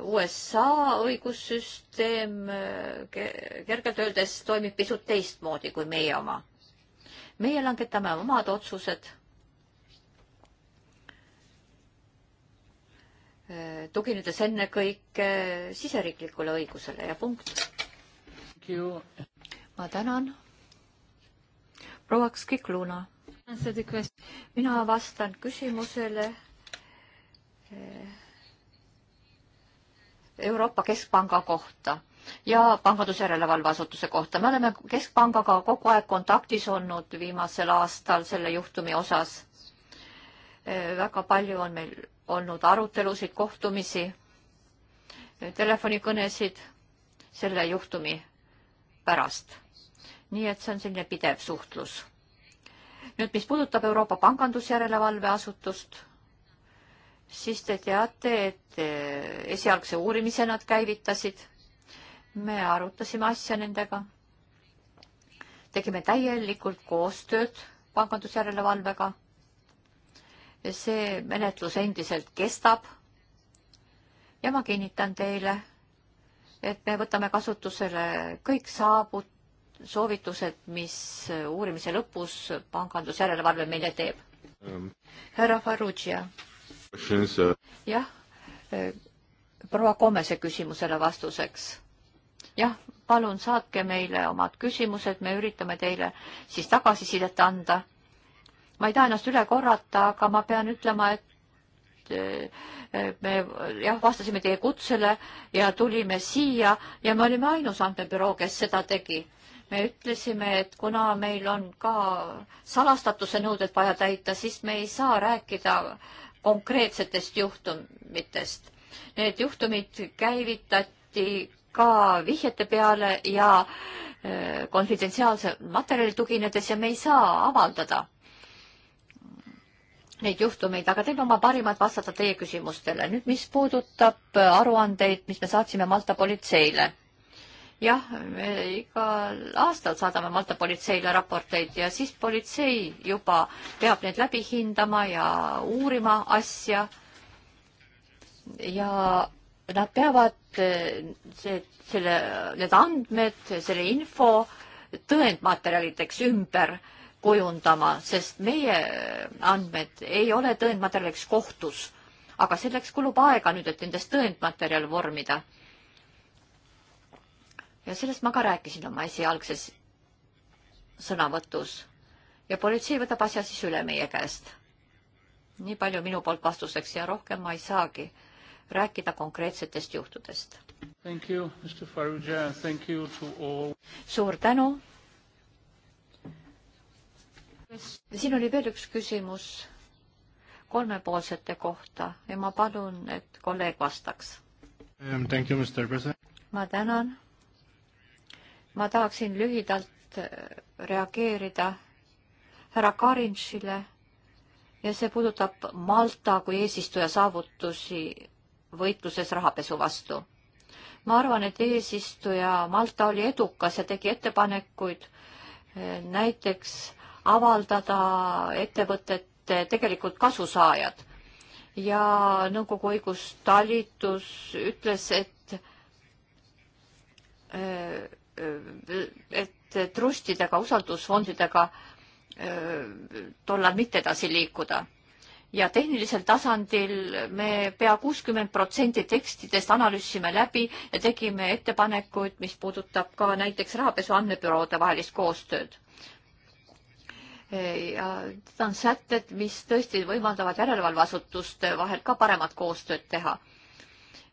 Speaker 2: USA õigussüsteem kergelt öeldes toimib pisut teistmoodi kui meie oma. meie langetame omad otsused tuginedes ennekõike siseriiklikule õigusele ja punkt. ma tänan prouaks Kikluna. mina vastan küsimusele eh, Euroopa Keskpanga kohta ja pangandusjärelevalve asutuse kohta. me oleme Keskpangaga kogu aeg kontaktis olnud viimasel aastal selle juhtumi osas. Eh, väga palju on meil olnud arutelusid, kohtumisi, telefonikõnesid selle juhtumi pärast nii et see on selline pidev suhtlus. nüüd, mis puudutab Euroopa Pangandusjärelevalve Asutust, siis te teate, et eh, esialgse uurimise nad käivitasid. me arutasime asja nendega. tegime täielikult koostööd pangandusjärelevalvega. see menetlus endiselt kestab. ja ma kinnitan teile, et me võtame kasutusele kõik saabud, soovitused, mis uurimise lõpus pangandusjärelevalve meile teeb um,? härra Farrugia. jah, äh, proua Komese küsimusele vastuseks. jah, palun saatke meile omad küsimused, me üritame teile siis tagasisidet anda. ma ei taha ennast üle korrata, aga ma pean ütlema, et äh, äh, me jah, vastasime teie kutsele ja tulime siia ja me olime ainus andmebüroo, kes seda tegi me ütlesime, et kuna meil on ka salastatuse nõuded vaja täita, siis me ei saa rääkida konkreetsetest juhtumitest. Need juhtumid käivitati ka vihjete peale ja äh, konfidentsiaalse materjali tuginedes ja me ei saa avaldada neid juhtumeid, aga teeme oma parimad vastata teie küsimustele. nüüd, mis puudutab aruandeid, mis me saatsime Malta politseile jah, me igal aastal saadame Malta politseile raporteid ja siis politsei juba peab need läbi hindama ja uurima asja. ja nad peavad eh, see, selle, need andmed, selle info tõendmaterjalideks ümber kujundama, sest meie andmed ei ole tõendmaterjaliks kohtus. aga selleks kulub aega nüüd, et nendest tõendmaterjal vormida ja sellest ma ka rääkisin oma esialgses sõnavõtus. ja politsei võtab asja siis üle meie käest. nii palju minu poolt vastuseks ja rohkem ma ei saagi rääkida konkreetsetest juhtudest. suur tänu. siin oli veel üks küsimus kolmepoolsete kohta ja ma palun, et kolleeg vastaks. Um, ma tänan ma tahaksin lühidalt äh, reageerida härra Karinšile ja see puudutab Malta kui eesistuja saavutusi võitluses rahapesu vastu. ma arvan, et eesistuja Malta oli edukas ja tegi ettepanekuid äh, näiteks avaldada ettevõtete tegelikult kasusaajad ja nõukogu õigustalitus ütles, et äh, et trustidega, usaldusfondidega tollal mitte edasi liikuda. ja tehnilisel tasandil me pea kuuskümmend protsenti tekstidest analüüsisime läbi ja tegime ettepanekuid, mis puudutab ka näiteks rahapesu andmebüroode vahelist koostööd. ja need on sätted, mis tõesti võimaldavad järelevalveasutuste vahel ka paremat koostööd teha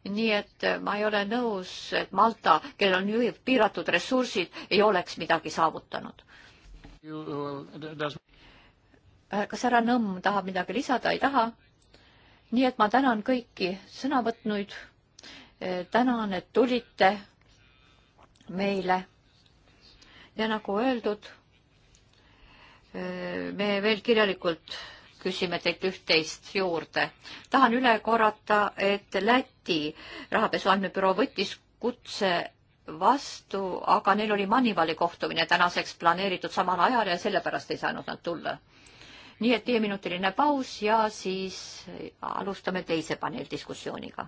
Speaker 2: nii et äh, ma ei ole nõus, et Malta, kellel on ju piiratud ressursid, ei oleks midagi saavutanud.
Speaker 1: Uh,
Speaker 2: äh, kas härra Nõmm tahab midagi lisada, ei taha? nii et ma tänan kõiki sõna võtnuid. Äh, tänan, et tulite meile. ja nagu öeldud, me veel kirjalikult küsime teilt üht-teist juurde. tahan üle korrata, et Läti rahapesu andmebüroo võttis kutse vastu, aga neil oli Manivali kohtumine tänaseks planeeritud samal ajal ja sellepärast ei saanud nad tulla. nii et viieminutiline paus ja siis alustame teise paneeldiskussiooniga.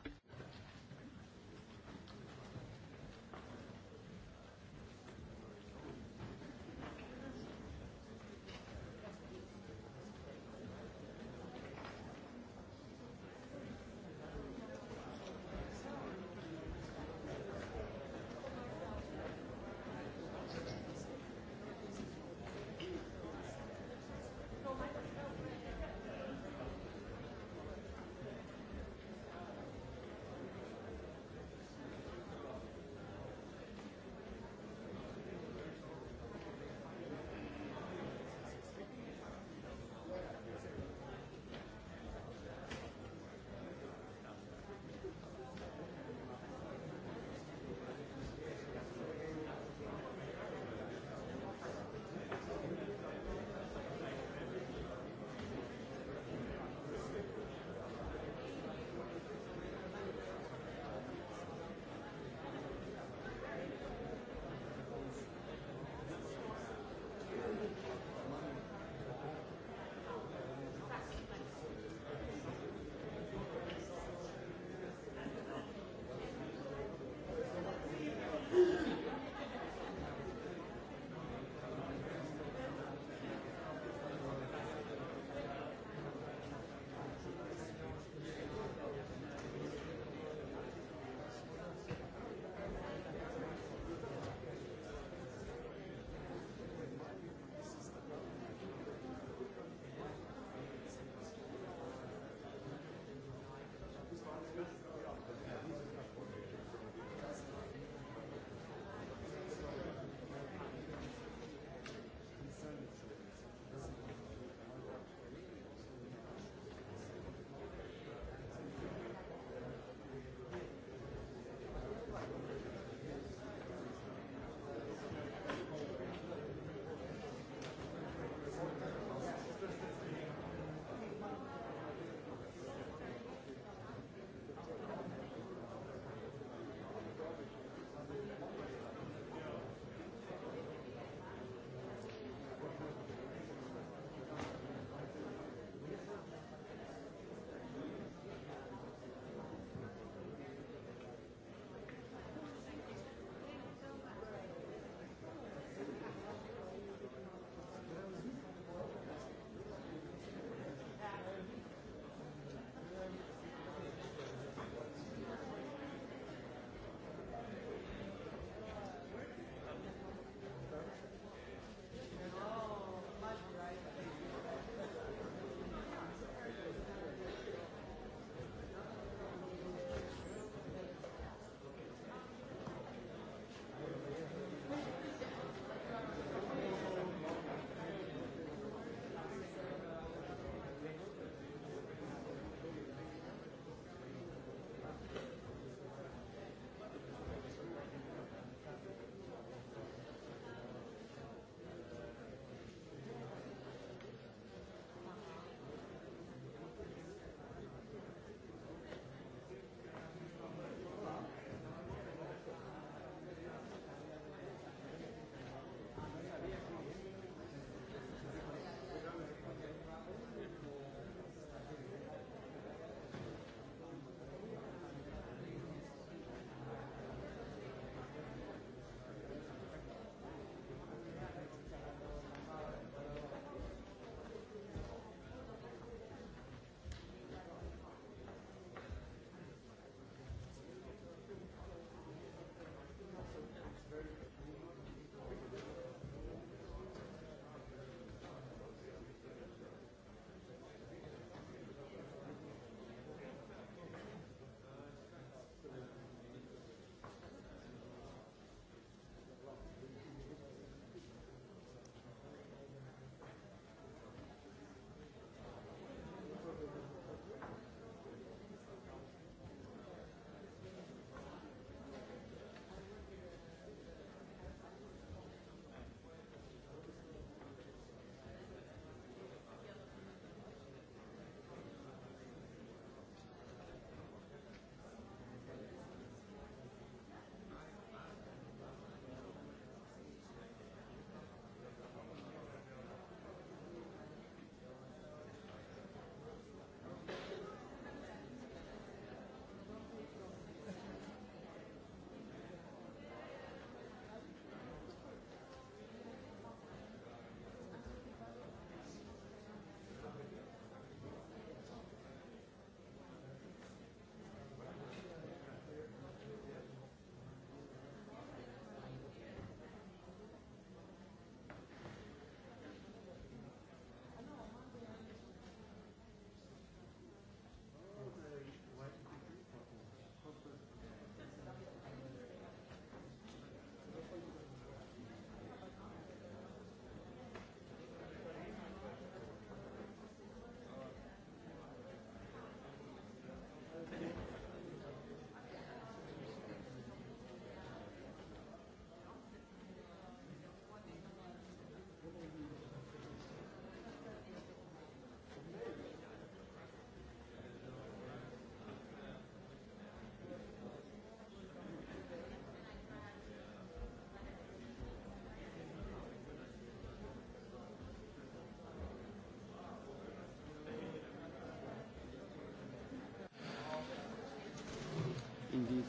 Speaker 3: indeed.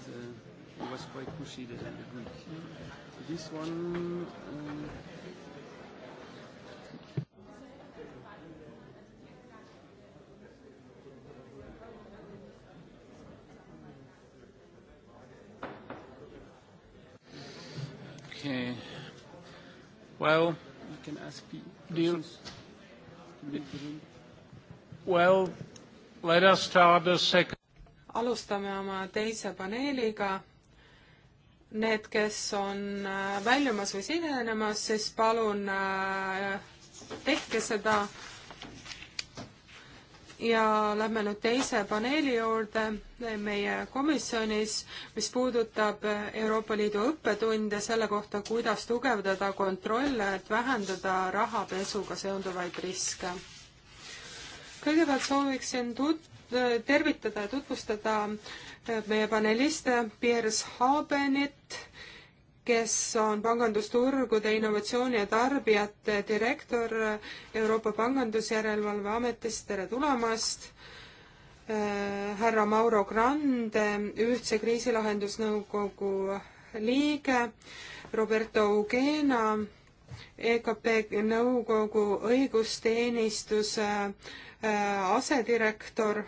Speaker 3: Uh, it was quite pushy that I didn't.
Speaker 1: This one. Um, Okay. Well, you can ask deal. Well, let us start the second
Speaker 3: alustame oma teise paneeliga. Need, kes on äh, väljumas või sisenemas, siis palun äh, tehke seda. ja lähme nüüd teise paneeli juurde äh, meie komisjonis, mis puudutab Euroopa Liidu õppetunde selle kohta, kuidas tugevdada kontrolle, et vähendada rahapesuga seonduvaid riske kõigepealt sooviksin tut-, tervitada ja tutvustada äh, meie paneliste Piers Habenit, kes on pangandusturgude innovatsiooni ja tarbijate direktor Euroopa Pangandusjärelevalve Ametist, tere tulemast! Äh, härra Mauro Grande, Ühtse Kriisilahendusnõukogu liige, Roberto Ugena, EKP nõukogu õigusteenistuse äh, asedirektor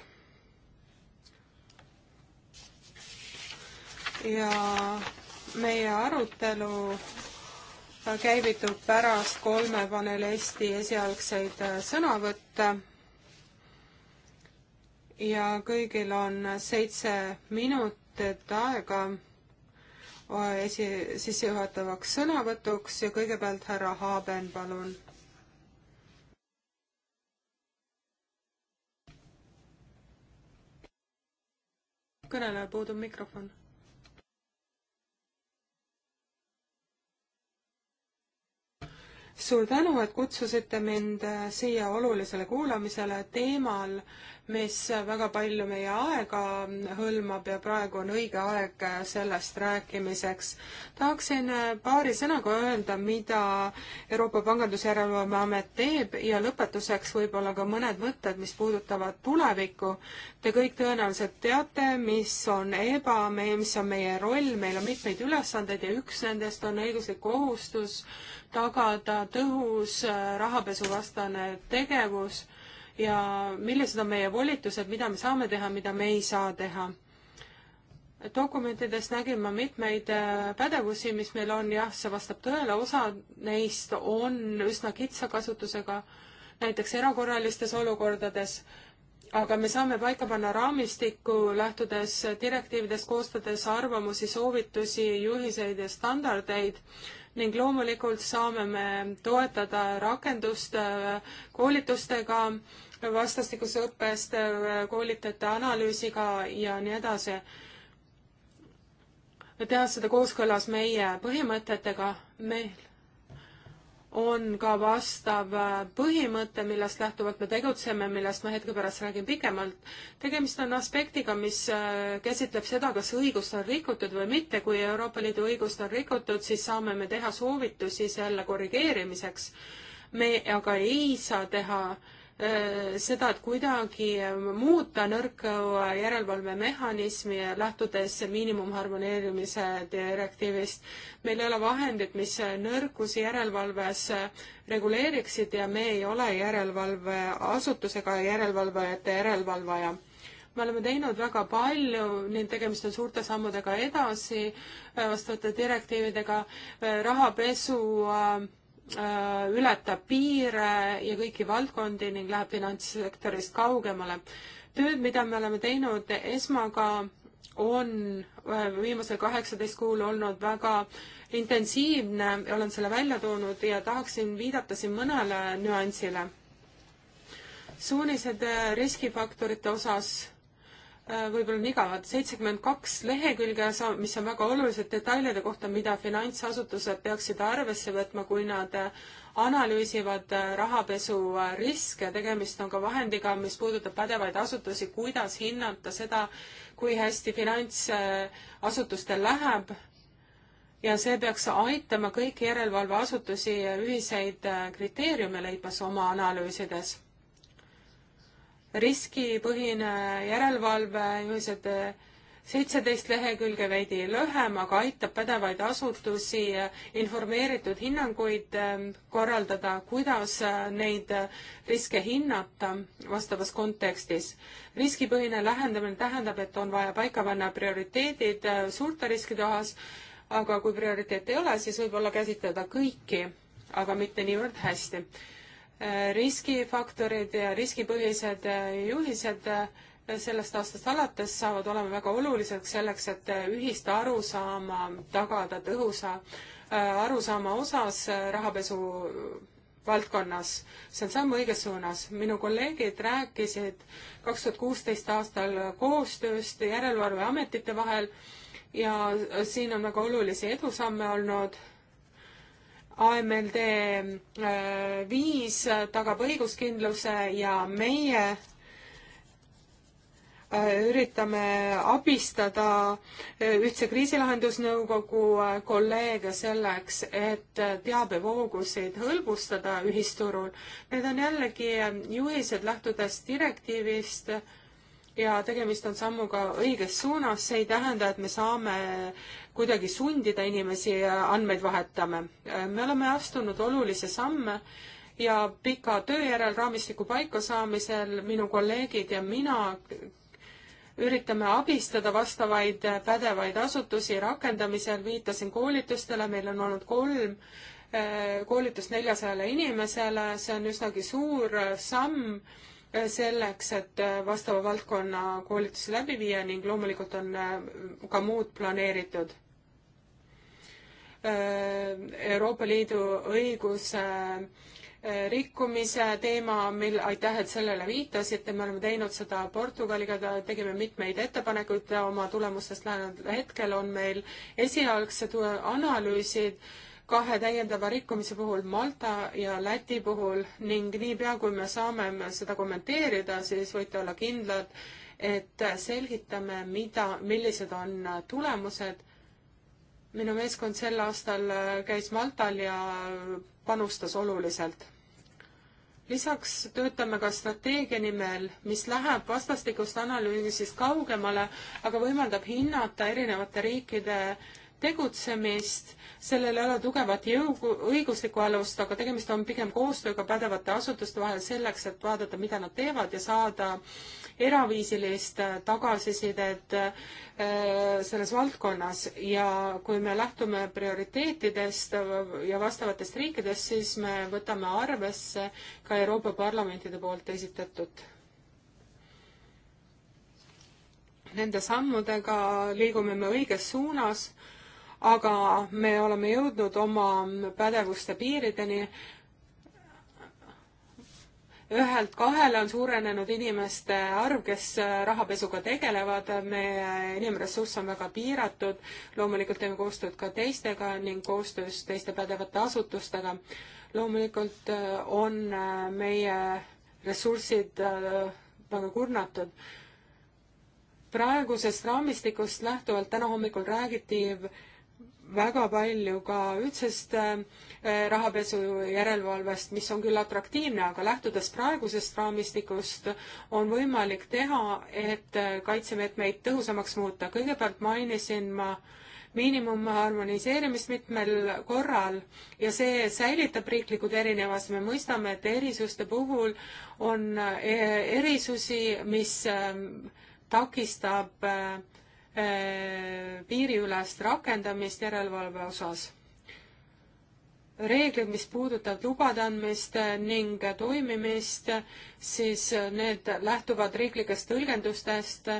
Speaker 3: ja meie arutelu käivitub pärast kolme panelisti esialgseid äh, sõnavõtte ja kõigil on seitse minutit aega äh, esi, sissejuhatavaks sõnavõtuks ja kõigepealt härra Haaben, palun. kõnelejal puudub mikrofon suur tänu, et kutsusite mind äh, siia olulisele kuulamisele teemal, mis väga palju meie aega hõlmab ja praegu on õige aeg sellest rääkimiseks. tahaksin paari sõnaga öelda, mida Euroopa Pangandusjärelevalve Amet teeb ja lõpetuseks võib-olla ka mõned mõtted, mis puudutavad tulevikku. Te kõik tõenäoliselt teate, mis on EBA, mis on meie roll, meil on mitmeid ülesandeid ja üks nendest on õiguslik kohustus tagada tõhus rahapesuvastane tegevus ja millised on meie volitused, mida me saame teha, mida me ei saa teha. dokumentides nägin ma mitmeid äh, pädevusi, mis meil on, jah, see vastab tõele, osa neist on üsna kitsa kasutusega, näiteks erakorralistes olukordades, aga me saame paika panna raamistikku, lähtudes direktiividest, koostades arvamusi, soovitusi, juhiseid ja standardeid ning loomulikult saame me toetada rakendust äh, koolitustega, vastastikuse õppest, äh, koolitajate analüüsiga ja nii edasi. teha seda kooskõlas meie põhimõtetega, meil on ka vastav äh, põhimõte, millest lähtuvalt me tegutseme, millest ma hetke pärast räägin pikemalt. tegemist on aspektiga, mis äh, käsitleb seda, kas õigust on rikutud või mitte. kui Euroopa Liidu õigust on rikutud, siis saame me teha soovitusi selle korrigeerimiseks. me aga ei saa teha Äh, seda, et kuidagi muuta nõrka järelevalvemehhanismi, lähtudes miinimumharmoneerimise direktiivist. meil ei ole vahendit, mis nõrkusi järelevalves reguleeriksid ja me ei ole järelevalveasutus ega järelevalvajate järelevalvaja me oleme teinud väga palju, nii et tegemist on suurte sammudega edasi äh, vastavate direktiividega, äh, rahapesu äh, Äh, ületab piire ja kõiki valdkondi ning läheb finantssektorist kaugemale. tööd, mida me oleme teinud esmaga, on äh, viimasel kaheksateist kuul olnud väga intensiivne, olen selle välja toonud ja tahaksin viidata siin mõnele nüansile. suunised äh, riskifaktorite osas Äh, võib-olla on igavad, seitsekümmend kaks lehekülge, mis on väga olulised detailide kohta, mida finantsasutused peaksid arvesse võtma, kui nad äh, analüüsivad äh, rahapesu riske, tegemist on ka vahendiga, mis puudutab pädevaid asutusi, kuidas hinnata seda, kui hästi finantsasutustel läheb ja see peaks aitama kõiki järelevalveasutusi ühiseid kriteeriume leidmas oma analüüsides riskipõhine järelevalve, juhised eh, seitseteist lehekülge veidi lühem, aga aitab pädevaid asutusi eh, informeeritud hinnanguid eh, korraldada, kuidas neid riske hinnata vastavas kontekstis. riskipõhine lähendamine tähendab, et on vaja paika panna prioriteedid suurte riskide osas, aga kui prioriteete ei ole, siis võib-olla käsitleda kõiki, aga mitte niivõrd hästi riskifaktorid ja riskipõhised äh, juhised äh, sellest aastast alates saavad olema väga oluliseks selleks, et äh, ühist arusaama tagada tõhusa arusaama osas rahapesu valdkonnas. see on samm õiges suunas. minu kolleegid rääkisid kaks tuhat kuusteist aastal koostööst järelevalveametite vahel ja siin on väga olulisi edusamme olnud AMLD äh, viis tagab õiguskindluse ja meie äh, üritame abistada äh, Ühtse Kriisilahendusnõukogu kolleege selleks, et teabevoogusid hõlbustada ühisturul. Need on jällegi juhised lähtudes direktiivist ja tegemist on sammuga õiges suunas, see ei tähenda, et me saame kuidagi sundida inimesi äh, andmeid vahetama. Äh, me oleme astunud olulisi samme ja pika töö järel raamistiku paika saamisel minu kolleegid ja mina üritame abistada vastavaid äh, pädevaid asutusi rakendamisel, viitasin koolitustele, meil on olnud kolm koolitust neljasajale inimesele, see on üsnagi suur samm selleks, et vastava valdkonna koolitusi läbi viia ning loomulikult on ka muud planeeritud. Äh, Euroopa Liidu õiguse äh, rikkumise teema, mil, aitäh, et sellele viitasite, me oleme teinud seda Portugaliga, tegime mitmeid ettepanekuid oma tulemustest läinud hetkel on meil esialgsed analüüsid kahe täiendava rikkumise puhul Malta ja Läti puhul ning niipea, kui me saame seda kommenteerida, siis võite olla kindlad, et selgitame, mida, millised on tulemused minu meeskond sel aastal äh, käis Maltal ja panustas oluliselt. lisaks töötame ka strateegia nimel, mis läheb vastastikust analüüsist kaugemale, aga võimaldab hinnata erinevate riikide tegutsemist, sellel ei ole tugevat jõu, õiguslikku alust, aga tegemist on pigem koostööga pädevate asutuste vahel selleks, et vaadata, mida nad teevad ja saada äh, eraviisilist äh, tagasisidet äh, selles valdkonnas ja kui me lähtume prioriteetidest ja vastavatest riikidest, siis me võtame arvesse ka Euroopa Parlamentide poolt esitatut. Nende sammudega liigume me õiges suunas aga me oleme jõudnud oma pädevuste piirideni, ühelt kahele on suurenenud inimeste arv, kes äh, rahapesuga tegelevad, meie äh, inimressurss on väga piiratud, loomulikult teeme koostööd ka teistega ning koostöös teiste pädevate asutustega. loomulikult äh, on meie ressursid väga kurnatud. praegusest raamistikust lähtuvalt täna hommikul räägiti väga palju ka ühtsest äh, rahapesu järelevalvest, mis on küll atraktiivne, aga lähtudes praegusest raamistikust, on võimalik teha, et äh, kaitsemeetmeid tõhusamaks muuta. kõigepealt mainisin ma miinimumharmoniseerimist mitmel korral ja see säilitab riiklikud erinevused. me mõistame, et erisuste puhul on äh, erisusi, mis ähm, takistab äh, Äh, piiriülest rakendamist järelevalve osas. reeglid, mis puudutavad lubade andmist ning toimimist, siis need lähtuvad riiklikest tõlgendustest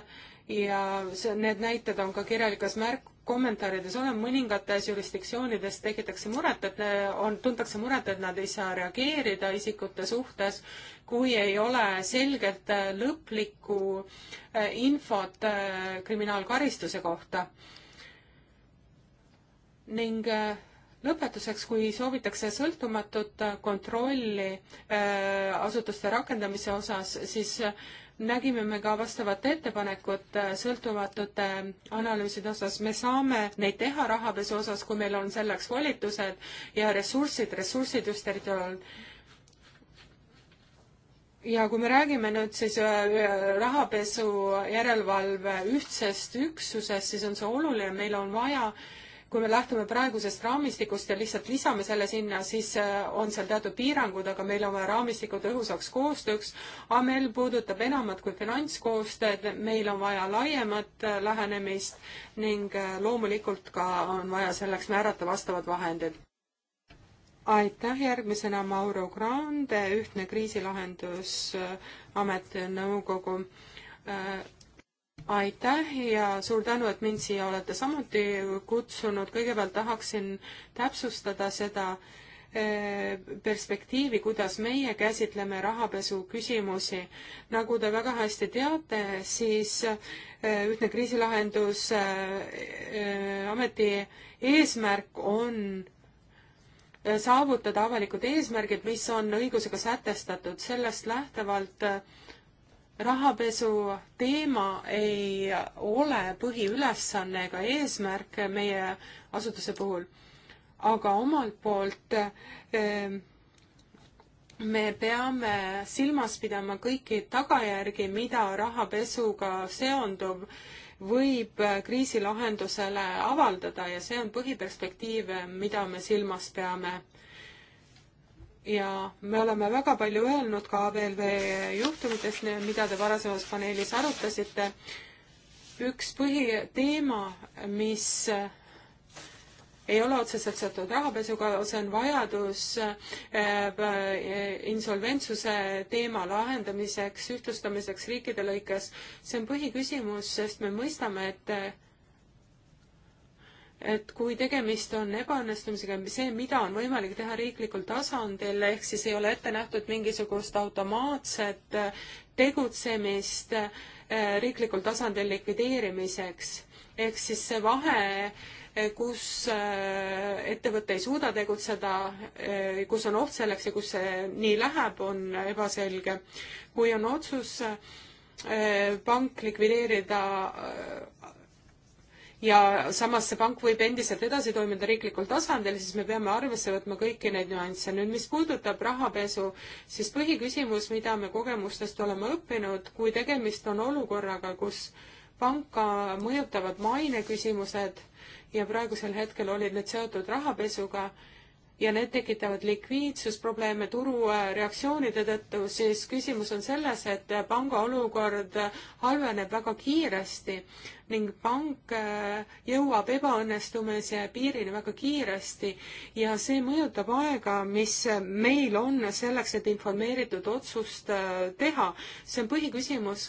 Speaker 3: ja see, need näited on ka kirjalikes märk-, kommentaarides olen, mõningates jurisdiktsioonides tekitakse muret, et eh, on, tuntakse muret, et nad ei saa reageerida isikute suhtes, kui ei ole selgelt eh, lõplikku eh, infot kriminaalkaristuse kohta. ning lõpetuseks, kui soovitakse sõltumatut kontrolli asutuste rakendamise osas, siis nägime me ka vastavat ettepanekut äh, sõltumatute analüüside osas, me saame neid teha rahapesu osas, kui meil on selleks volitused ja ressursid, ressursid just territoriaal- ja kui me räägime nüüd siis äh, äh, rahapesu järelevalve ühtsest üksusest, siis on see oluline, meil on vaja äh, kui me lähtume praegusest raamistikust ja lihtsalt lisame selle sinna, siis äh, on seal teatud piirangud, aga meil on vaja raamistikku tõhusaks koostööks. AML puudutab enamat kui finantskoostööd, meil on vaja laiemat äh, lähenemist ning äh, loomulikult ka on vaja selleks määrata vastavad vahendid. aitäh, järgmisena Mauro Grande, Ühtne kriisilahendusamet, nõukogu aitäh ja suur tänu, et mind siia olete samuti kutsunud. kõigepealt tahaksin täpsustada seda eh, perspektiivi, kuidas meie käsitleme rahapesu küsimusi. nagu te väga hästi teate, siis eh, ühtne kriisilahendusameti eh, eesmärk on saavutada avalikud eesmärgid, mis on õigusega sätestatud. sellest lähtuvalt rahapesu teema ei ole põhiülesanne ega eesmärk meie asutuse puhul, aga omalt poolt eh, me peame silmas pidama kõiki tagajärgi, mida rahapesuga seonduv võib kriisilahendusele avaldada ja see on põhiperspektiiv, mida me silmas peame ja me oleme väga palju öelnud ka ABLV juhtumitest, mida te varasemas paneelis arutasite. üks põhiteema, mis ei ole otseselt seotud rahapesuga, see on vajadus eh, insolventsuse teema lahendamiseks, ühtlustamiseks riikide lõikes. see on põhiküsimus, sest me mõistame, et et kui tegemist on ebaõnnestumisega, see, mida on võimalik teha riiklikul tasandil, ehk siis ei ole ette nähtud mingisugust automaatset äh, tegutsemist äh, riiklikul tasandil likvideerimiseks, ehk siis see vahe, äh, kus ettevõte ei suuda tegutseda, kus on oht selleks ja kus see nii läheb, on ebaselge. kui on otsus pank likvideerida ja samas see pank võib endiselt edasi toimida riiklikul tasandil, siis me peame arvesse võtma kõiki neid nüansse. nüüd, mis puudutab rahapesu, siis põhiküsimus, mida me kogemustest oleme õppinud, kui tegemist on olukorraga, kus panka mõjutavad maineküsimused ja praegusel hetkel olid need seotud rahapesuga ja need tekitavad likviidsusprobleeme turureaktsioonide äh, tõttu, siis küsimus on selles, et äh, panga olukord äh, halveneb väga kiiresti ning pank jõuab ebaõnnestumise piirini väga kiiresti ja see mõjutab aega, mis meil on selleks, et informeeritud otsust teha. see on põhiküsimus,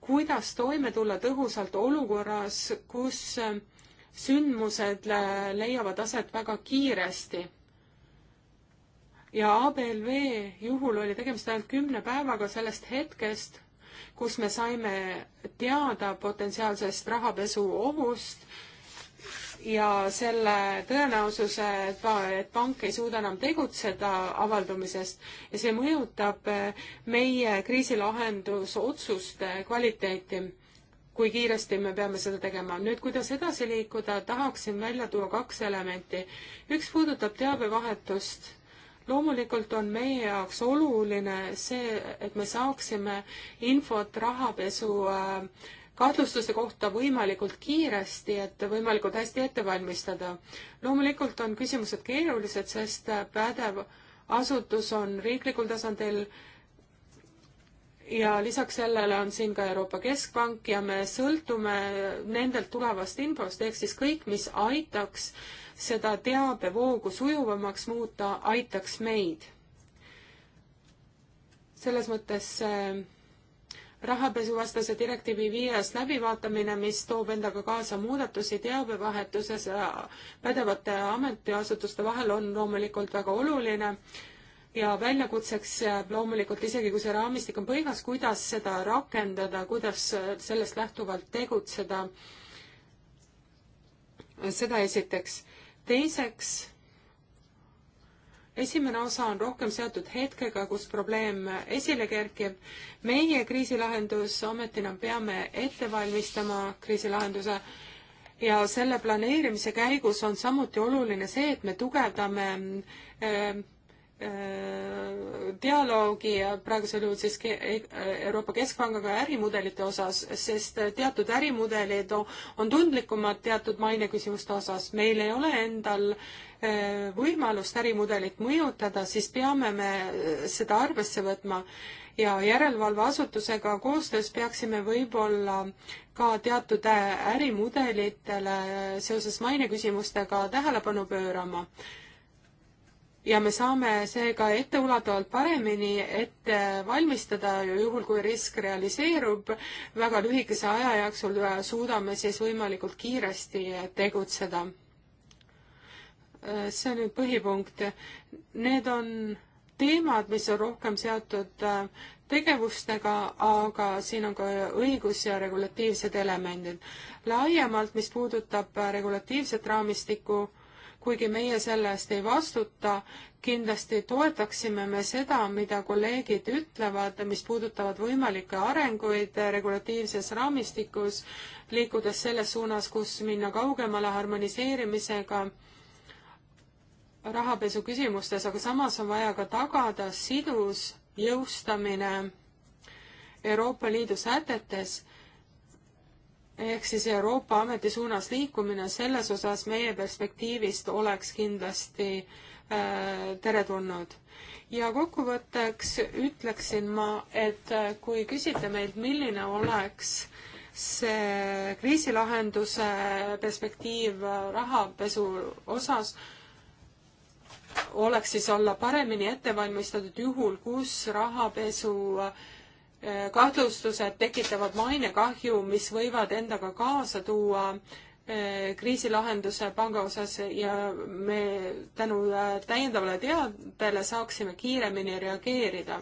Speaker 3: kuidas toime tulla tõhusalt olukorras, kus sündmused leiavad aset väga kiiresti ja ABLV juhul oli tegemist ainult kümne päevaga sellest hetkest, kus me saime teada potentsiaalsest rahapesu ohust ja selle tõenäosuse, et pank ei suuda enam tegutseda avaldumisest ja see mõjutab eh, meie kriisilahendusotsuste kvaliteeti, kui kiiresti me peame seda tegema. nüüd, kuidas edasi liikuda, tahaksin välja tuua kaks elementi. üks puudutab teabevahetust loomulikult on meie jaoks oluline see, et me saaksime infot rahapesu äh, kahtlustuste kohta võimalikult kiiresti, et võimalikult hästi ette valmistada. loomulikult on küsimused keerulised, sest äh, pädev asutus on riiklikul tasandil ja lisaks sellele on siin ka Euroopa Keskpank ja me sõltume nendelt tulevast infost, ehk siis kõik, mis aitaks äh, seda teabevoogu sujuvamaks muuta, aitaks meid. selles mõttes äh, rahapesuvastase direktiivi viies läbivaatamine, mis toob endaga kaasa muudatusi teabevahetuses äh, pädevate ametiasutuste vahel, on loomulikult väga oluline ja väljakutseks jääb loomulikult, isegi kui see raamistik on paigas, kuidas seda rakendada, kuidas äh, sellest lähtuvalt tegutseda, seda esiteks teiseks, esimene osa on rohkem seotud hetkega, kus probleem esile kerkib. meie kriisilahendusametina peame ette valmistama kriisilahenduse ja selle planeerimise käigus on samuti oluline see, et me tugevdame eh, Äh, dialoogi praegusel juhul siis e- äh, Euroopa Keskpangaga ärimudelite osas, sest äh, teatud ärimudelid on tundlikumad teatud maineküsimuste osas. meil ei ole endal võimalust ärimudelit mõjutada, siis peame me seda arvesse võtma ja järelevalveasutusega koostöös peaksime võib-olla ka teatud ärimudelitele seoses maineküsimustega tähelepanu pöörama ja me saame seega etteulatuvalt paremini ette valmistada, juhul kui risk realiseerub, väga lühikese aja jooksul äh, suudame siis võimalikult kiiresti tegutseda. Äh, see on nüüd põhipunkt. Need on teemad, mis on rohkem seotud äh, tegevustega, aga siin on ka õigus ja regulatiivsed elemendid. laiemalt, mis puudutab regulatiivset raamistikku, kuigi meie selle eest ei vastuta, kindlasti toetaksime me seda, mida kolleegid ütlevad, mis puudutavad võimalikke arenguid regulatiivses raamistikus, liikudes selles suunas, kus minna kaugemale harmoniseerimisega rahapesu küsimustes, aga samas on vaja ka tagada sidus jõustamine Euroopa Liidu sätetes ehk siis Euroopa ameti suunas liikumine selles osas meie perspektiivist oleks kindlasti äh, teretulnud. ja kokkuvõtteks ütleksin ma, et äh, kui küsite meilt, milline oleks see kriisilahenduse perspektiiv rahapesu osas, oleks siis olla paremini ette valmistatud juhul, kus rahapesu äh, kahtlustused tekitavad mainekahju, mis võivad endaga kaasa tuua eh, kriisilahenduse panga osas ja me tänu eh, täiendavale teadele saaksime kiiremini reageerida.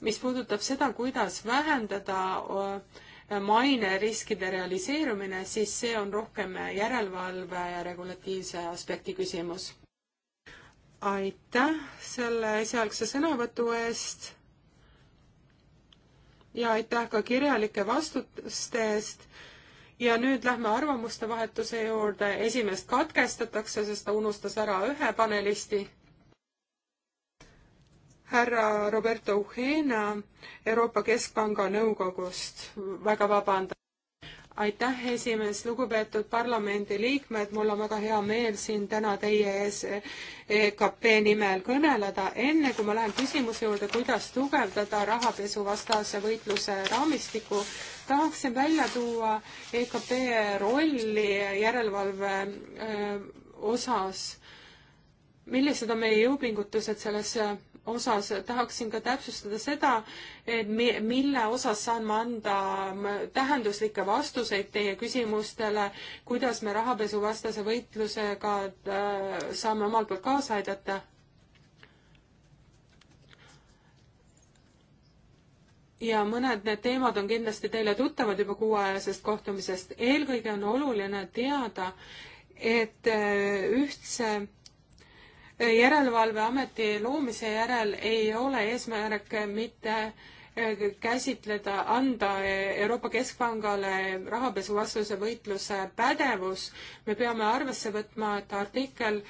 Speaker 3: mis puudutab seda, kuidas vähendada eh, maineriskide realiseerumine, siis see on rohkem järelevalve ja regulatiivse aspekti küsimus. aitäh selle esialgse sõnavõtu eest ja aitäh ka kirjalike vastuste eest. ja nüüd lähme arvamuste vahetuse juurde, esimest katkestatakse, sest ta unustas ära ühe panelisti. härra Roberto Ujena Euroopa Keskpanga nõukogust, väga vabandan aitäh, esimees, lugupeetud parlamendiliikmed, mul on väga hea meel siin täna teie ees EKP nimel kõneleda. enne kui ma lähen küsimuse juurde, kuidas tugevdada rahapesuvastase võitluse raamistikku, tahaksin välja tuua EKP rolli järelevalve öö, osas. millised on meie jõupingutused selles osas tahaksin ka täpsustada seda, et mille osas saan ma anda tähenduslikke vastuseid teie küsimustele, kuidas me rahapesuvastase võitlusega äh, saame omalt poolt kaasa aidata. ja mõned need teemad on kindlasti teile tuttavad juba kuuajasest kohtumisest. eelkõige on oluline teada, et äh, ühtse järelevalveameti loomise järel ei ole eesmärk mitte äh, käsitleda, anda Euroopa Keskpangale rahapesuvastase võitluse pädevus, me peame arvesse võtma, et artikkel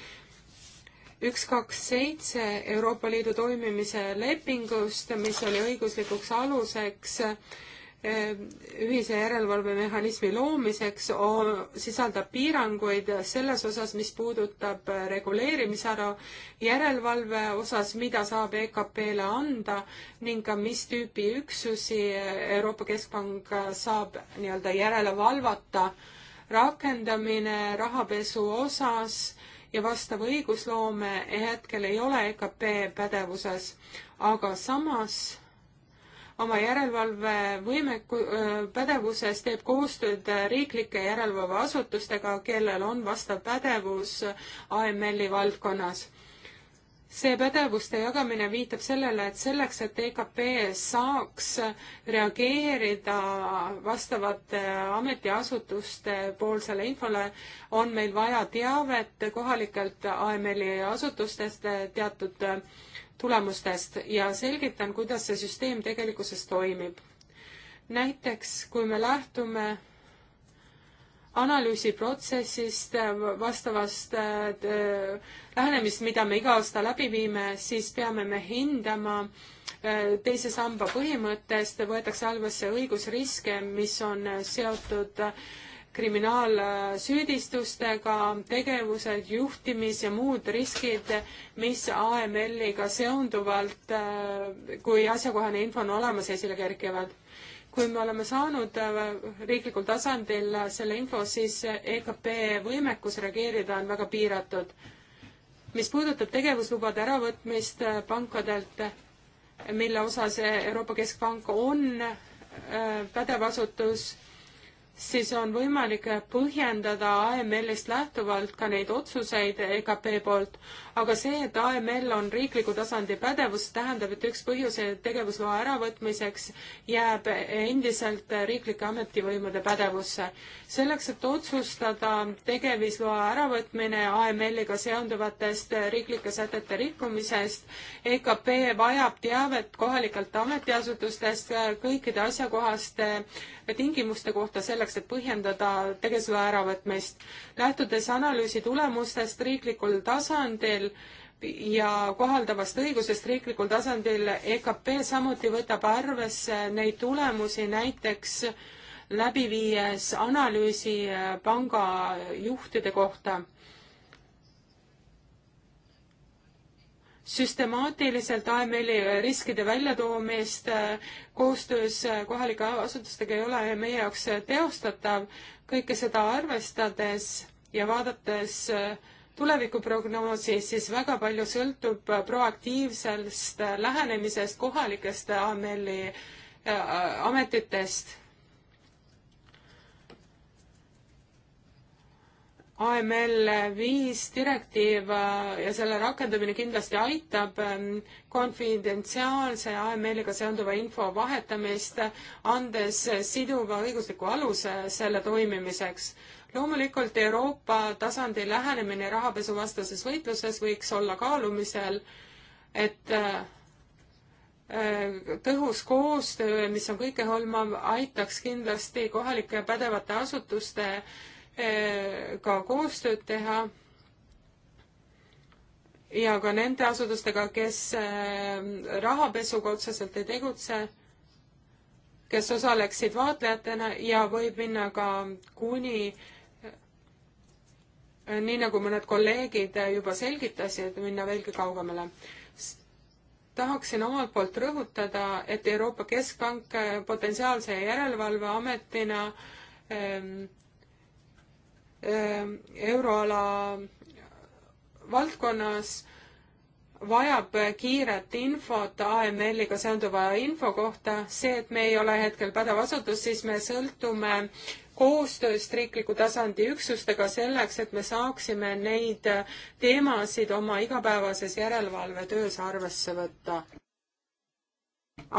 Speaker 3: üks, kaks, seitse Euroopa Liidu toimimise lepingust, mis oli õiguslikuks aluseks äh, Ehm, ühise järelevalvemehhanismi loomiseks sisaldab piiranguid selles osas, mis puudutab äh, reguleerimisala, järelevalve osas, mida saab EKP-le anda ning ka mis tüüpi üksusi äh, Euroopa Keskpank saab nii-öelda järele valvata, rakendamine rahapesu osas ja vastav õigusloome hetkel ei ole EKP pädevuses, aga samas oma järelevalvevõimeku, pädevuses teeb koostööd riiklike järelevalveasutustega, kellel on vastav pädevus AML-i valdkonnas. see pädevuste jagamine viitab sellele, et selleks, et EKP saaks reageerida vastavate ametiasutuste poolsele infole, on meil vaja teavet kohalikelt AML-i asutustest teatud tulemustest ja selgitan, kuidas see süsteem tegelikkuses toimib. näiteks, kui me lähtume analüüsiprotsessist, äh, vastavast äh, äh, lähenemist, mida me iga aasta läbi viime, siis peame me hindama teise samba põhimõttest, võetakse halvasse õigusriske, mis on seotud äh, kriminaalsüüdistustega, tegevused, juhtimis ja muud riskid, mis AML-iga seonduvalt, äh, kui asjakohane info on olemas, esile kerkivad. kui me oleme saanud äh, riiklikul tasandil selle info, siis EKP võimekus reageerida on väga piiratud. mis puudutab tegevuslubade äravõtmist äh, pankadelt, mille osas Euroopa Keskpank on pädev asutus siis on võimalik põhjendada AML-ist lähtuvalt ka neid otsuseid EKP poolt, aga see, et AML on riikliku tasandi pädevus, tähendab, et üks põhjuse tegevusloa äravõtmiseks jääb endiselt riiklike ametivõimude pädevusse. selleks, et otsustada tegevusloa äravõtmine AML-iga seonduvatest riiklike sätete rikkumisest, EKP vajab teavet kohalikelt ametiasutustest kõikide asjakohaste tingimuste kohta selleks, et põhjendada tegevusloa äravõtmist. lähtudes analüüsi tulemustest riiklikul tasandil, tasandil ja kohaldavast õigusest riiklikul tasandil EKP samuti võtab arvesse neid tulemusi näiteks läbi viies analüüsi pangajuhtide kohta. süstemaatiliselt AML-i riskide väljatoomist koostöös kohalike asutustega ei ole meie jaoks teostatav, kõike seda arvestades ja vaadates äh, tulevikuprognoosis, siis väga palju sõltub proaktiivsest lähenemisest kohalikest AML-i äh, ametitest. AML viis direktiiv äh, ja selle rakendamine kindlasti aitab ähm, konfidentsiaalse AML-iga seonduva info vahetamist, andes siduva õigusliku aluse selle toimimiseks loomulikult Euroopa tasandi lähenemine rahapesuvastases võitluses võiks olla kaalumisel, et äh, tõhus koostöö, mis on kõikehõlmav, aitaks kindlasti kohalike pädevate asutustega äh, koostööd teha ja ka nende asutustega, kes äh, rahapesuga otseselt ei tegutse, kes osaleksid vaatlejatena ja võib minna ka kuni nii nagu mõned kolleegid juba selgitasid, minna veelgi kaugemale. tahaksin omalt poolt rõhutada, et Euroopa Keskpank potentsiaalse järelevalveametina ehm, ehm, euroala valdkonnas vajab kiiret infot AML-iga seonduva info kohta. see, et me ei ole hetkel pädev asutus, siis me sõltume koostööst riikliku tasandi üksustega selleks, et me saaksime neid teemasid oma igapäevases järelevalvetöös arvesse võtta.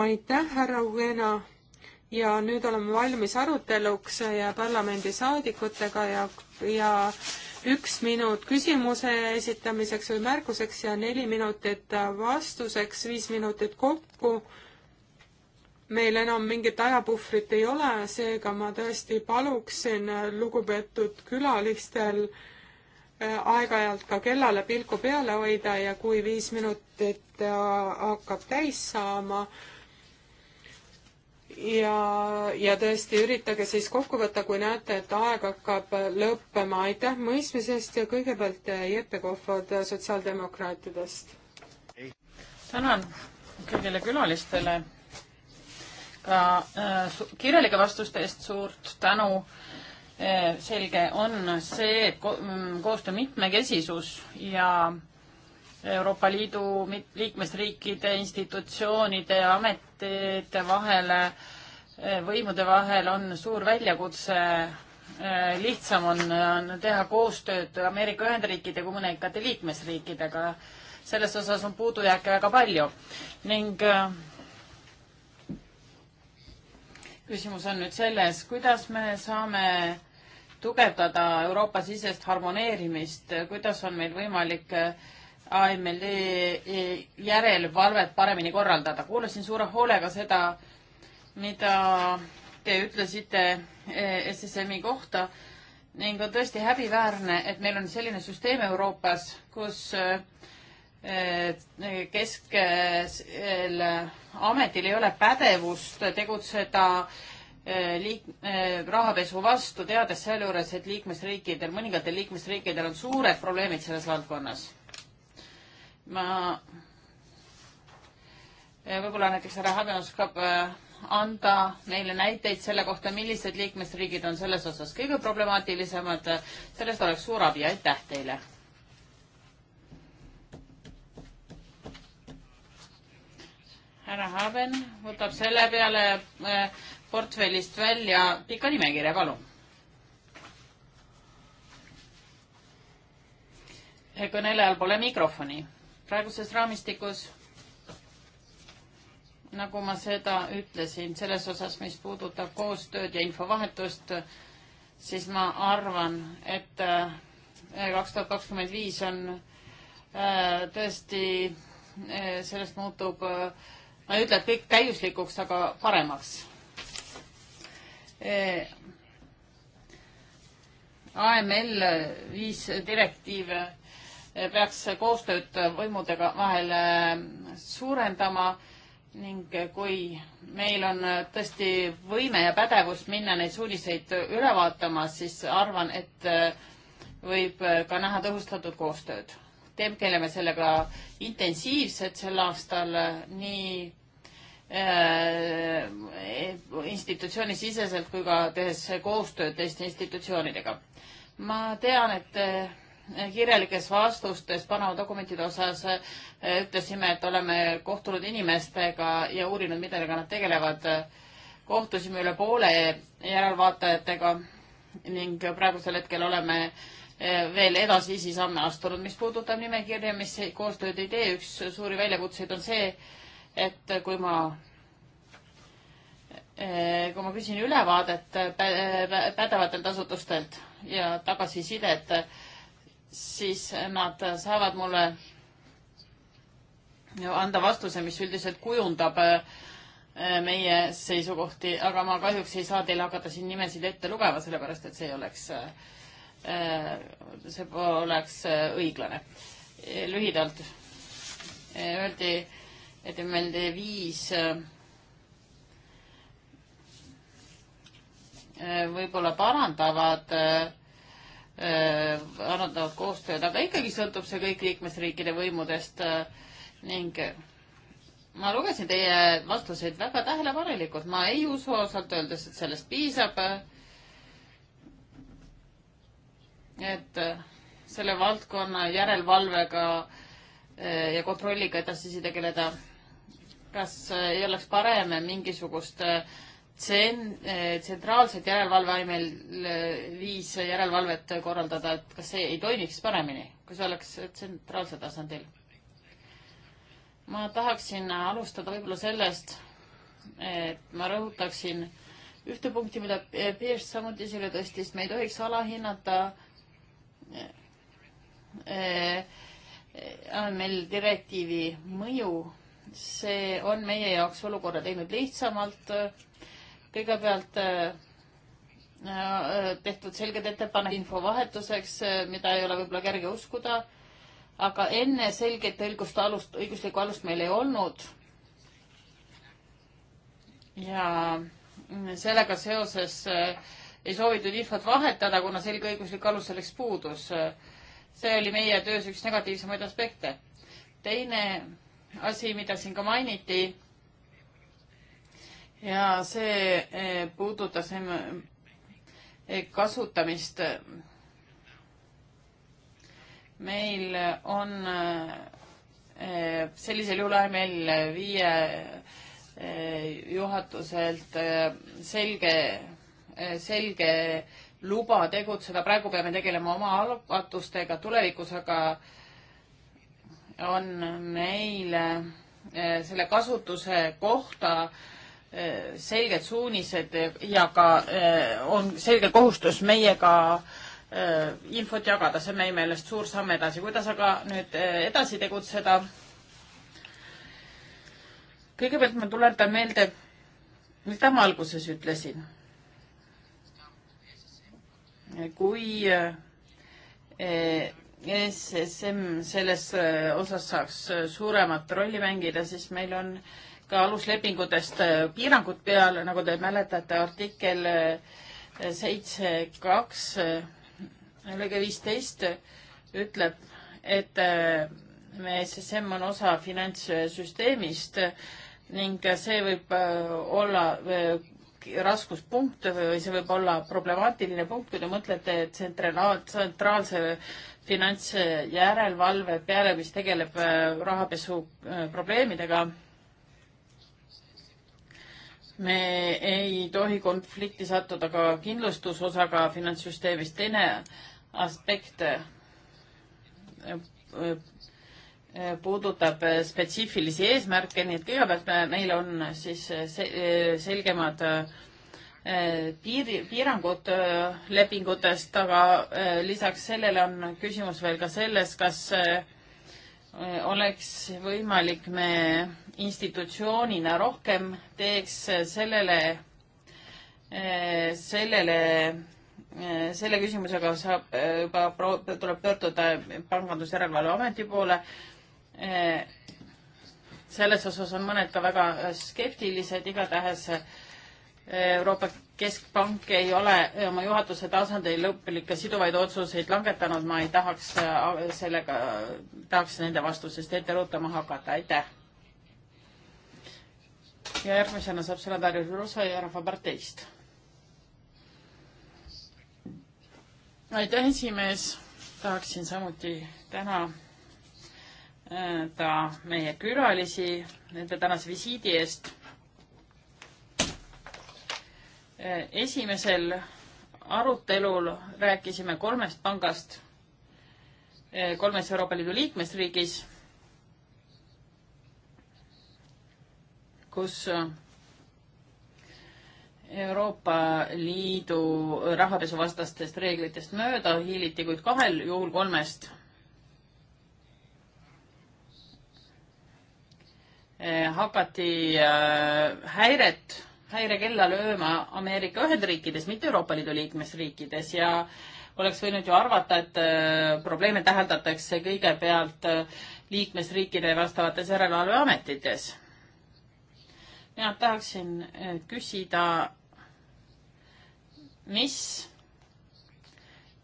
Speaker 3: aitäh, härra Ugena ja nüüd oleme valmis aruteluks ja parlamendisaadikutega ja, ja üks minut küsimuse esitamiseks või märkuseks ja neli minutit vastuseks, viis minutit kokku meil enam mingit ajapuhvrit ei ole, seega ma tõesti paluksin lugupeetud külalistel äh, aeg-ajalt ka kellale pilku peale hoida ja kui viis minutit äh, hakkab täis saama, ja, ja tõesti üritage siis kokku võtta, kui näete, et aeg hakkab lõppema. aitäh mõistmisest ja kõigepealt äh, Jeppe Kohvad sotsiaaldemokraatidest. tänan
Speaker 1: kõigile külalistele ka äh, kirjalike vastuste eest suurt tänu. Äh, selge on see mm, koostöö mitmekesisus ja Euroopa Liidu liikmesriikide institutsioonide ja ametite vahele, äh, võimude vahel on suur väljakutse. lihtsam on, on teha koostööd Ameerika Ühendriikide kui mõnekate liikmesriikidega. selles osas on puudujääke väga palju ning küsimus on nüüd selles, kuidas me saame tugevdada Euroopa-sisest harmoneerimist, kuidas on meil võimalik äh, AML äh, järelevalvet paremini korraldada. kuulasin suure hoolega seda, mida te ütlesite äh, SSM-i kohta ning on tõesti häbiväärne, et meil on selline süsteem Euroopas, kus kesksel ametil ei ole pädevust tegutseda eh, liik-, eh, rahapesu vastu, teades sealjuures, et liikmesriikidel, mõningatel liikmesriikidel on suured probleemid selles valdkonnas. ma, eh, võib-olla näiteks härra Hagen oskab anda meile näiteid selle kohta, millised liikmesriigid on selles osas kõige problemaatilisemad, sellest oleks suur abi, aitäh teile härra Haben võtab selle peale äh, portfellist välja pika nimekirja, palun. kõnelejal pole mikrofoni. praeguses raamistikus, nagu ma seda ütlesin, selles osas, mis puudutab koostööd ja infovahetust, siis ma arvan, et äh, kaks tuhat kakskümmend viis on äh, tõesti, sellest muutub äh, ma ei ütle, et kõik täiuslikuks, aga paremaks e. AML viis direktiiv e, peaks koostööd võimudega vahel e, suurendama ning kui meil on tõesti võime ja pädevus minna neid suuniseid üle vaatama, siis arvan, et e, võib ka näha tõhustatud koostööd tegeleme sellega intensiivselt sel aastal nii äh, institutsioonisiseselt kui ka tehes koostööd teiste institutsioonidega. ma tean, et äh, kirjalikes vastustes Panama dokumentide osas äh, ütlesime, et oleme kohtunud inimestega ja uurinud, millega nad tegelevad. kohtusime üle poole järelvaatajatega ning praegusel hetkel oleme äh, Eh, veel edasisi samme astunud. mis puudutab nimekirja, mis koostööd ei tee, üks suuri väljakutseid on see, et kui ma, eh, kui ma küsin ülevaadet eh, pädevatelt asutustelt ja tagasisidet, siis nad saavad mulle anda vastuse, mis üldiselt kujundab meie seisukohti, aga ma kahjuks ei saa teile hakata siin nimesid ette lugema, sellepärast et see ei oleks äh, Äh, see oleks äh, õiglane. Äh, lühidalt öeldi, et meil viis võib-olla parandavad, parandavad koostööd, aga ikkagi sõltub see kõik liikmesriikide võimudest ning ma lugesin teie vastuseid väga tähelepanelikult, ma ei usu ausalt öeldes, et sellest piisab et äh, selle valdkonna järelevalvega äh, ja kontrolliga edasisi tegeleda. kas äh, ei oleks parem mingisugust tsen-, tsentraalset järelevalve aimel viis järelevalvet korraldada, et kas see ei toimiks paremini, kui see oleks tsentraalsel tasandil? ma tahaksin alustada võib-olla sellest, et ma rõhutaksin ühte punkti, mida Peers samuti esile tõstis, me ei tohiks alahinnata äh, Äh, äh, on meil direktiivi mõju. see on meie jaoks olukorra teinud lihtsamalt. kõigepealt äh, tehtud selged ettepanekud infovahetuseks, mida ei ole võib-olla kerge uskuda, aga enne selget õigust alust, õiguslikku alust meil ei olnud. ja sellega seoses äh, ei soovitud infot vahetada, kuna selge õiguslik alus selleks puudus. see oli meie töös üks negatiivsemaid aspekte. teine asi, mida siin ka mainiti ja see eh, puudutas eh, kasutamist. meil on eh, sellisel juhul meil viie juhatuselt selge Eh, selge luba tegutseda, praegu peame tegelema oma algatustega, tulevikus aga on meil eh, selle kasutuse kohta eh, selged suunised ja ka on selge kohustus meiega infot jagada, see on meie meelest suur samm edasi. kuidas aga nüüd edasi tegutseda? kõigepealt ma tuletan meelde, mida ma alguses ütlesin kui eh, eh, SSM selles eh, osas saaks suuremat rolli mängida, siis meil on ka aluslepingutest piirangud peal, nagu te mäletate, artikkel seitse kaks lõige viisteist ütleb, et SSM on osa finantssüsteemist ning see võib olla raskuspunkt või see võib olla problemaatiline punkt, kui te mõtlete tsentraal-, tsentraalse finantsjärelevalve peale, mis tegeleb äh, rahapesu äh, probleemidega. me ei tohi konflikti sattuda ka kindlustusosaga finantssüsteemis. teine aspekt äh, puudutab eh, spetsiifilisi eesmärke, nii et kõigepealt meil on siis eh, eh, selgemad piiri, piirangud lepingutest, aga lisaks sellele on küsimus veel ka selles, kas oleks võimalik me institutsioonina rohkem teeks sellele, sellele, selle küsimusega saab juba, tuleb pöörduda Pangandusjärelevalve Ameti poole Eh, selles osas on mõned ka väga äh, skeptilised, igatahes äh, Euroopa Keskpank ei ole äh, oma juhatuse tasandil lõplikke siduvaid otsuseid langetanud, ma ei tahaks sellega, tahaks nende vastusest ette rutama hakata, aitäh. ja järgmisena saab sõna Darja Žurosa ja Rahvaparteist. aitäh, esimees, tahaksin samuti täna ta meie külalisi nende tänase visiidi eest. esimesel arutelul rääkisime kolmest pangast kolmes Euroopa Liidu liikmesriigis, kus Euroopa Liidu rahapesuvastastest reeglitest mööda hiiliti, kuid kahel juhul kolmest Eh, hakati eh, häiret, häirekella lööma Ameerika Ühendriikides, mitte Euroopa Liidu liikmesriikides ja oleks võinud ju arvata, et eh, probleeme täheldatakse kõigepealt liikmesriikide vastavates järelevalveametites. mina tahaksin küsida, mis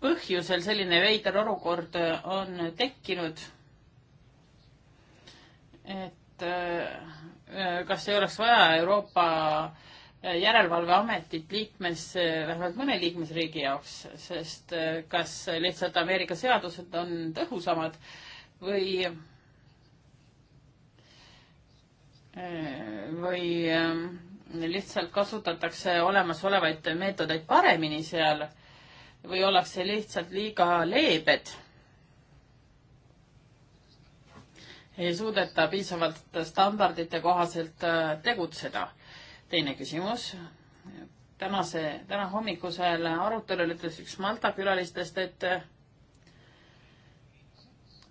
Speaker 1: põhjusel selline veider olukord on tekkinud? et et äh, äh, kas ei oleks vaja Euroopa äh, järelevalveametit liikmes, vähemalt mõne liikmesriigi jaoks, sest kas lihtsalt Ameerika seadused on tõhusamad või või lihtsalt kasutatakse olemasolevaid meetodeid paremini seal või ollakse lihtsalt liiga leebed ei suudeta piisavalt standardite kohaselt äh, tegutseda. teine küsimus. tänase, täna hommikusel arutelul ütles üks Malta külalistest, et äh,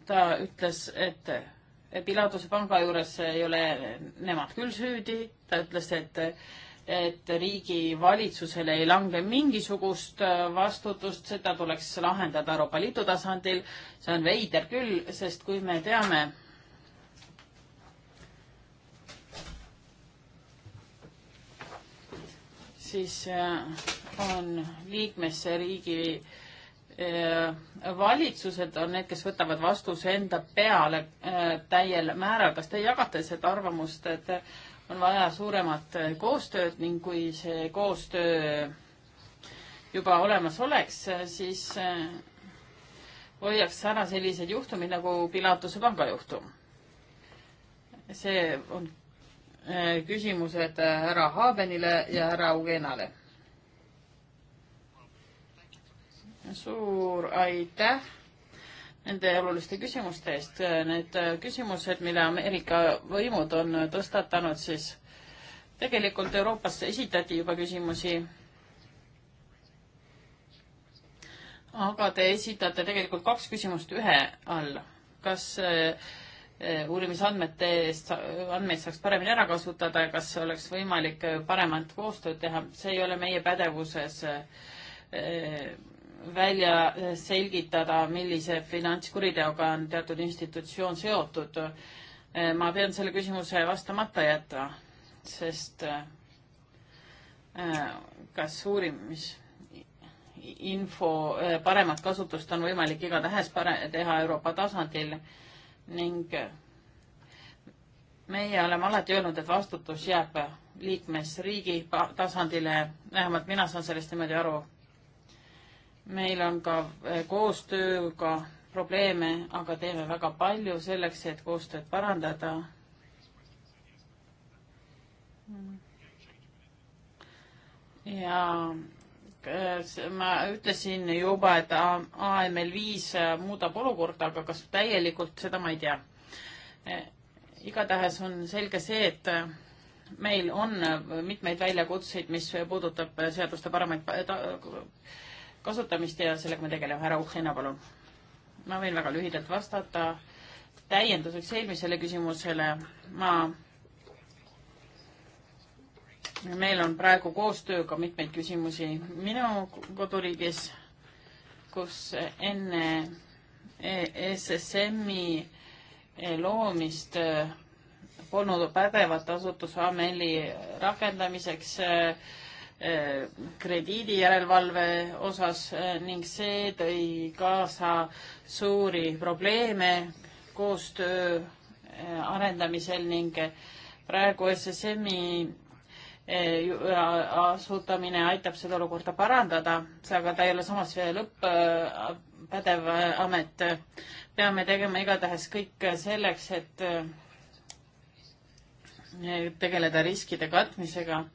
Speaker 1: ta ütles, et Piladuse panga juures ei ole nemad küll süüdi, ta ütles, et et riigi valitsusele ei lange mingisugust äh, vastutust, seda tuleks lahendada Euroopa Liidu tasandil. see on veider küll, sest kui me teame, siis äh, on liikmesriigi äh, valitsused on need, kes võtavad vastuse enda peale äh, täiel määral. kas te jagate seda arvamust, et on vaja suuremat koostööd ning kui see koostöö juba olemas oleks, siis hoiaks ära sellised juhtumid nagu Pilatuse pangajuhtum. see on Äh, küsimused äh, härra Haabenile ja härra Ugenale. suur aitäh nende oluliste küsimuste eest. Äh, need küsimused, mille Ameerika võimud on tõstatanud, siis tegelikult Euroopas esitati juba küsimusi. aga te esitate tegelikult kaks küsimust ühe all. kas äh, Eh, uurimisandmete eest, andmeid saaks paremini ära kasutada ja kas oleks võimalik eh, paremat koostööd teha, see ei ole meie pädevuses eh, välja selgitada, millise finantskuriteoga on teatud institutsioon seotud. ma pean selle küsimuse vastamata jätma, sest kas uurimisinfo paremat kasutust on võimalik igatahes pare-, teha Euroopa tasandil ning meie oleme alati öelnud, et vastutus jääb liikmesriigi tasandile, vähemalt mina saan sellest niimoodi aru. meil on ka eh, koostööga probleeme, aga teeme väga palju selleks, et koostööd parandada. ja Äh, ma ütlesin juba, et AML viis äh, muudab olukorda, aga kas täielikult, seda ma ei tea. Äh, igatahes on selge see, et meil on mitmeid väljakutseid, mis puudutab seaduste paremaid kasutamist ja sellega me tegeleme. härra Uhhina, palun. ma võin väga lühidalt vastata. täienduseks eelmisele küsimusele ma meil on praegu koostööga mitmeid küsimusi minu koduriigis, kus enne ESSM-i loomist äh, polnud pädevat asutusameli rakendamiseks äh, äh, krediidijärelevalve osas ning see tõi kaasa suuri probleeme koostöö arendamisel ning praegu e SSM-i asutamine aitab seda olukorda parandada, aga ta ei ole samas lõpppädev äh, äh, amet. peame tegema igatahes kõik selleks, et äh, tegeleda riskide katmisega.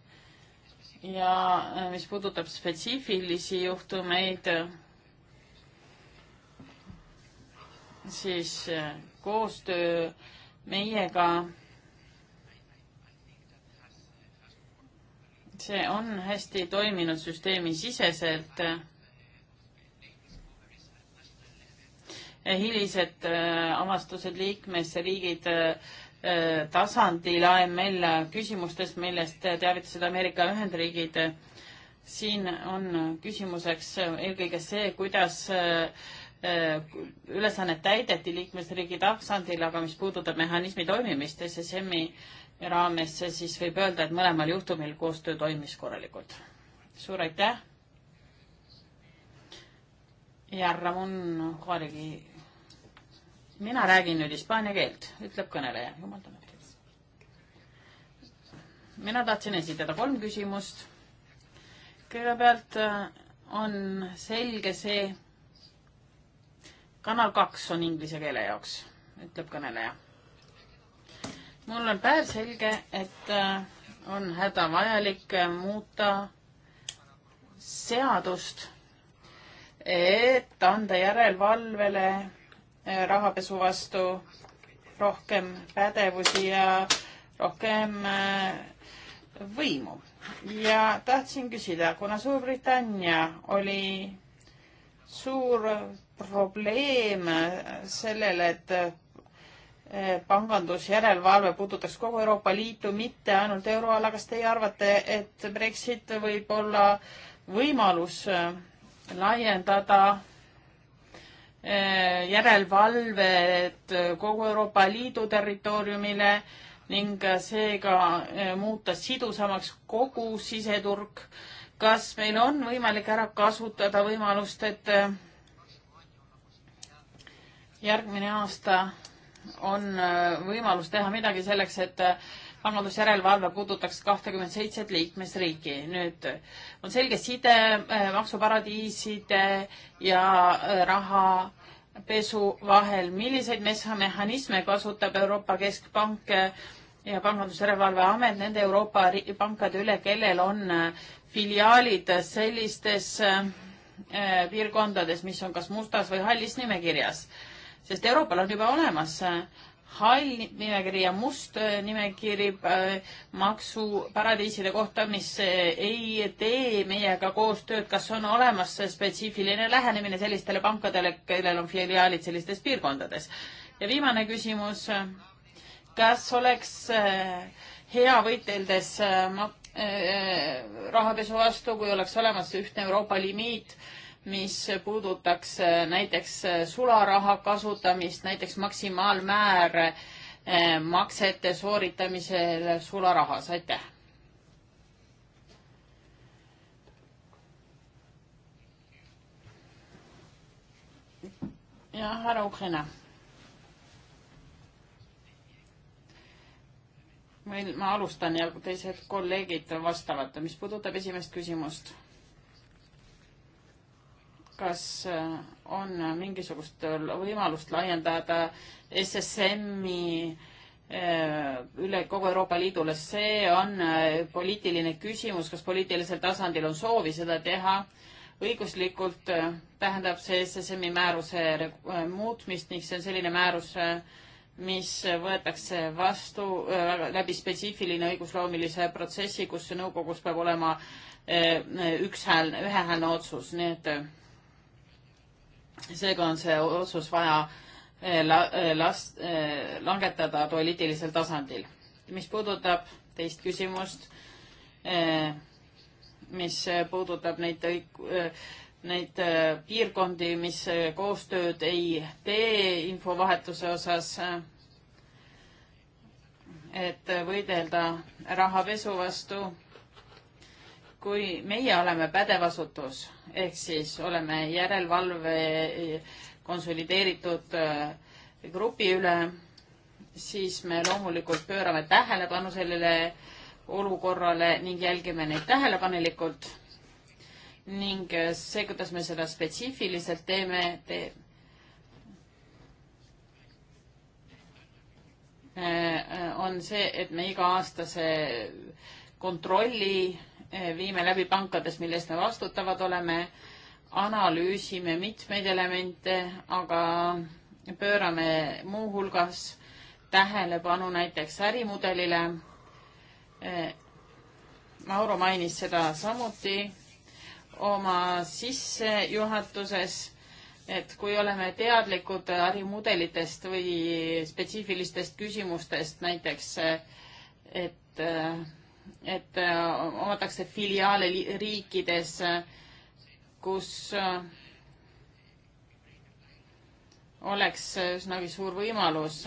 Speaker 1: ja mis puudutab spetsiifilisi juhtumeid, siis koostöö meiega see on hästi toiminud süsteemi siseselt. hilised äh, avastused liikmesriigid äh, tasandil AML küsimustes, millest teavitasid Ameerika Ühendriigid. siin on küsimuseks eelkõige see, kuidas äh, ülesannet täideti liikmesriigi tasandil, aga mis puudutab mehhanismi toimimist SSM-i raames, siis võib öelda, et mõlemal juhtumil koostöö toimis korralikult. suur aitäh. ja Ramon Juaregi. mina räägin nüüd hispaania keelt, ütleb kõneleja, jumal tänatud. mina tahtsin esitada kolm küsimust. kõigepealt äh, on selge see, kanal kaks on inglise keele jaoks, ütleb kõneleja mul on päevselge, et äh, on hädavajalik äh, muuta seadust, et anda järelevalvele äh, rahapesu vastu rohkem pädevusi ja rohkem võimu. ja tahtsin küsida, kuna Suurbritannia oli suur probleem sellele, et pangandusjärelevalve puudutaks kogu Euroopa Liitu, mitte ainult euroala, kas teie arvate, et Brexit võib olla võimalus äh, laiendada äh, järelevalvet äh, kogu Euroopa Liidu territooriumile ning seega muuta sidusamaks kogu siseturg. kas meil on võimalik ära kasutada võimalust, et järgmine aasta on äh, võimalus teha midagi selleks, et pangandusjärelevalve äh, puudutaks kahtekümmet seitset liikmesriiki. nüüd äh, on selge side maksuparadiiside ja rahapesu vahel. milliseid mehhanisme kasutab Euroopa Keskpank ja Pangandusjärelevalveamet nende Euroopa pankade üle, kellel on filiaalid sellistes piirkondades, mis on kas mustas või hallis nimekirjas? sest Euroopal on juba olemas äh, hall nimekiri ja must äh, nimekiri äh, maksuparadiiside kohta, mis ei tee meiega koostööd. kas on olemas spetsiifiline lähenemine sellistele pankadele, kellel on filiaalid sellistes piirkondades? ja viimane küsimus. kas oleks hea võiteldes rahapesu vastu, kui oleks olemas ühtne Euroopa limiit äh, mis puudutaks äh, näiteks äh, sularaha kasutamist, näiteks maksimaalmäär äh, maksete sooritamisel sularahas, aitäh. jah, härra Ukraina. meil, ma alustan ja teised kolleegid vastavad, mis puudutab esimest küsimust kas äh, on mingisugust võimalust laiendada SSM-i äh, üle kogu Euroopa Liidule, see on äh, poliitiline küsimus, kas poliitilisel tasandil on soovi seda teha. õiguslikult tähendab see SSM-i määruse muutmist ning see on selline määrus, mis võetakse vastu läbi spetsiifiline õigusloomelise protsessi, kus nõukogus peab olema üks hääl, ühehäälne otsus, nii et seega on see otsus vaja eh, eh, last, eh, langetada poliitilisel tasandil. mis puudutab teist küsimust, mis puudutab neid õig-, neid piirkondi, mis koostööd ei tee infovahetuse osas, et võidelda rahapesu vastu kui meie oleme pädev asutus, ehk siis oleme järelevalve konsolideeritud äh, grupi üle, siis me loomulikult pöörame tähelepanu sellele olukorrale ning jälgime neid tähelepanelikult. ning äh, see, kuidas me seda spetsiifiliselt teeme, teeb äh, on see, et me iga-aastase kontrolli viime läbi pankades, mille eest me vastutavad oleme, analüüsime mitmeid elemente, aga pöörame muuhulgas tähelepanu näiteks ärimudelile. Mauro mainis seda samuti oma sissejuhatuses, et kui oleme teadlikud ärimudelitest või spetsiifilistest küsimustest, näiteks et äh, et äh, omatakse filiaale riikides, äh, kus äh, oleks üsnagi suur võimalus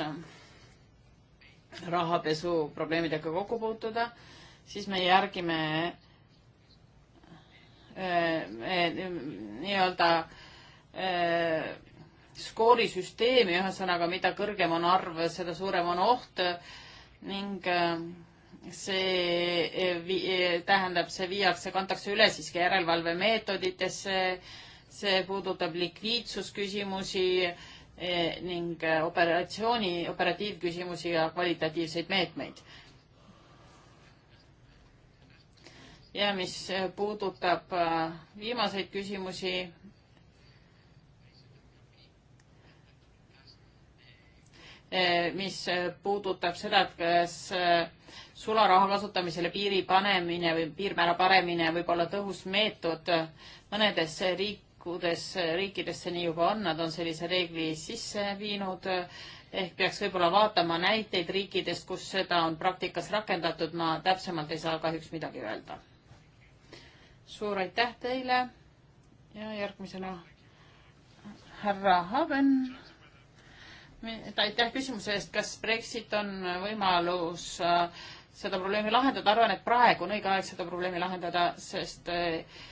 Speaker 1: rahapesu probleemidega kokku puutuda, siis me järgime nii-öelda skoorisüsteemi, ühesõnaga, mida kõrgem on arv, seda suurem on oht ning see eh, eh, tähendab, see viiakse, kantakse üle siiski järelevalvemeetoditesse, see puudutab likviidsusküsimusi eh, ning operatsiooni, operatiivküsimusi ja kvalitatiivseid meetmeid. ja mis puudutab viimaseid küsimusi, mis puudutab seda, et kas sularaha kasutamisele piiri panemine või piirmäära paremine võib olla tõhus meetod. mõnedes riikudes, riikides see nii juba on, nad on sellise reegli sisse viinud. ehk peaks võib-olla vaatama näiteid riikidest, kus seda on praktikas rakendatud. ma täpsemalt ei saa kahjuks midagi öelda. suur aitäh teile ja järgmisena härra Haben aitäh küsimuse eest, kas Brexit on võimalus äh, seda probleemi lahendada, arvan, et praegu on õige aeg seda probleemi lahendada, sest eh,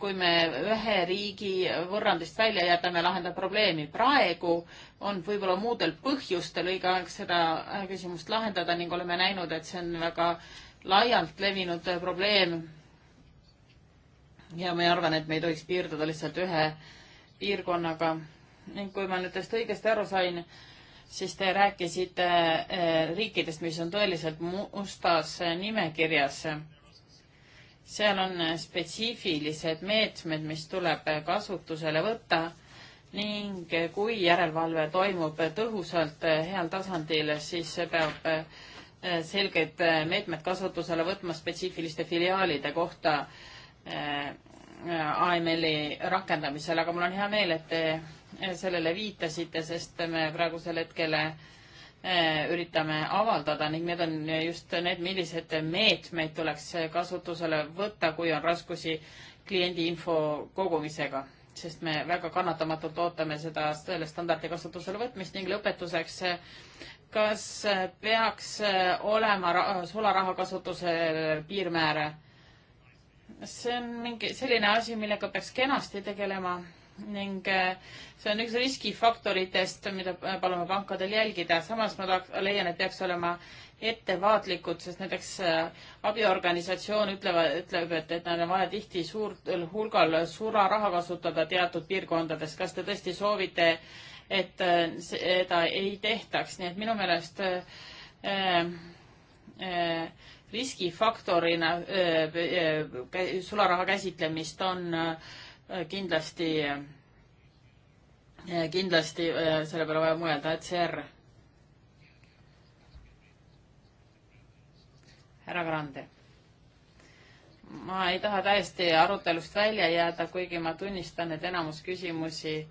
Speaker 1: kui me ühe riigi võrrandist välja jätame, lahendab probleemi. praegu on võib-olla muudel põhjustel õige aeg seda eh, küsimust lahendada ning oleme näinud, et see on väga laialt levinud eh, probleem. ja ma arvan, et me ei tohiks piirduda lihtsalt ühe piirkonnaga. ning kui ma nüüd teist õigesti aru sain, siis te rääkisite eh, riikidest, mis on tõeliselt mustas eh, nimekirjas. seal on eh, spetsiifilised meetmed, mis tuleb kasutusele võtta ning kui järelevalve toimub tõhusalt heal tasandil, siis see peab selged meetmed kasutusele võtma spetsiifiliste filiaalide kohta AML-i rakendamisel, aga mul on hea meel, et te Eh, sellele viitasite, sest me praegusel hetkel eh, üritame avaldada ning need on just need, millised meetmeid tuleks kasutusele võtta, kui on raskusi kliendi info kogumisega, sest me väga kannatamatult ootame seda, selle standardi kasutusele võtmist ning lõpetuseks, kas peaks olema sularaha kasutusele piirmäär? see on mingi selline asi, millega peaks kenasti tegelema ning eh, see on üks riskifaktoritest, mida eh, palume pankadel jälgida. samas ma tahaks, leian, et peaks olema ettevaatlikud, sest näiteks eh, abiorganisatsioon ütlevad, ütleb, et, et neil on vaja tihti suurel hulgal sularaha kasutada teatud piirkondades. kas te tõesti soovite, et seda ei tehtaks, nii et minu meelest äh, äh, riskifaktorina äh, sularaha käsitlemist on äh, Äh, kindlasti, äh, kindlasti äh, selle peale vaja mõelda, et CR. härra Grande. ma ei taha täiesti arutelust välja jääda, kuigi ma tunnistan, et enamus küsimusi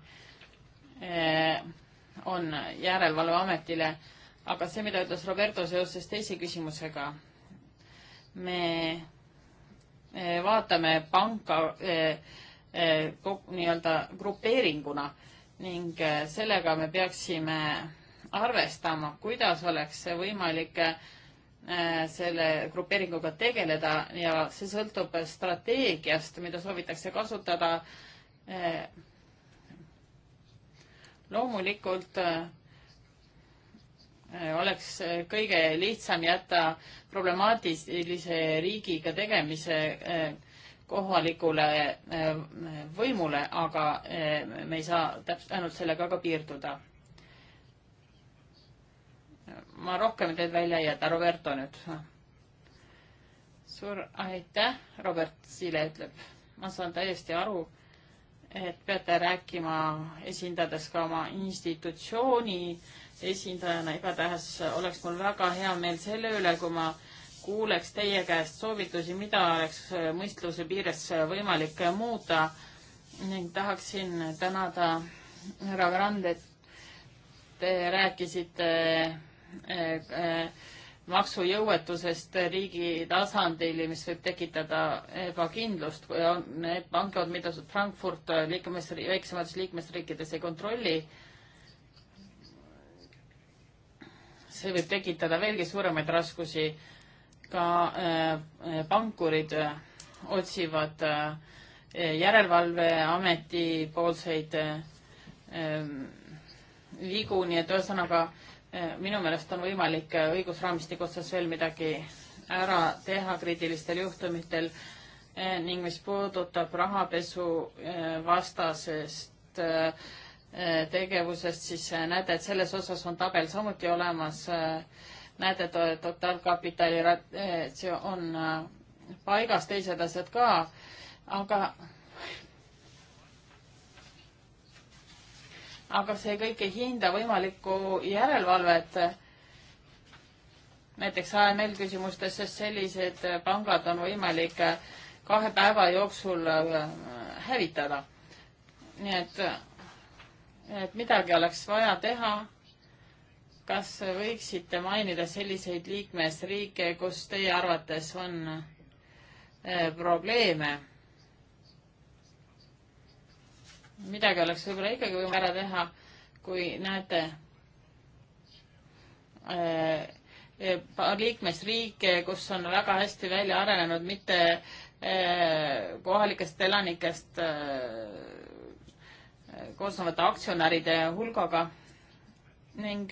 Speaker 1: on Järelevalveametile, aga see, mida ütles Roberto seoses teise küsimusega, me vaatame panka eh, Eh, nii-öelda grupeeringuna ning eh, sellega me peaksime arvestama, kuidas oleks võimalik eh, selle grupeeringuga tegeleda ja see sõltub strateegiast, mida soovitakse kasutada. loomulikult oleks kõige lihtsam jätta problemaatilise riigiga tegemise kohalikule eh, võimule, aga eh, me ei saa täpselt ainult sellega ka piirduda. ma rohkem teid välja ei jäta, Roberto nüüd. suur aitäh, Robert Sile ütleb. ma saan täiesti aru, et peate rääkima, esindades ka oma institutsiooni esindajana, igatahes oleks mul väga hea meel selle üle, kui ma äh, kuuleks teie käest soovitusi, mida oleks äh, mõistluse piires äh, võimalik äh, muuta ning tahaksin tänada härra Grandet. Te rääkisite maksujõuetusest riigi tasandil, mis võib tekitada ebakindlust, kui on need pangad, mida Frankfurt liikmes, väiksemates liikmesriikides ei kontrolli. see võib tekitada veelgi suuremaid raskusi ka äh, pankurid äh, otsivad äh, järelevalveameti poolseid ähm, vigu, nii et ühesõnaga minu meelest on võimalik õigusraamistiku otsas veel midagi ära teha kriitilistel juhtumitel ning mis puudutab rahapesu vastasest tegevusest, siis näete, et selles osas on tabel samuti olemas äh, näete, totaalkapitali ratio eh, on äh, paigas, teised asjad ka, aga aga see kõik ei hinda võimalikku järelevalvet näiteks AML küsimustes, sest sellised pangad on võimalik kahe päeva jooksul äh, hävitada. nii et, et midagi oleks vaja teha kas võiksite mainida selliseid liikmesriike, kus teie arvates on äh, probleeme? midagi oleks võib-olla ikkagi võimalik ära teha, kui näete äh, liikmesriike, kus on väga hästi välja arenenud mitte äh, kohalikest elanikest koosnevate aktsionäride hulgaga ning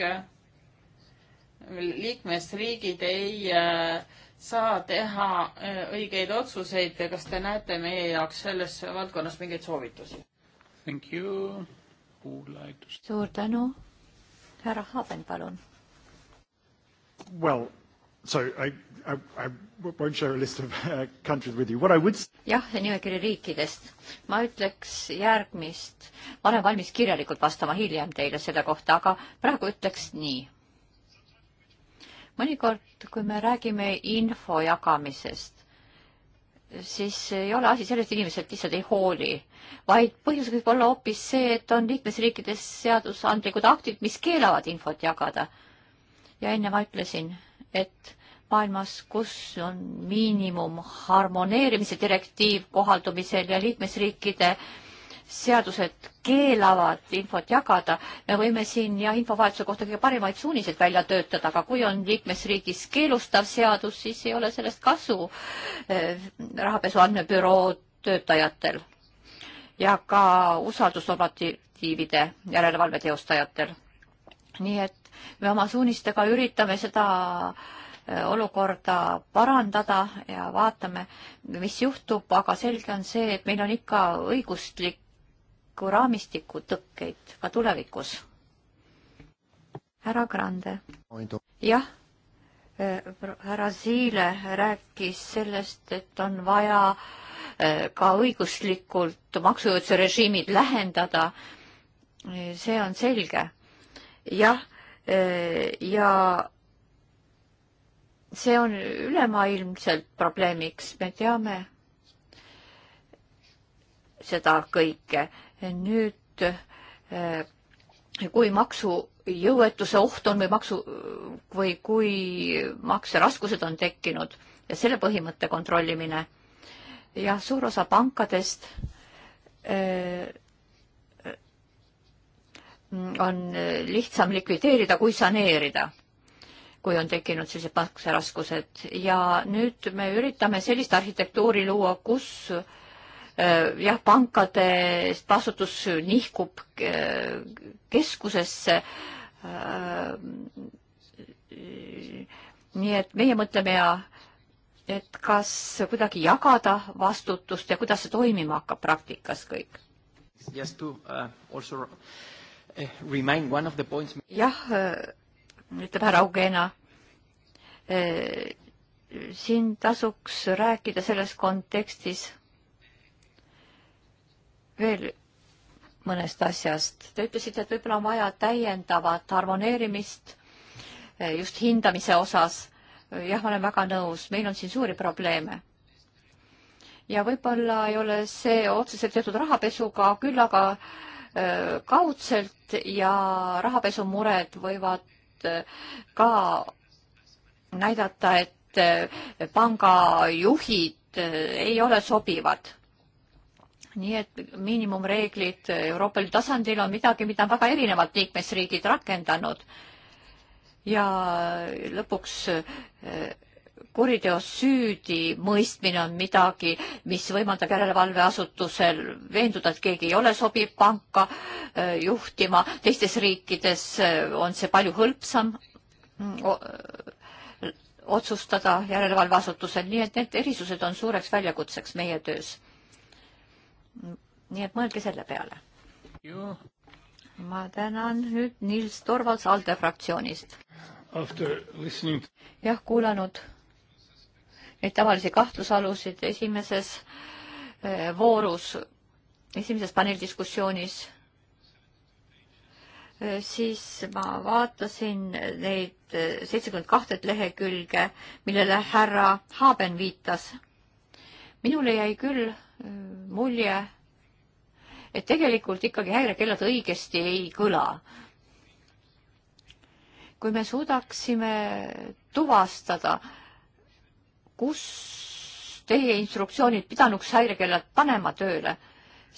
Speaker 1: liikmesriigid ei äh, saa teha äh, õigeid otsuseid. kas te näete meie jaoks selles valdkonnas mingeid soovitusi? Like
Speaker 2: suur tänu. härra Haaben, palun.
Speaker 3: Well, so I, I, I won't share a list of uh, countries with you. What I would
Speaker 2: jah, nimekiri riikidest. ma ütleks järgmist, ma olen valmis kirjalikult vastama hiljem teile selle kohta, aga praegu ütleks nii mõnikord, kui me räägime info jagamisest, siis ei ole asi selles, et inimesed lihtsalt ei hooli, vaid põhjus võib olla hoopis see, et on liikmesriikides seadusandlikud aktid, mis keelavad infot jagada. ja enne ma ütlesin, et maailmas, kus on miinimum harmoneerimise direktiiv kohaldumisel ja liikmesriikide äh, seadused keelavad infot jagada, me võime siin jah, infovahetuse kohta kõige parimaid suuniseid välja töötada, aga kui on liikmesriigis keelustav seadus, siis ei ole sellest kasu eh, rahapesu andmebüroo töötajatel ja ka usaldusnormatiivide järelevalve teostajatel. nii et me oma suunistega üritame seda eh, olukorda parandada ja vaatame, mis juhtub, aga selge on see, et meil on ikka õiguslik õigusliku raamistiku tõkkeid ka tulevikus? härra Grande. jah, e, härra Siile rääkis sellest, et on vaja e, ka õiguslikult maksujõudluse režiimid lähendada. E, see on selge. jah, ja see on ülemaailmselt probleemiks, me teame seda kõike nüüd eh, kui maksujõuetuse oht on või maksu või kui makseraskused on tekkinud ja selle põhimõtte kontrollimine. jah, suur osa pankadest eh, on lihtsam likvideerida kui saneerida, kui on tekkinud sellised makseraskused ja nüüd me üritame sellist arhitektuuri luua, kus Äh, jah, pankade vastutus nihkub äh, keskusesse. Äh, nii et meie mõtleme ja et kas kuidagi jagada vastutust ja kuidas see toimima hakkab praktikas kõik?
Speaker 1: Uh, uh, jah, ütleb härra Augena.
Speaker 2: siin tasuks rääkida selles kontekstis veel mõnest asjast. Te ütlesite, et võib-olla on vaja täiendavat harmoneerimist eh, just hindamise osas. jah, ma olen väga nõus, meil on siin suuri probleeme. ja võib-olla ei ole see otseselt seotud rahapesuga, küll aga eh, kaudselt ja rahapesumured võivad eh, ka näidata, et pangajuhid ei ole sobivad nii et miinimumreeglid Euroopa Liidu tasandil on midagi, mida on väga erinevad liikmesriigid rakendanud. ja lõpuks eh, kuriteos süüdi mõistmine on midagi, mis võimaldab järelevalveasutusel veenduda, et keegi ei ole sobiv panka eh, juhtima, teistes riikides eh, on see palju hõlpsam mm, otsustada järelevalveasutusel, nii et need erisused on suureks väljakutseks meie töös nii et mõelge selle peale. ma tänan nüüd Nils Torvalds ALDE fraktsioonist. jah, kuulanud neid tavalisi kahtlusalusid esimeses eh, voorus, esimeses paneeldiskussioonis, eh, siis ma vaatasin neid eh, seitsekümmend kahtet lehekülge, millele härra Haaben viitas. minule jäi küll mulje, et tegelikult ikkagi häirekellad õigesti ei kõla. kui me suudaksime tuvastada, kus teie instruktsioonid pidanuks häirekellad panema tööle,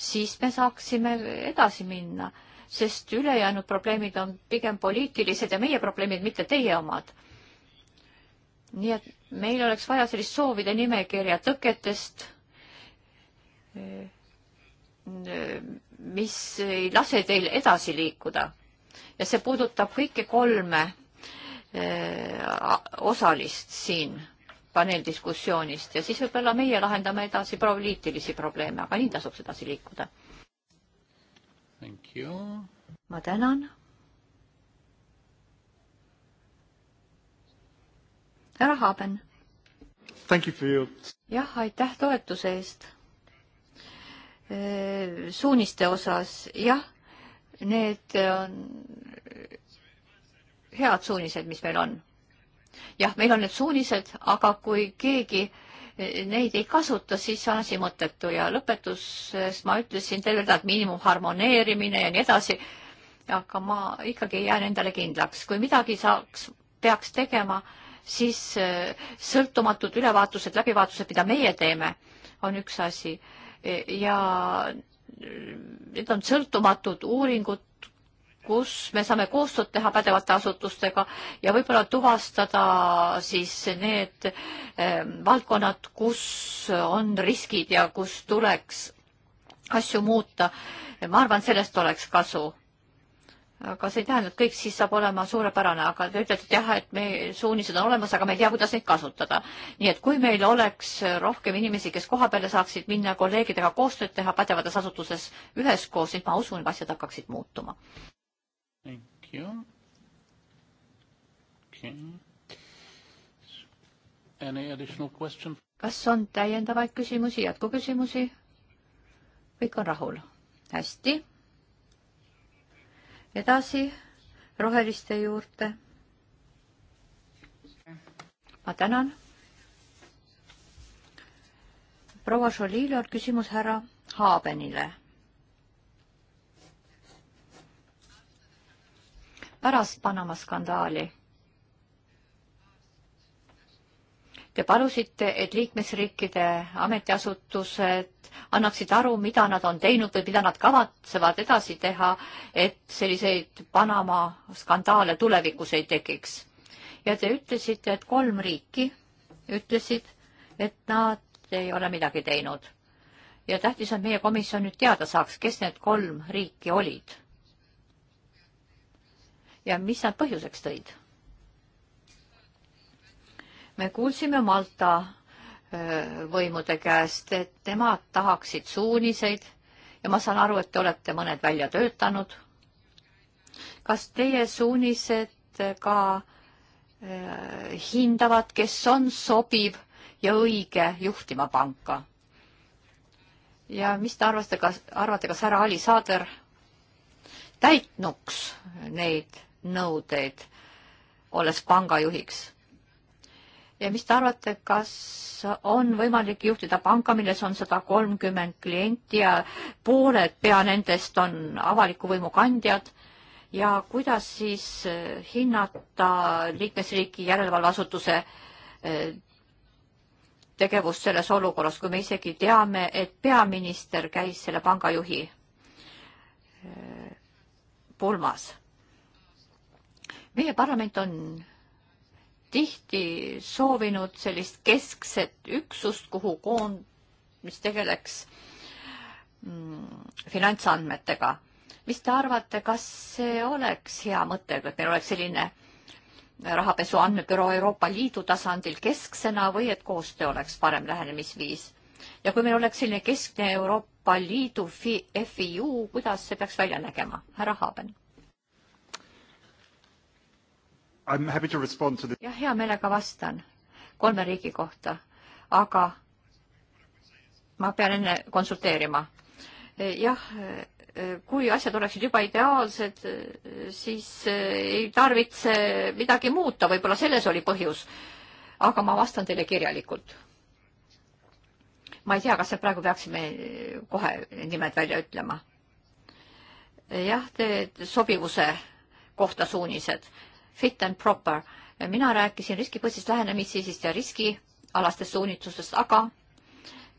Speaker 2: siis me saaksime edasi minna, sest ülejäänud probleemid on pigem poliitilised ja meie probleemid, mitte teie omad nii et meil oleks vaja sellist soovide nimekirja tõketest, mis ei lase teil edasi liikuda. ja see puudutab kõiki kolme eh, osalist siin paneeldiskussioonist ja siis võib-olla meie lahendame edasi poliitilisi probleeme, aga nii tasuks edasi liikuda. ma tänan. härra Haaben. jah, aitäh toetuse eest Äh, suuniste osas, jah, need on head suunised, mis meil on. jah, meil on need suunised, aga kui keegi äh, neid ei kasuta, siis on asi mõttetu ja lõpetuses ma ütlesin teile, et miinimumharmoneerimine ja nii edasi, aga ma ikkagi jään endale kindlaks, kui midagi saaks, peaks tegema, siis äh, sõltumatud ülevaatused, läbivaatused, mida meie teeme, on üks asi ja need on sõltumatud uuringud, kus me saame koostööd teha pädevate asutustega ja võib-olla tuvastada siis need ehm, valdkonnad, kus on riskid ja kus tuleks asju muuta. ma arvan, sellest oleks kasu aga see ei tähenda, et kõik siis saab olema suurepärane, aga te ütlete, et jah, et meie suunised on olemas, aga me ei tea, kuidas neid kasutada. nii et kui meil oleks rohkem inimesi, kes koha peale saaksid minna kolleegidega koostööd teha pädevates asutuses üheskoos, siis ma usun, et asjad hakkaksid muutuma.
Speaker 1: Thank you. Okay. Any additional question?
Speaker 2: kas on täiendavaid küsimusi, jätkuküsimusi? kõik on rahul? hästi edasi roheliste juurde. ma tänan. proua Žolile on küsimus härra Haabenile. pärast Panama skandaali Te palusite, et liikmesriikide ametiasutused annaksid aru, mida nad on teinud või mida nad kavatsevad edasi teha, et selliseid Panama skandaale tulevikus ei tekiks. ja te ütlesite, et kolm riiki ütlesid, et nad ei ole midagi teinud. ja tähtis on, et meie komisjon nüüd teada saaks, kes need kolm riiki olid. ja mis nad põhjuseks tõid me kuulsime Malta võimude käest, et nemad tahaksid suuniseid ja ma saan aru, et te olete mõned välja töötanud. kas teie suunised ka hindavad, kes on sobiv ja õige juhtima panka? ja mis te arvate, kas, arvate, kas härra Ali Saader täitnuks neid nõudeid, olles pangajuhiks? ja mis te arvate, kas on võimalik juhtida panka, milles on sada kolmkümmend klienti ja pooled pea nendest on avaliku võimu kandjad ja kuidas siis eh, hinnata liikmesriigi järelevalveasutuse eh, tegevust selles olukorras, kui me isegi teame, et peaminister käis selle pangajuhi eh, pulmas. meie parlament on tihti soovinud sellist keskset üksust, kuhu koond-, mis tegeleks mm, finantsandmetega. mis te arvate, kas see oleks hea mõte, et meil oleks selline rahapesu andmebüroo Euroopa Liidu tasandil kesksena või et koostöö oleks parem lähenemisviis? ja kui meil oleks selline keskne Euroopa Liidu FIU, kuidas see peaks välja nägema? härra Haaben
Speaker 3: jah,
Speaker 2: hea meelega vastan kolme riigi kohta, aga ma pean enne konsulteerima. jah, kui asjad oleksid juba ideaalsed, siis ei tarvitse midagi muuta, võib-olla selles oli põhjus. aga ma vastan teile kirjalikult. ma ei tea, kas me praegu peaksime kohe nimed välja ütlema. jah, te sobivuse kohta suunised fit and proper. mina rääkisin riskipõhisest lähenemisest ja riskialastest suunitlustest, aga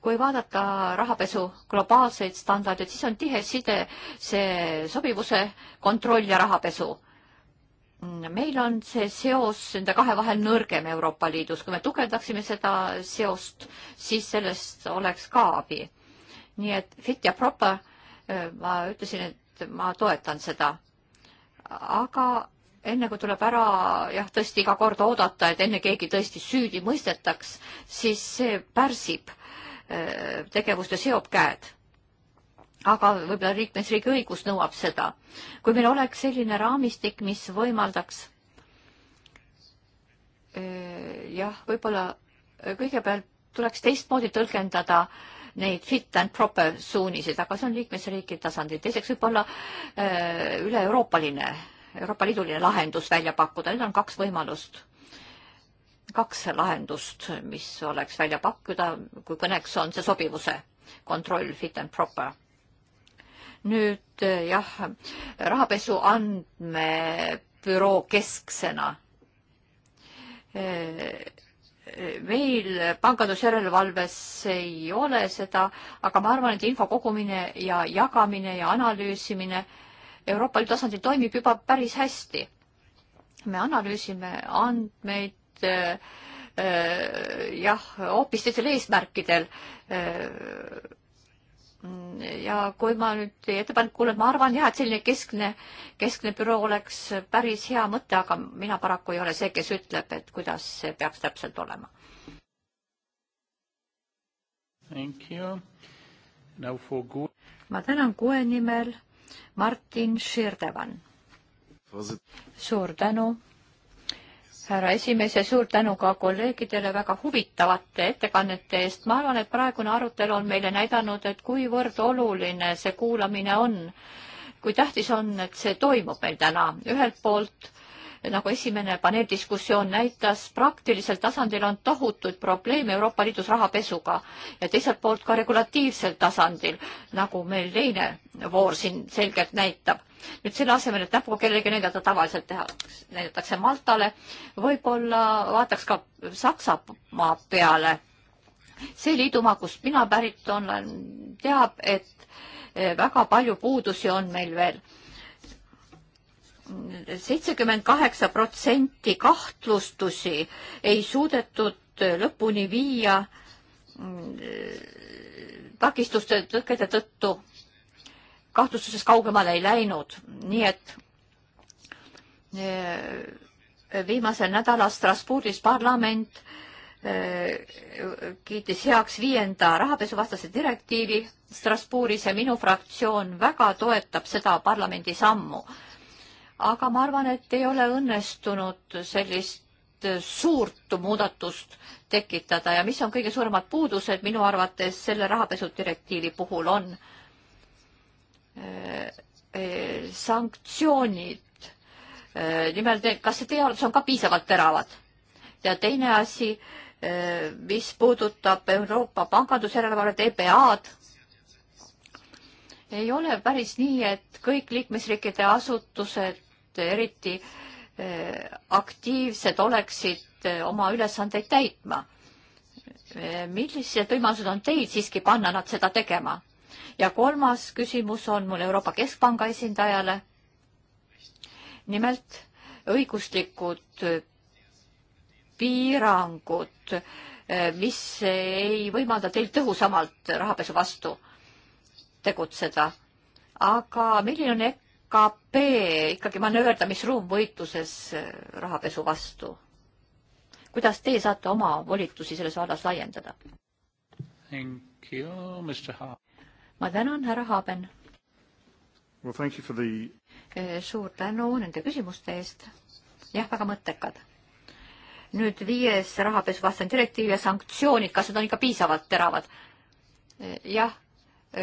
Speaker 2: kui vaadata rahapesu globaalseid standardeid, siis on tihe side see sobivuse kontroll ja rahapesu. meil on see seos nende kahe vahel nõrgem Euroopa Liidus, kui me tugevdaksime seda seost, siis sellest oleks ka abi. nii et fit ja proper, ma ütlesin, et ma toetan seda. aga enne kui tuleb ära jah, tõesti iga kord oodata, et enne keegi tõesti süüdi mõistetaks, siis see pärsib äh, tegevust ja seob käed. aga võib-olla liikmesriigi õigus nõuab seda. kui meil oleks selline raamistik, mis võimaldaks äh, jah, võib-olla äh, kõigepealt tuleks teistmoodi tõlgendada neid fit and proper suuniseid, aga see on liikmesriikide tasandil. teiseks võib-olla üle-euroopaline Euroopa Liiduline lahendus välja pakkuda, nüüd on kaks võimalust, kaks lahendust, mis oleks välja pakkuda, kui kõneks on see sobivuse kontroll, fit and proper. nüüd jah, rahapesu andmebüroo kesksena meil pangandusjärelevalves ei ole seda, aga ma arvan, et info kogumine ja jagamine ja analüüsimine äh, Euroopa Liidu tasandil toimib juba päris hästi. me analüüsime andmeid äh, äh, jah, hoopis teisel eesmärkidel äh, ja kui ma nüüd teie ettepaneku kuulen, ma arvan jah, et selline keskne, keskne büroo oleks päris hea mõte, aga mina paraku ei ole see, kes ütleb, et kuidas see peaks täpselt olema. ma tänan kuue nimel Martin Širdevan. suur tänu, härra esimees ja suur tänu ka kolleegidele väga huvitavate ettekannete eest. ma arvan, et praegune arutelu on meile näidanud, et kuivõrd oluline see kuulamine on, kui tähtis on, et see toimub meil täna. ühelt poolt nagu esimene paneeldiskussioon näitas, praktilisel tasandil on tohutuid probleeme Euroopa Liidus rahapesuga ja teiselt poolt ka regulatiivsel tasandil, nagu meil teine voor siin selgelt näitab. nüüd selle asemel, et näpuga kellelegi näidata, tavaliselt tehakse, näidatakse Maltale, võib-olla vaataks ka Saksamaa peale. see liidumaa, kust mina pärit olen, teab, et eh, väga palju puudusi on meil veel seitsekümmend kaheksa protsenti kahtlustusi ei suudetud lõpuni viia mm, takistuste tõkete tõttu kahtlustusest kaugemale ei läinud, nii et eh, viimasel nädalal Strasbourgis parlament eh, kiitis heaks viienda rahapesuvastase direktiivi Strasbourgis ja minu fraktsioon väga toetab seda parlamendi sammu aga ma arvan, et ei ole õnnestunud sellist suurt muudatust tekitada ja mis on kõige suuremad puudused minu arvates selle rahapesudirektiivi puhul on eh, eh, sanktsioonid. Eh, nimelt, kas see teie arvates on ka piisavalt teravad? ja teine asi, mis puudutab Euroopa pangandusjärelevalvet EBA-d, ei ole päris nii, et kõik liikmesriikide asutused eriti eh, aktiivsed oleksid eh, oma ülesandeid täitma. Eh, millised võimalused on teil siiski panna nad seda tegema? ja kolmas küsimus on mul Euroopa Keskpanga esindajale. nimelt õiguslikud piirangud, mis ei võimalda teil tõhusamalt rahapesu vastu tegutseda. aga milline on AKP ikkagi manööverdamisruum võitluses äh, rahapesu vastu. kuidas teie saate oma volitusi selles vallas laiendada? ma tänan, härra Haaben
Speaker 3: well,. The...
Speaker 2: Äh, suur tänu nende küsimuste eest. jah, väga mõttekad. nüüd viies rahapesuvastane direktiiv ja sanktsioonid, kas need on ikka piisavalt teravad? Äh, jah,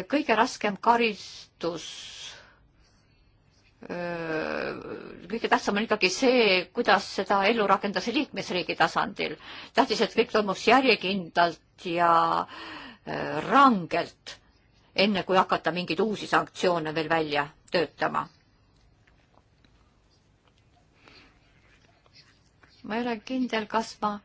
Speaker 2: kõige raskem karistus kõige tähtsam on ikkagi see, kuidas seda ellu rakendatakse liikmesriigi tasandil. tähtis, et kõik toimuks järjekindlalt ja rangelt, enne kui hakata mingeid uusi sanktsioone veel välja töötama. ma ei ole kindel, kas ma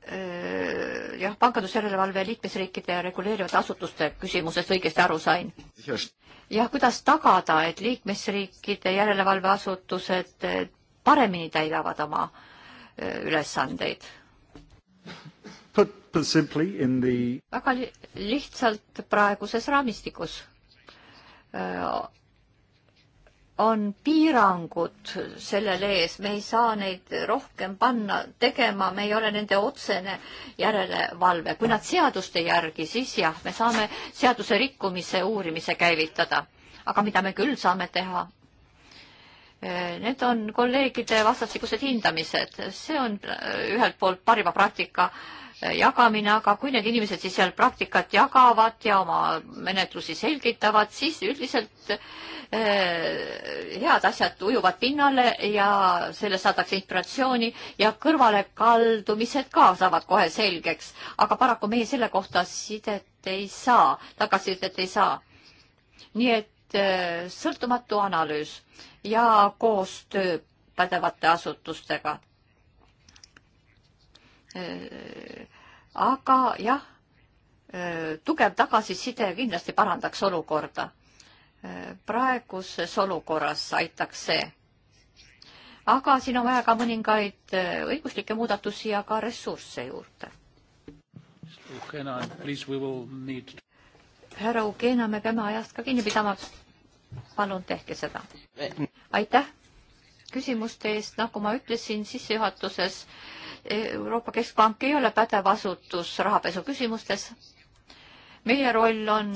Speaker 2: Äh, jah, pangandusjärelevalve liikmesriikide reguleerivate asutuste küsimusest õigesti aru sain.
Speaker 3: jah,
Speaker 2: kuidas tagada, et liikmesriikide järelevalveasutused äh, paremini täidavad oma äh, ülesandeid? väga lihtsalt praeguses raamistikus on piirangud sellele ees, me ei saa neid rohkem panna tegema, me ei ole nende otsene järelevalve. kui nad seadust ei järgi, siis jah, me saame seaduse rikkumise uurimise käivitada. aga mida me küll saame teha? Need on kolleegide vastastikused hindamised, see on äh, ühelt poolt parima praktika äh, jagamine, aga kui need inimesed siis seal praktikat jagavad ja oma menetlusi selgitavad, siis üldiselt eh, head asjad ujuvad pinnale ja sellest saadakse inspiratsiooni ja kõrvalekaldumised ka saavad kohe selgeks. aga paraku meie selle kohta sidet ei saa, tagasisidet ei saa. nii et eh, sõltumatu analüüs ja koostöö pädevate asutustega Äh, aga jah, äh, tugev tagasiside kindlasti parandaks olukorda. Äh, praeguses olukorras aitaks see. aga siin on vaja ka mõningaid õiguslikke muudatusi ja ka ressursse juurde. härra Ugena, me peame ajast ka kinni pidama. palun tehke seda. aitäh küsimuste eest, nagu ma ütlesin sissejuhatuses Euroopa Keskpank ei ole pädev asutus rahapesu küsimustes. meie roll on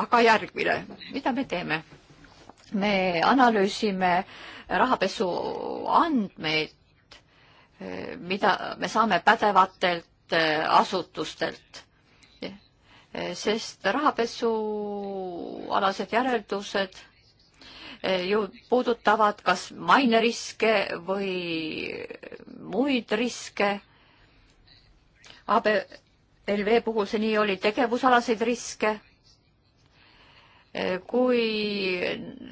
Speaker 2: aga järgmine, mida me teeme? me analüüsime rahapesu andmeid, mida me saame pädevatelt eh, asutustelt, sest rahapesualased järeldused Eh, ju puudutavad kas maineriske või muid riske. ABLV puhul see nii oli, tegevusalaseid riske. Eh, kui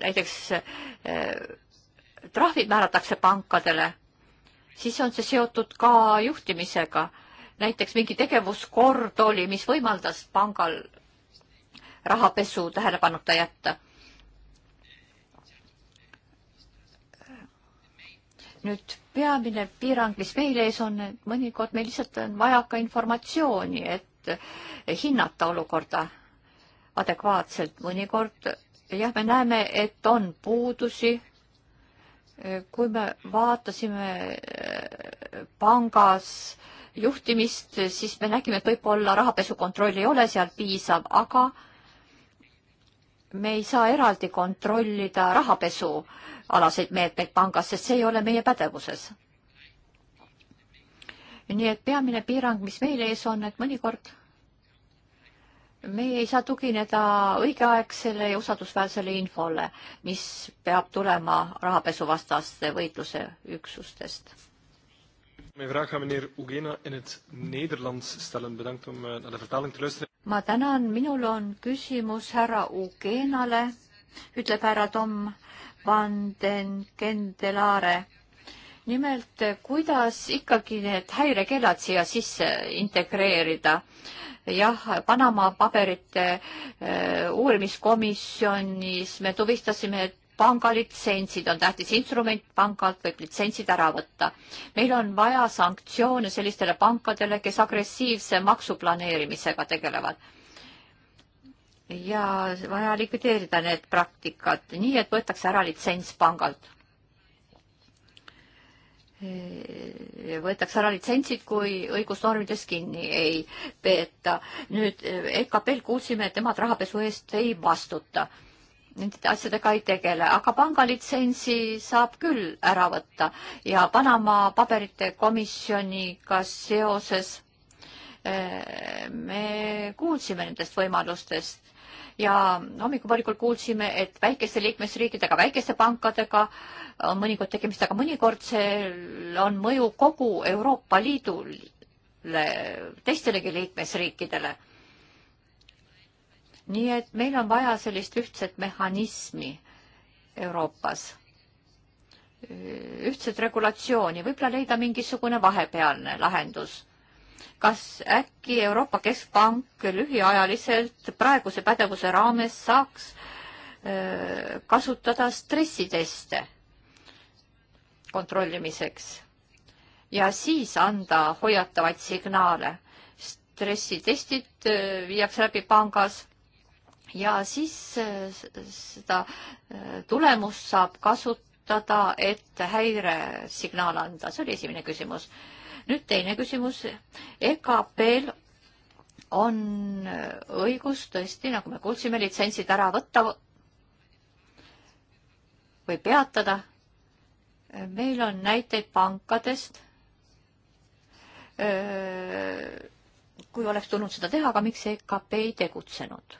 Speaker 2: näiteks eh, trahvid määratakse pankadele, siis on see seotud ka juhtimisega. näiteks mingi tegevuskord oli, mis võimaldas pangal rahapesu tähelepanuta jätta nüüd peamine piirang, mis meil ees on, et mõnikord meil lihtsalt on vaja ka informatsiooni, et hinnata olukorda adekvaatselt. mõnikord jah, me näeme, et on puudusi. kui me vaatasime eh, pangas juhtimist, siis me nägime, et võib-olla rahapesukontroll ei ole seal piisav, aga me ei saa eraldi kontrollida rahapesu alaseid meetmeid pangas, sest see ei ole meie pädevuses. nii et peamine piirang, mis meil ees on, et mõnikord meie ei saa tugineda õigeaegsele ja usaldusväärsele infole, mis peab tulema rahapesuvastaste võitluse üksustest. Eh, ma tänan, minul on küsimus härra Ugenale, ütleb härra Tom. Vanden Kendelaare. nimelt, kuidas ikkagi need häirekellad siia sisse integreerida? jah, Panama paberite äh, uurimiskomisjonis me tuvastasime, et pangalitsentsid on tähtis instrument, pangalt võib litsentsid ära võtta. meil on vaja sanktsioone sellistele pankadele, kes agressiivse maksuplaneerimisega tegelevad ja vaja likvideerida need praktikad nii, et võetakse ära litsents pangalt. võetakse ära litsentsid, kui õigusnormides kinni ei peeta. nüüd EKP-l kuulsime, et nemad rahapesu eest ei vastuta nende asjadega ei tegele, aga pangalitsentsi saab küll ära võtta ja Panama paberite komisjoniga seoses me kuulsime nendest võimalustest ja hommikupoolikul kuulsime, et väikeste liikmesriikidega, väikeste pankadega on äh, mõnikord tegemist, aga mõnikord seal on mõju kogu Euroopa Liidule, teistelegi liikmesriikidele. nii et meil on vaja sellist ühtset mehhanismi Euroopas ühtset regulatsiooni, võib-olla leida mingisugune vahepealne lahendus kas äkki Euroopa Keskpank lühiajaliselt praeguse pädevuse raames saaks äh, kasutada stressiteste kontrollimiseks ja siis anda hoiatavaid signaale. stressitestid äh, viiakse läbi pangas ja siis äh, seda tulemust saab kasutada, et häiresignaal anda. see oli esimene küsimus nüüd teine küsimus. EKP-l on õigus tõesti, nagu me kuulsime, litsentsid ära võtta või peatada. meil on näiteid pankadest, kui oleks tulnud seda teha, aga miks EKP ei tegutsenud?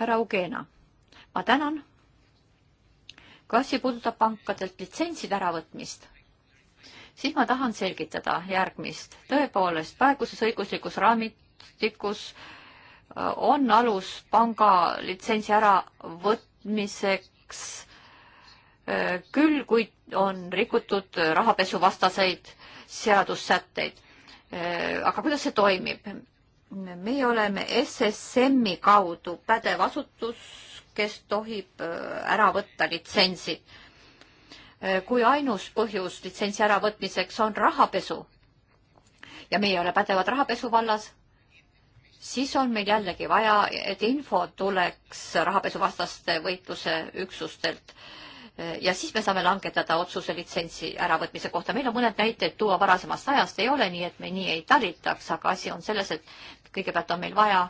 Speaker 2: härra Ugena ma tänan. kas see puudutab pankadelt litsentside äravõtmist? siis ma tahan selgitada järgmist. tõepoolest, praeguses õiguslikus raamistikus äh, on alus panga litsentsi äravõtmiseks äh, küll, kuid on rikutud rahapesuvastaseid seadussätteid. Äh, aga kuidas see toimib? meie oleme SSM-i kaudu pädev asutus kes tohib äh, ära võtta litsentsi. Äh, kui ainus põhjus litsentsi äravõtmiseks on rahapesu ja meie ei ole pädevad rahapesu vallas, siis on meil jällegi vaja, et info tuleks rahapesuvastaste võitluse üksustelt äh, ja siis me saame langetada otsuse litsentsi äravõtmise kohta. meil on mõned näited tuua varasemast ajast, ei ole nii, et me nii ei talitaks, aga asi on selles, et kõigepealt on meil vaja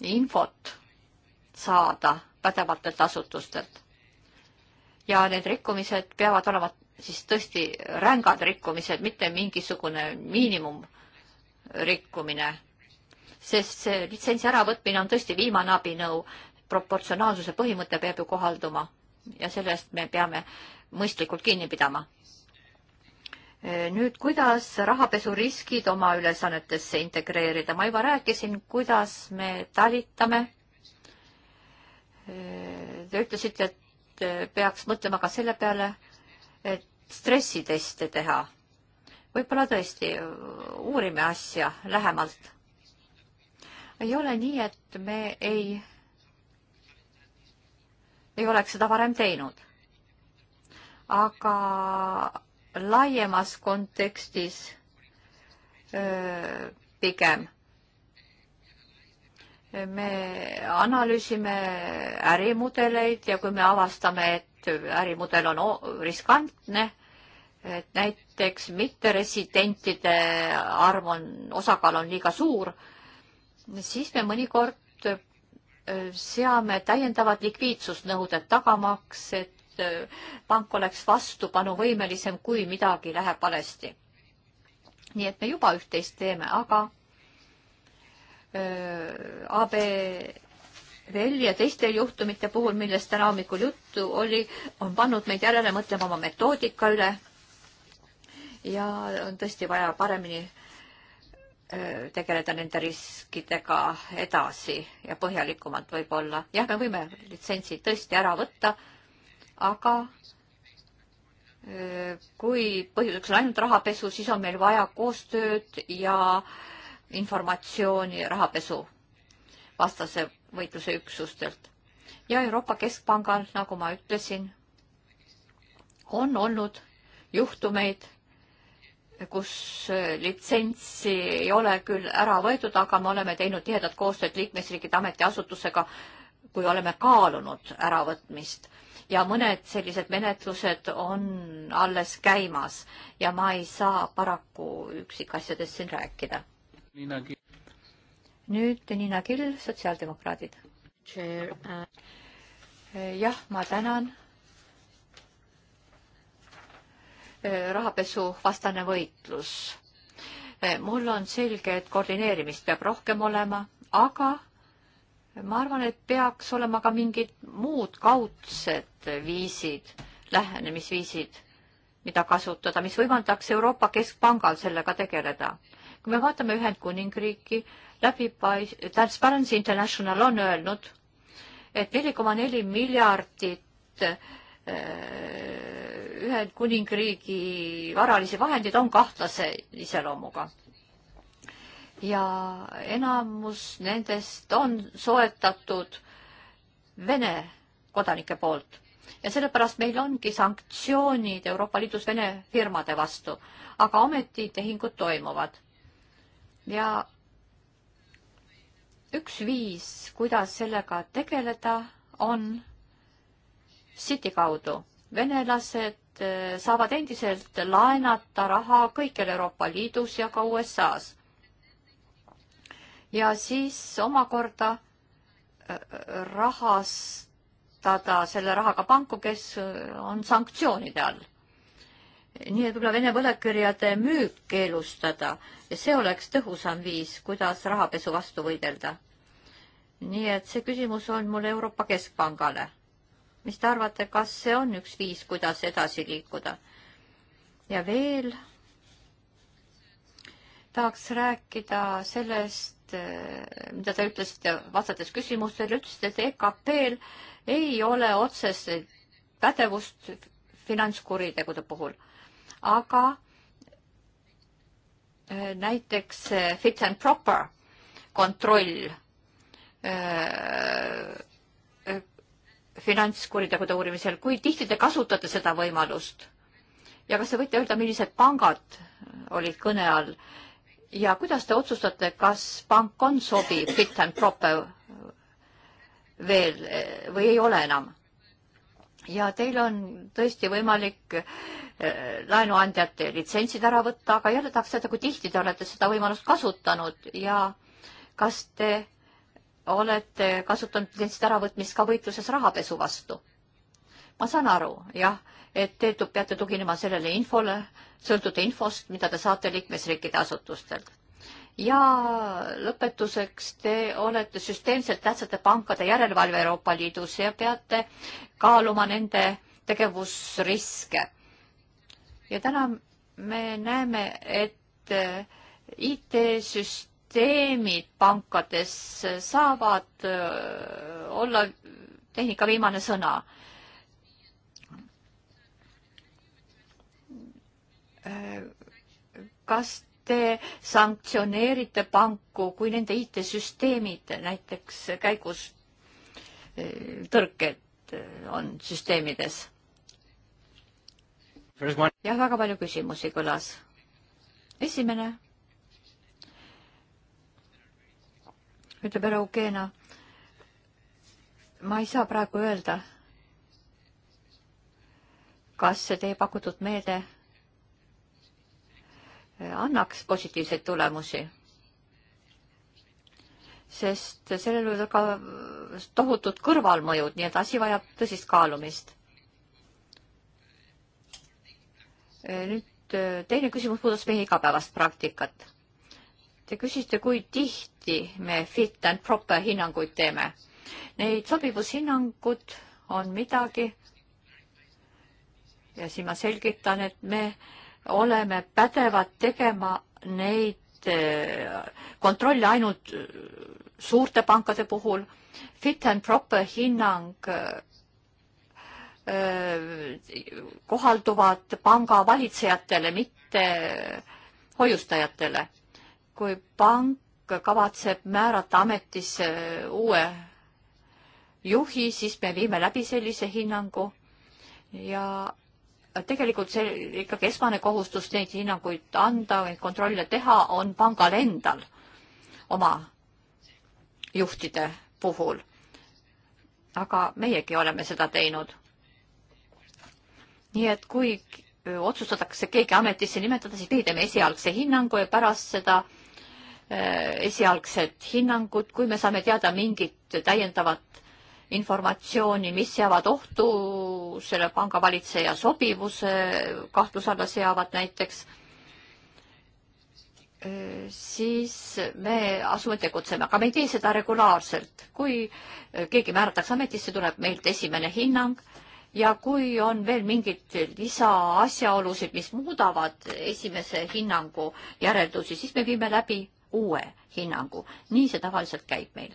Speaker 2: infot saada pädevatelt asutustelt. ja need rikkumised peavad olema siis tõesti rängad rikkumised, mitte mingisugune miinimumrikkumine. sest see litsentsi äravõtmine on tõesti viimane abinõu, proportsionaalsuse põhimõte peab ju kohalduma ja sellest me peame mõistlikult kinni pidama. nüüd, kuidas rahapesuriskid oma ülesannetesse integreerida, ma juba rääkisin, kuidas me talitame Te ütlesite, et äh, peaks mõtlema ka selle peale, et stressiteste teha. võib-olla tõesti äh, uurime asja lähemalt. ei ole nii, et me ei, ei oleks seda varem teinud. aga laiemas kontekstis öö, äh, pigem me analüüsime ärimudeleid ja kui me avastame, et ärimudel on riskantne, et näiteks mitteresidentide arv on, osakaal on liiga suur, siis me mõnikord äh, seame täiendavad likviidsusnõuded tagamaks, et äh, pank oleks vastupanuvõimelisem, kui midagi läheb valesti. nii et me juba üht-teist teeme, aga Äh, ABL ja teiste juhtumite puhul, millest täna hommikul juttu oli, on pannud meid järele mõtlema oma metoodika üle. ja on tõesti vaja paremini äh, tegeleda nende riskidega edasi ja põhjalikumalt võib-olla. jah, me võime litsentsi tõesti ära võtta, aga äh, kui põhjuseks on ainult rahapesu, siis on meil vaja koostööd ja äh, informatsiooni rahapesu vastase võitluse üksustelt. ja Euroopa Keskpangal, nagu ma ütlesin, on olnud juhtumeid, kus litsentsi ei ole küll ära võetud, aga me oleme teinud tihedat koostööd liikmesriikide ametiasutusega, kui oleme kaalunud äravõtmist ja mõned sellised menetlused on alles käimas ja ma ei saa paraku üksikasjadest siin rääkida nüüd Niina Kill, sotsiaaldemokraadid. Uh, jah, ma tänan. E, rahapesuvastane võitlus. E, mul on selge, et koordineerimist peab rohkem olema, aga ma arvan, et peaks olema ka mingid muud kaudsed viisid, lähenemisviisid, mida kasutada, mis võimaldaks Euroopa Keskpangal sellega tegeleda kui me vaatame Ühendkuningriiki, läbipais-, Transparency International on öelnud, et neli koma neli miljardit äh, Ühendkuningriigi varalisi vahendeid on kahtlase iseloomuga. ja enamus nendest on soetatud Vene kodanike poolt ja sellepärast meil ongi sanktsioonid Euroopa Liidus Vene firmade vastu, aga ometi tehingud toimuvad ja üks viis, kuidas sellega tegeleda, on City kaudu. venelased eh, saavad endiselt laenata raha kõikjal Euroopa Liidus ja ka USA-s. ja siis omakorda eh, rahastada selle rahaga panku, kes eh, on sanktsioonide all nii et võib-olla Vene võlakirjade müük keelustada ja see oleks tõhusam viis, kuidas rahapesu vastu võidelda. nii et see küsimus on mul Euroopa Keskpangale. mis te arvate, kas see on üks viis, kuidas edasi liikuda? ja veel tahaks rääkida sellest, eh, mida te ütlesite vastates küsimustele, ütlesite, et EKP-l ei ole otseseid pädevust finantskuritegude puhul aga äh, näiteks äh, fit and proper kontroll äh, finantskuritegude uurimisel, kui tihti te kasutate seda võimalust? ja kas te võite öelda, millised pangad olid kõne all ja kuidas te otsustate, kas pank on sobiv fit and proper veel või ei ole enam? ja teil on tõesti võimalik äh, laenuandjate litsentsid ära võtta, aga jälle tahaks teada, kui tihti te olete seda võimalust kasutanud ja kas te olete kasutanud litsentsid äravõtmist ka võitluses rahapesu vastu? ma saan aru, jah, et te peate tuginema sellele infole, sõltute infost, mida te saate liikmesriikide asutustelt ja lõpetuseks, te olete süsteemselt tähtsate pankade järelevalve Euroopa Liidus ja peate kaaluma nende tegevusriske. ja täna me näeme, et äh, IT-süsteemid pankades saavad äh, olla tehnika viimane sõna. Äh, kas te sanktsioneerite panku, kui nende IT-süsteemid näiteks käigus eh, tõrked eh, on süsteemides?
Speaker 1: jah,
Speaker 2: väga palju küsimusi kõlas. esimene, ütleb härra Ukena, ma ei saa praegu öelda, kas see teie pakutud meede Eh, annaks positiivseid tulemusi. sest sellel võivad ka tohutud kõrvalmõjud, nii et asi vajab tõsist kaalumist. Eh, nüüd eh, teine küsimus puudutas meie igapäevast praktikat. Te küsisite, kui tihti me fit and proper hinnanguid teeme. Neid sobivushinnangud on midagi ja siin ma selgitan, et me äh, oleme pädevad tegema neid eh, kontrolle ainult eh, suurte pankade puhul. Fit and proper hinnang eh, kohalduvad panga valitsejatele, mitte hoiustajatele. kui pank kavatseb määrata ametisse uue juhi, siis me viime läbi sellise hinnangu ja tegelikult see ikkagi esmane kohustus neid hinnanguid anda, neid kontrolle teha on pangal endal oma juhtide puhul. aga meiegi oleme seda teinud. nii et kui otsustatakse keegi ametisse nimetada, siis meie teeme esialgse hinnangu ja pärast seda eh, esialgset hinnangut, kui me saame teada mingit täiendavat informatsiooni, mis seavad ohtu selle pangavalitseja sobivuse, kahtluse alla seavad näiteks, siis me asume tegutsema, aga me ei tee seda regulaarselt. kui keegi määratakse ametisse, tuleb meilt esimene hinnang ja kui on veel mingeid lisaasjaolusid, mis muudavad esimese hinnangu järeldusi, siis me viime läbi uue hinnangu. nii see tavaliselt käib meil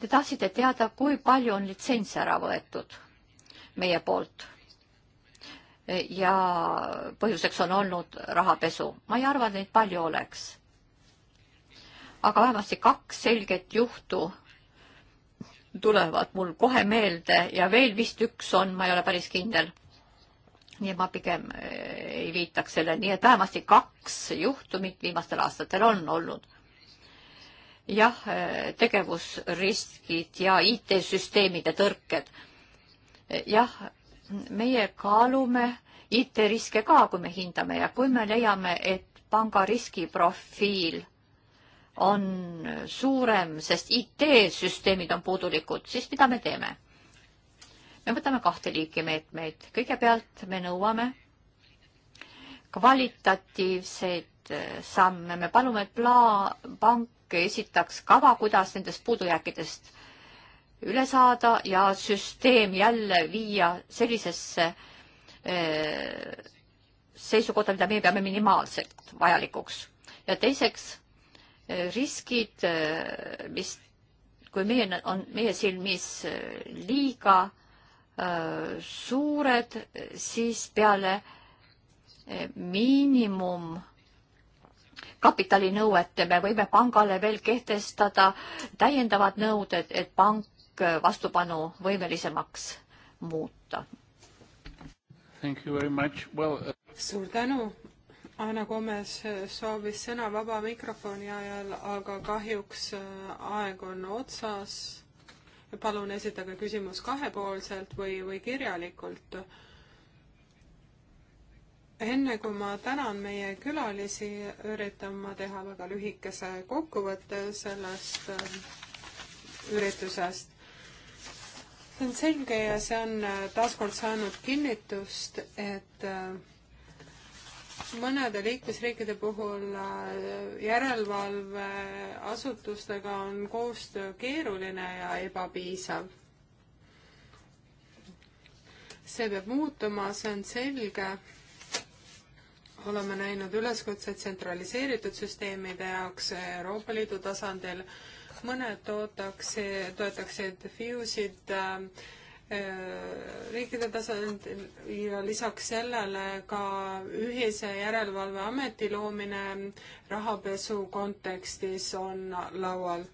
Speaker 2: Te tahtsite teada, kui palju on litsentse ära võetud meie poolt. ja põhjuseks on olnud rahapesu. ma ei arva, et neid palju oleks. aga vähemasti kaks selget juhtu tulevad mul kohe meelde ja veel vist üks on, ma ei ole päris kindel. nii et ma pigem eh, ei viitaks selle, nii et vähemasti kaks juhtumit viimastel aastatel on olnud jah, eh, tegevusriskid ja IT-süsteemide tõrked. Eh, jah, meie kaalume IT-riske ka, kui me hindame ja kui me leiame, et panga riskiprofiil on suurem, sest IT-süsteemid on puudulikud, siis mida me teeme? me võtame kahte liiki meetmeid. kõigepealt me nõuame kvalitatiivseid eh, samme, me palume, et pla-, pank esitaks kava, kuidas nendest puudujääkidest üle saada ja süsteem jälle viia sellisesse eh, seisukohta, mida meie peame minimaalselt vajalikuks. ja teiseks eh, riskid, eh, mis, kui meie on meie silmis liiga suured, siis peale miinimum kapitalinõuet, me võime pangale veel kehtestada täiendavad nõuded, et pank vastupanuvõimelisemaks muuta.
Speaker 3: Well, uh... suur tänu. Anna Gomes soovis sõna vaba mikrofoni ajal, aga kahjuks äh, aeg on otsas. palun esitage küsimus kahepoolselt või, või kirjalikult enne kui ma tänan meie külalisi, üritan ma teha väga lühikese kokkuvõtte sellest ähm, üritusest. see on selge ja see on äh, taaskord saanud kinnitust, et äh, mõnede liikmesriikide puhul äh, järelevalveasutustega on koostöö keeruline ja ebapiisav. see peab muutuma, see on selge oleme näinud üleskutseid tsentraliseeritud süsteemide jaoks Euroopa Liidu tasandil, mõned toodaks, toetaksid FIUSid äh, äh, riikide tasandil ja lisaks sellele ka ühise järelevalveameti loomine rahapesu kontekstis on laual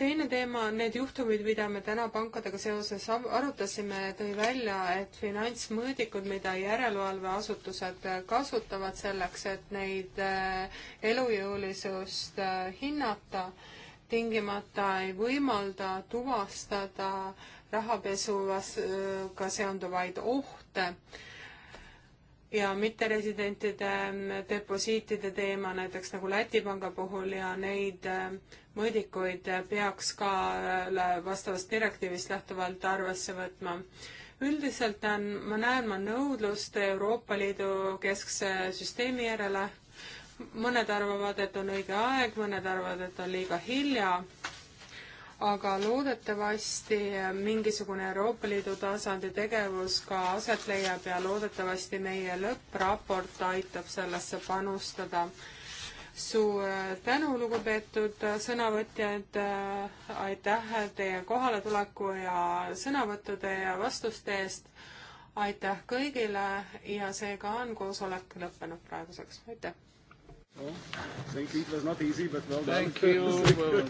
Speaker 3: teine teema on need juhtumid, mida me täna pankadega seoses arutasime, tõi välja, et finantsmõõdikud, mida järelevalveasutused äh, kasutavad selleks, et neid äh, elujõulisust äh, hinnata, tingimata ei võimalda tuvastada rahapesuvasga seonduvaid ohte ja mitteresidentide ähm, deposiitide teema, näiteks nagu Läti panga puhul ja neid ähm, mõõdikuid peaks ka äh, vastavast direktiivist lähtuvalt arvesse võtma. üldiselt on, ma näen ma nõudlust Euroopa Liidu keskse süsteemi järele. mõned arvavad, et on õige aeg, mõned arvavad, et on liiga hilja aga loodetavasti mingisugune Euroopa Liidu tasandi tegevus ka aset leiab ja loodetavasti meie lõppraport aitab sellesse panustada. suur tänu, lugupeetud sõnavõtjad, aitäh teie kohaletuleku ja sõnavõttude ja vastuste eest, aitäh kõigile ja seega on koosolek lõppenud praeguseks, aitäh! Well,
Speaker 1: thank you. It was not easy, but well done. Thank you.